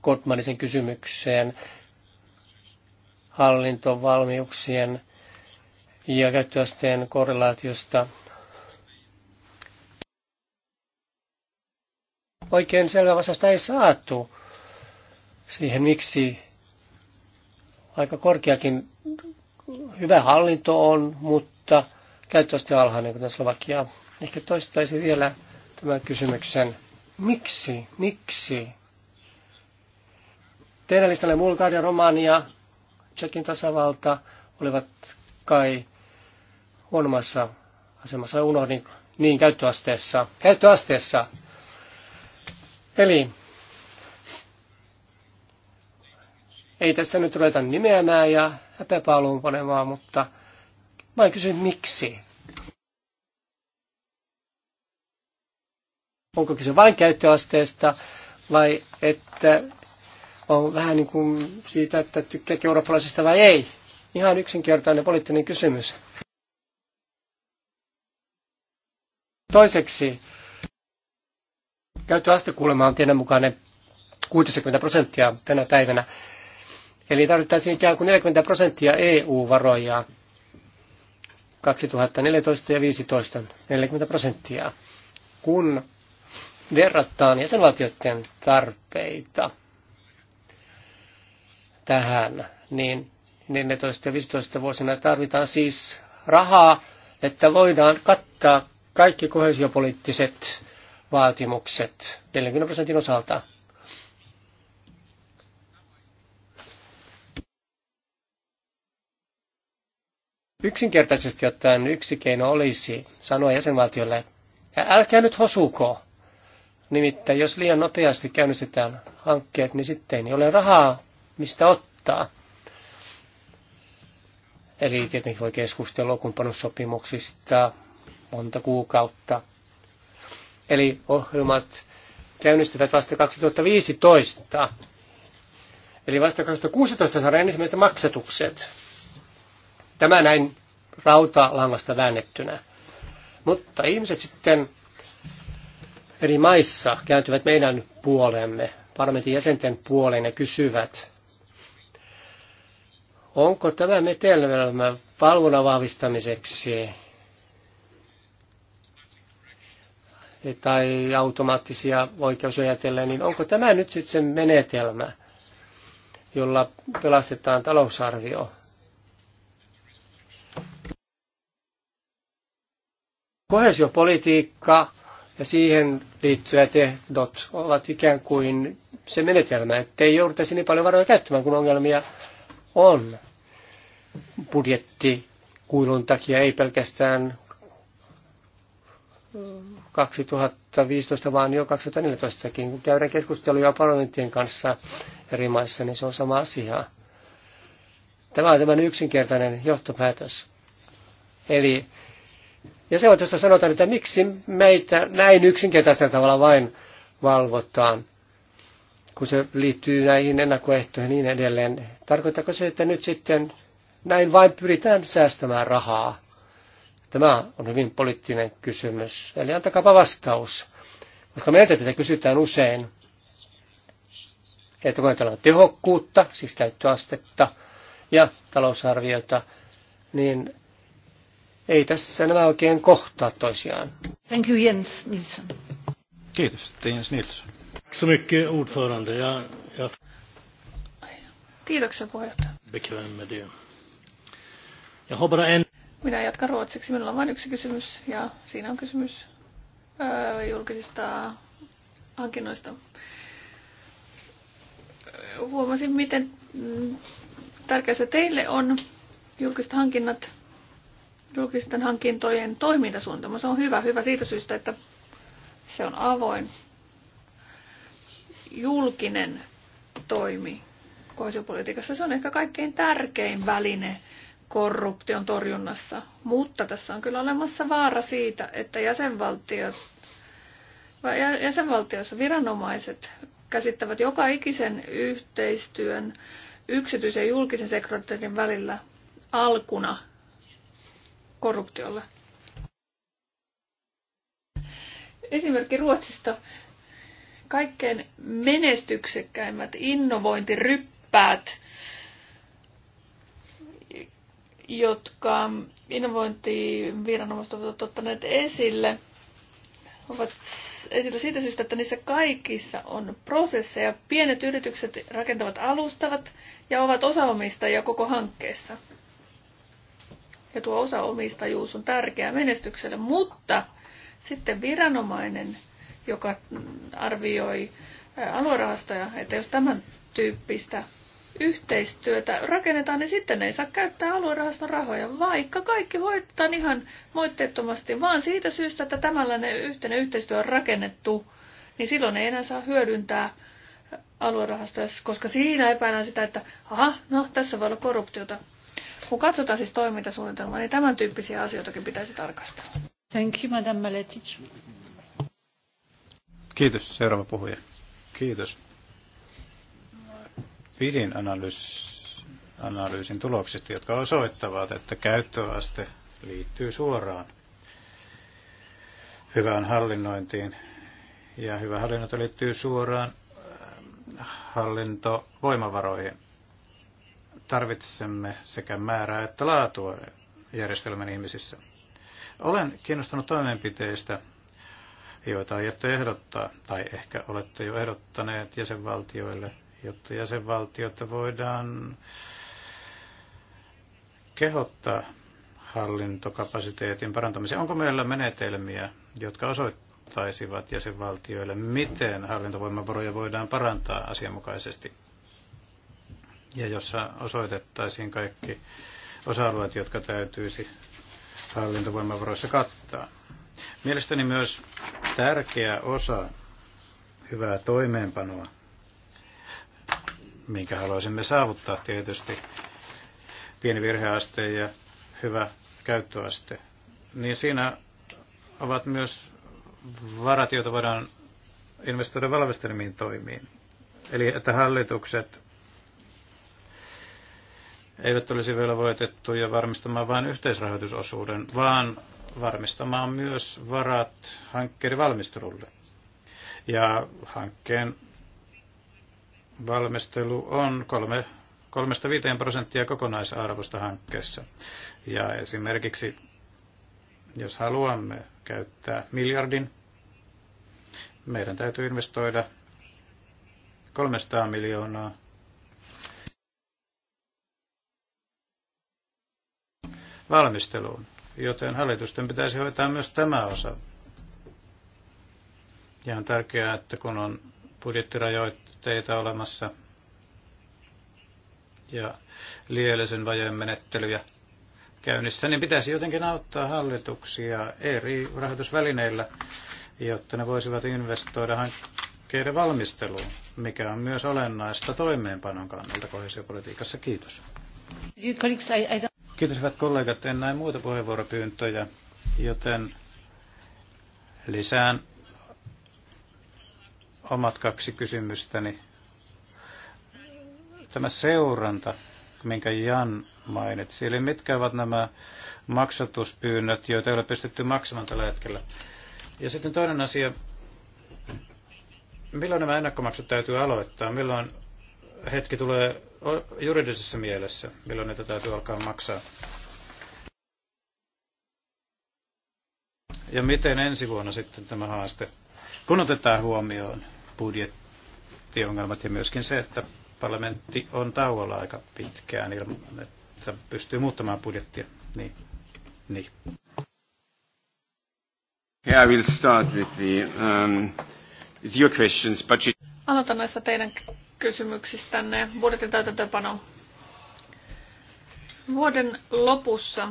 Kotmanisen kysymykseen hallintovalmiuksien ja käyttöasteen korrelaatiosta – oikein selvä vastausta ei saatu siihen, miksi aika korkeakin hyvä hallinto on, mutta käyttöaste alhainen, kuten Slovakia. Ehkä toistaisin vielä tämän kysymyksen. Miksi? Miksi? Teidän listalle Bulgaria, Romania, Tsekin tasavalta olivat kai huonommassa asemassa unohdin niin käyttöasteessa. Käyttöasteessa Eli ei tässä nyt ruveta nimeämään ja häpeäpaaluun panemaan, mutta mä kysyn miksi. Onko kyse vain käyttöasteesta vai että on vähän niin kuin siitä, että tykkääkö eurooppalaisesta vai ei. Ihan yksinkertainen poliittinen kysymys. Toiseksi käyttöaste kuulemma on tiedon mukaan ne 60 prosenttia tänä päivänä. Eli tarvittaisiin ikään kuin 40 prosenttia EU-varoja 2014 ja 2015, 40 prosenttia, kun verrataan jäsenvaltioiden tarpeita tähän, niin 14 ja 15 vuosina tarvitaan siis rahaa, että voidaan kattaa kaikki kohesiopoliittiset vaatimukset 40 prosentin osalta. Yksinkertaisesti ottaen yksi keino olisi sanoa jäsenvaltiolle, älkää nyt hosuko. Nimittäin jos liian nopeasti käynnistetään hankkeet, niin sitten ei ole rahaa, mistä ottaa. Eli tietenkin voi keskustella kumppanussopimuksista monta kuukautta. Eli ohjelmat käynnistyvät vasta 2015. Eli vasta 2016 saadaan ensimmäiset maksatukset. Tämä näin rautalangasta väännettynä. Mutta ihmiset sitten eri maissa kääntyvät meidän puolemme, parlamentin jäsenten puoleen ja kysyvät, onko tämä metelmä valvonnan vahvistamiseksi tai automaattisia oikeusjoja niin onko tämä nyt sitten se menetelmä, jolla pelastetaan talousarvio? Kohesiopolitiikka ja siihen liittyvät ehdot ovat ikään kuin se menetelmä, ettei jouduttaisi niin paljon varoja käyttämään, kun ongelmia on budjettikuilun takia, ei pelkästään 2015, vaan jo 2014kin, kun käydään keskusteluja parlamenttien kanssa eri maissa, niin se on sama asia. Tämä on tämän yksinkertainen johtopäätös. Eli ja se on, josta sanotaan, että miksi meitä näin yksinkertaisella tavalla vain valvotaan, kun se liittyy näihin ennakkoehtoihin niin edelleen. Tarkoittaako se, että nyt sitten näin vain pyritään säästämään rahaa? Tämä on hyvin poliittinen kysymys, eli antakaapa vastaus. Koska meiltä tätä kysytään usein, että kun ajatellaan tehokkuutta, siis käyttöastetta ja talousarviota, niin ei tässä nämä oikein kohtaa toisiaan. Thank you Jens Nilsson. Kiitos, Jens Nilsson. ordförande. Kiitoksia puheenjohtaja. Bekväm med det. Jag har bara en... Minä jatkan ruotsiksi. Minulla on vain yksi kysymys ja siinä on kysymys öö, julkisista hankinnoista. Huomasin, miten tärkeä se teille on julkiset hankinnat, julkisten hankintojen toimintasuunnitelma. Se on hyvä, hyvä siitä syystä, että se on avoin. Julkinen toimi kohesiopolitiikassa. Se on ehkä kaikkein tärkein väline korruption torjunnassa. Mutta tässä on kyllä olemassa vaara siitä, että jäsenvaltiot, jäsenvaltioissa viranomaiset käsittävät joka ikisen yhteistyön yksityisen ja julkisen sektorin välillä alkuna korruptiolle. Esimerkki Ruotsista. Kaikkein menestyksekkäimmät innovointiryppäät jotka innovointiviranomaiset ovat ottaneet esille, ovat esillä siitä syystä, että niissä kaikissa on prosesseja. Pienet yritykset rakentavat alustavat ja ovat osaomistajia koko hankkeessa. Ja tuo osaomistajuus on tärkeää menestykselle, mutta sitten viranomainen, joka arvioi aluerahastoja, että jos tämän tyyppistä yhteistyötä rakennetaan, niin sitten ei saa käyttää aluerahaston rahoja, vaikka kaikki hoitaa ihan moitteettomasti, vaan siitä syystä, että tämänlainen yhteinen yhteistyö on rakennettu, niin silloin ei enää saa hyödyntää aluerahastoja, koska siinä epäillään sitä, että aha, no tässä voi olla korruptiota. Kun katsotaan siis toimintasuunnitelmaa, niin tämän tyyppisiä asioitakin pitäisi tarkastella. Thank you, Madame Kiitos, seuraava puhuja. Kiitos. Pidin analyys, analyysin tuloksista, jotka osoittavat, että käyttöaste liittyy suoraan hyvään hallinnointiin. Ja hyvä hallinnointi liittyy suoraan ähm, hallintovoimavaroihin. Tarvitsemme sekä määrää että laatua järjestelmän ihmisissä. Olen kiinnostunut toimenpiteistä, joita aiotte ehdottaa, tai ehkä olette jo ehdottaneet jäsenvaltioille jotta jäsenvaltiota voidaan kehottaa hallintokapasiteetin parantamiseen. Onko meillä menetelmiä, jotka osoittaisivat jäsenvaltioille, miten hallintovoimavaroja voidaan parantaa asianmukaisesti? Ja jossa osoitettaisiin kaikki osa-alueet, jotka täytyisi hallintovoimavaroissa kattaa. Mielestäni myös tärkeä osa hyvää toimeenpanoa minkä haluaisimme saavuttaa tietysti, pieni virheaste ja hyvä käyttöaste, niin siinä ovat myös varat, joita voidaan investoida valmistelmiin toimiin. Eli että hallitukset eivät olisi voitettuja varmistamaan vain yhteisrahoitusosuuden, vaan varmistamaan myös varat hankkeiden valmistelulle. Ja hankkeen valmistelu on kolme kolmesta viiteen prosenttia kokonaisarvosta hankkeessa. Ja esimerkiksi jos haluamme käyttää miljardin, meidän täytyy investoida 300 miljoonaa valmisteluun, joten hallitusten pitäisi hoitaa myös tämä osa. Ja on tärkeää, että kun on budjettirajoit, velvoitteita olemassa ja lielisen vajojen menettelyjä käynnissä, niin pitäisi jotenkin auttaa hallituksia eri rahoitusvälineillä, jotta ne voisivat investoida hankkeiden valmisteluun, mikä on myös olennaista toimeenpanon kannalta kohesiopolitiikassa. Kiitos. Kiitos hyvät kollegat, en näe muita puheenvuoropyyntöjä, joten lisään omat kaksi kysymystäni. Tämä seuranta, minkä Jan mainitsi, eli mitkä ovat nämä maksatuspyynnöt, joita ei ole pystytty maksamaan tällä hetkellä. Ja sitten toinen asia, milloin nämä ennakkomaksut täytyy aloittaa, milloin hetki tulee juridisessa mielessä, milloin niitä täytyy alkaa maksaa. Ja miten ensi vuonna sitten tämä haaste kun otetaan huomioon budjettiongelmat ja myöskin se, että parlamentti on tauolla aika pitkään ilman, että pystyy muuttamaan budjettia. Niin. niin. Yeah, I will start with the, um, with your questions, Aloitan näistä teidän kysymyksistänne. Budjetin täytäntöönpano. Vuoden lopussa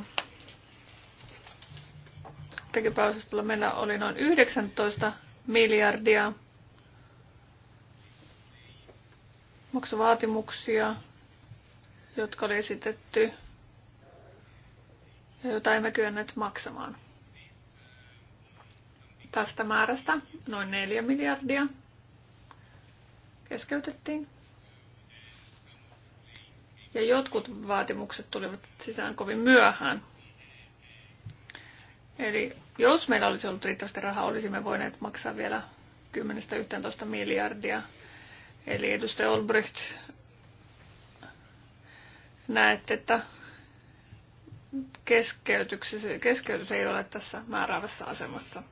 tekipääosastolla meillä oli noin 19 miljardia maksuvaatimuksia, jotka oli esitetty ja joita emme kyenneet maksamaan. Tästä määrästä noin 4 miljardia keskeytettiin. Ja jotkut vaatimukset tulivat sisään kovin myöhään. Eli jos meillä olisi ollut riittävästi rahaa, olisimme voineet maksaa vielä 10-11 miljardia. Eli edustaja Olbricht, näette, että keskeytys ei ole tässä määräävässä asemassa.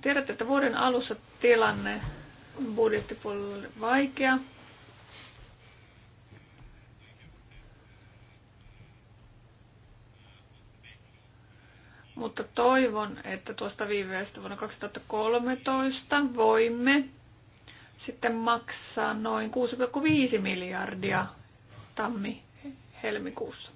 Tiedätte, että vuoden alussa tilanne budjettipuolella oli vaikea. mutta toivon, että tuosta viiveestä vuonna 2013 voimme sitten maksaa noin 6,5 miljardia tammi-helmikuussa.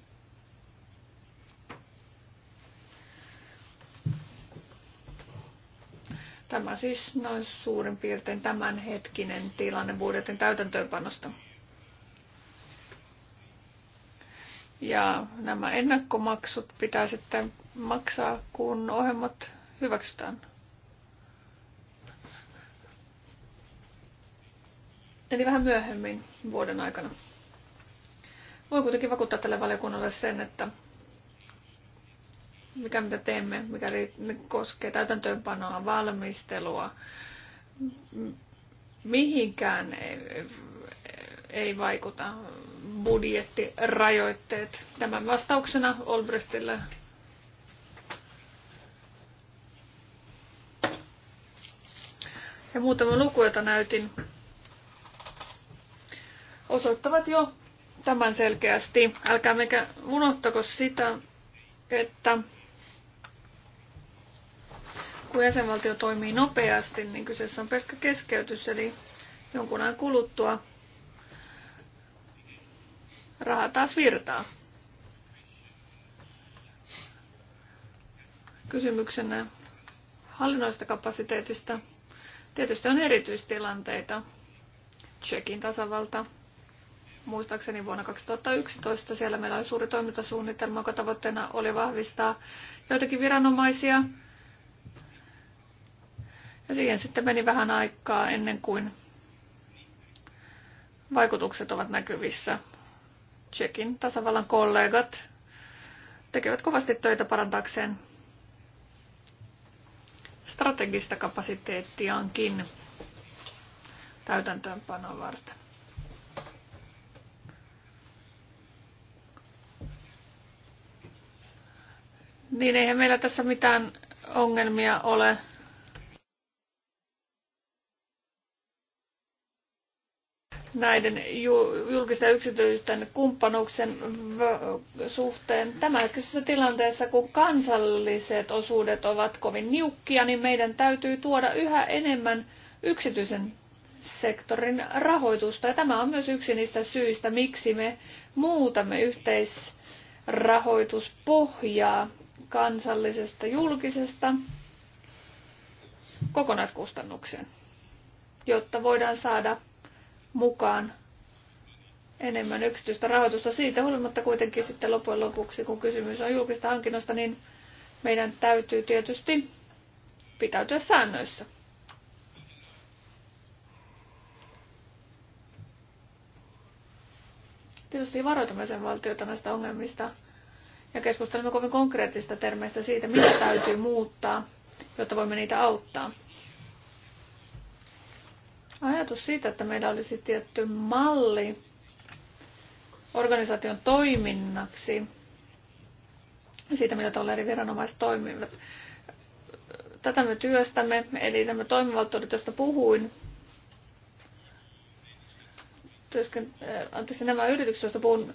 Tämä siis noin suurin piirtein tämänhetkinen tilanne budjetin täytäntöönpanosta. Ja nämä ennakkomaksut pitää sitten maksaa, kun ohjelmat hyväksytään. Eli vähän myöhemmin vuoden aikana. Voi kuitenkin vakuuttaa tälle valiokunnalle sen, että mikä mitä teemme, mikä koskee täytäntöönpanoa, valmistelua, mihinkään ei vaikuta budjettirajoitteet. Tämän vastauksena Olbrechtille ja muutama luku, jota näytin, osoittavat jo tämän selkeästi. Älkää mekä unohtako sitä, että kun jäsenvaltio toimii nopeasti, niin kyseessä on pelkkä keskeytys, eli jonkun ajan kuluttua raha taas virtaa. Kysymyksenä hallinnoista kapasiteetista. Tietysti on erityistilanteita. Tsekin tasavalta. Muistaakseni vuonna 2011 siellä meillä oli suuri toimintasuunnitelma, jonka tavoitteena oli vahvistaa joitakin viranomaisia. Ja siihen sitten meni vähän aikaa ennen kuin vaikutukset ovat näkyvissä Tsekin tasavallan kollegat tekevät kovasti töitä parantaakseen strategista kapasiteettiaankin täytäntöönpanoa varten. Niin eihän meillä tässä mitään ongelmia ole näiden julkisten ja yksityisten kumppanuuksien suhteen tämänhetkisessä tilanteessa, kun kansalliset osuudet ovat kovin niukkia, niin meidän täytyy tuoda yhä enemmän yksityisen sektorin rahoitusta. Ja tämä on myös yksi niistä syistä, miksi me muutamme yhteisrahoituspohjaa kansallisesta julkisesta kokonaiskustannukseen, jotta voidaan saada mukaan enemmän yksityistä rahoitusta. Siitä huolimatta kuitenkin sitten loppujen lopuksi, kun kysymys on julkista hankinnosta, niin meidän täytyy tietysti pitäytyä säännöissä. Tietysti varoitamme sen valtiota näistä ongelmista ja keskustelemme kovin konkreettista termeistä siitä, mitä täytyy muuttaa, jotta voimme niitä auttaa. Ajatus siitä, että meillä olisi tietty malli organisaation toiminnaksi, siitä mitä tuolla eri viranomaiset toimivat. Tätä me työstämme, eli nämä toimivaltuudet, joista puhuin, äh, anteeksi, nämä yritykset, joista puhun,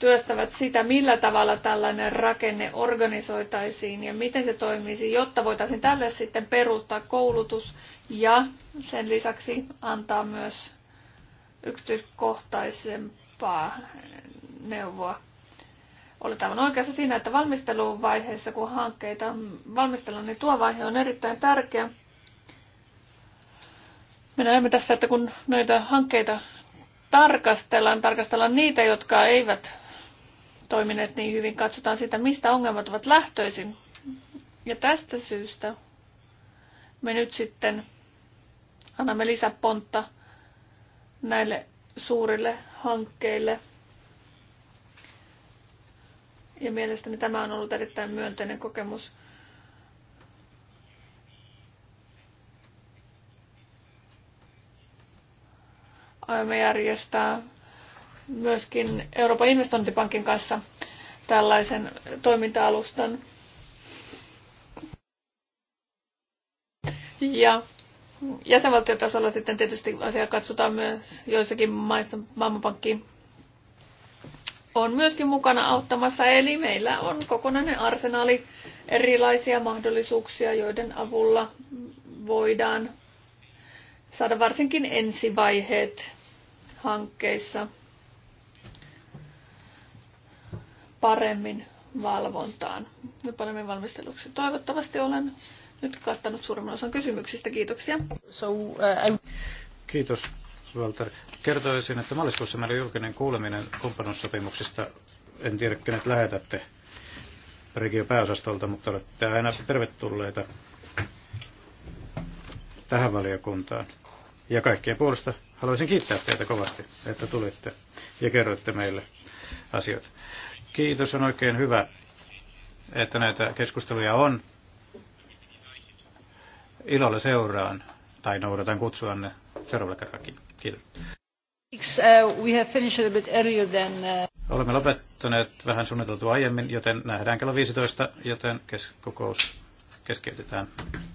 työstävät sitä, millä tavalla tällainen rakenne organisoitaisiin ja miten se toimisi, jotta voitaisiin tälle sitten perustaa koulutus ja sen lisäksi antaa myös yksityiskohtaisempaa neuvoa. Olet aivan oikeassa siinä, että valmisteluvaiheessa, kun hankkeita valmistellaan, niin tuo vaihe on erittäin tärkeä. Me näemme tässä, että kun näitä hankkeita tarkastellaan, tarkastellaan niitä, jotka eivät toimineet niin hyvin, katsotaan sitä, mistä ongelmat ovat lähtöisin. Ja tästä syystä me nyt sitten annamme lisäpontta näille suurille hankkeille. Ja mielestäni tämä on ollut erittäin myönteinen kokemus. Aiomme järjestää myöskin Euroopan investointipankin kanssa tällaisen toiminta-alustan. Ja jäsenvaltiotasolla sitten tietysti asiaa katsotaan myös joissakin maissa maailmanpankki on myöskin mukana auttamassa. Eli meillä on kokonainen arsenaali erilaisia mahdollisuuksia, joiden avulla voidaan saada varsinkin ensivaiheet hankkeissa – paremmin valvontaan ja paremmin valmisteluksi. Toivottavasti olen nyt kattanut suurimman osan kysymyksistä. Kiitoksia. So, uh, I... Kiitos, Walter. Kertoisin, että maaliskuussa meillä on julkinen kuuleminen kumppanuussopimuksista. En tiedä, kenet lähetätte regiopääosastolta, mutta olette aina tervetulleita tähän valiokuntaan. Ja kaikkien puolesta haluaisin kiittää teitä kovasti, että tulitte ja kerroitte meille asioita. Kiitos, on oikein hyvä, että näitä keskusteluja on. Ilolla seuraan tai noudatan kutsuanne seuraavalla kerrallakin. Kiitos. Uh, we have finished a bit earlier than, uh... Olemme lopettaneet vähän suunniteltua aiemmin, joten nähdään kello 15, joten kokous keskeytetään.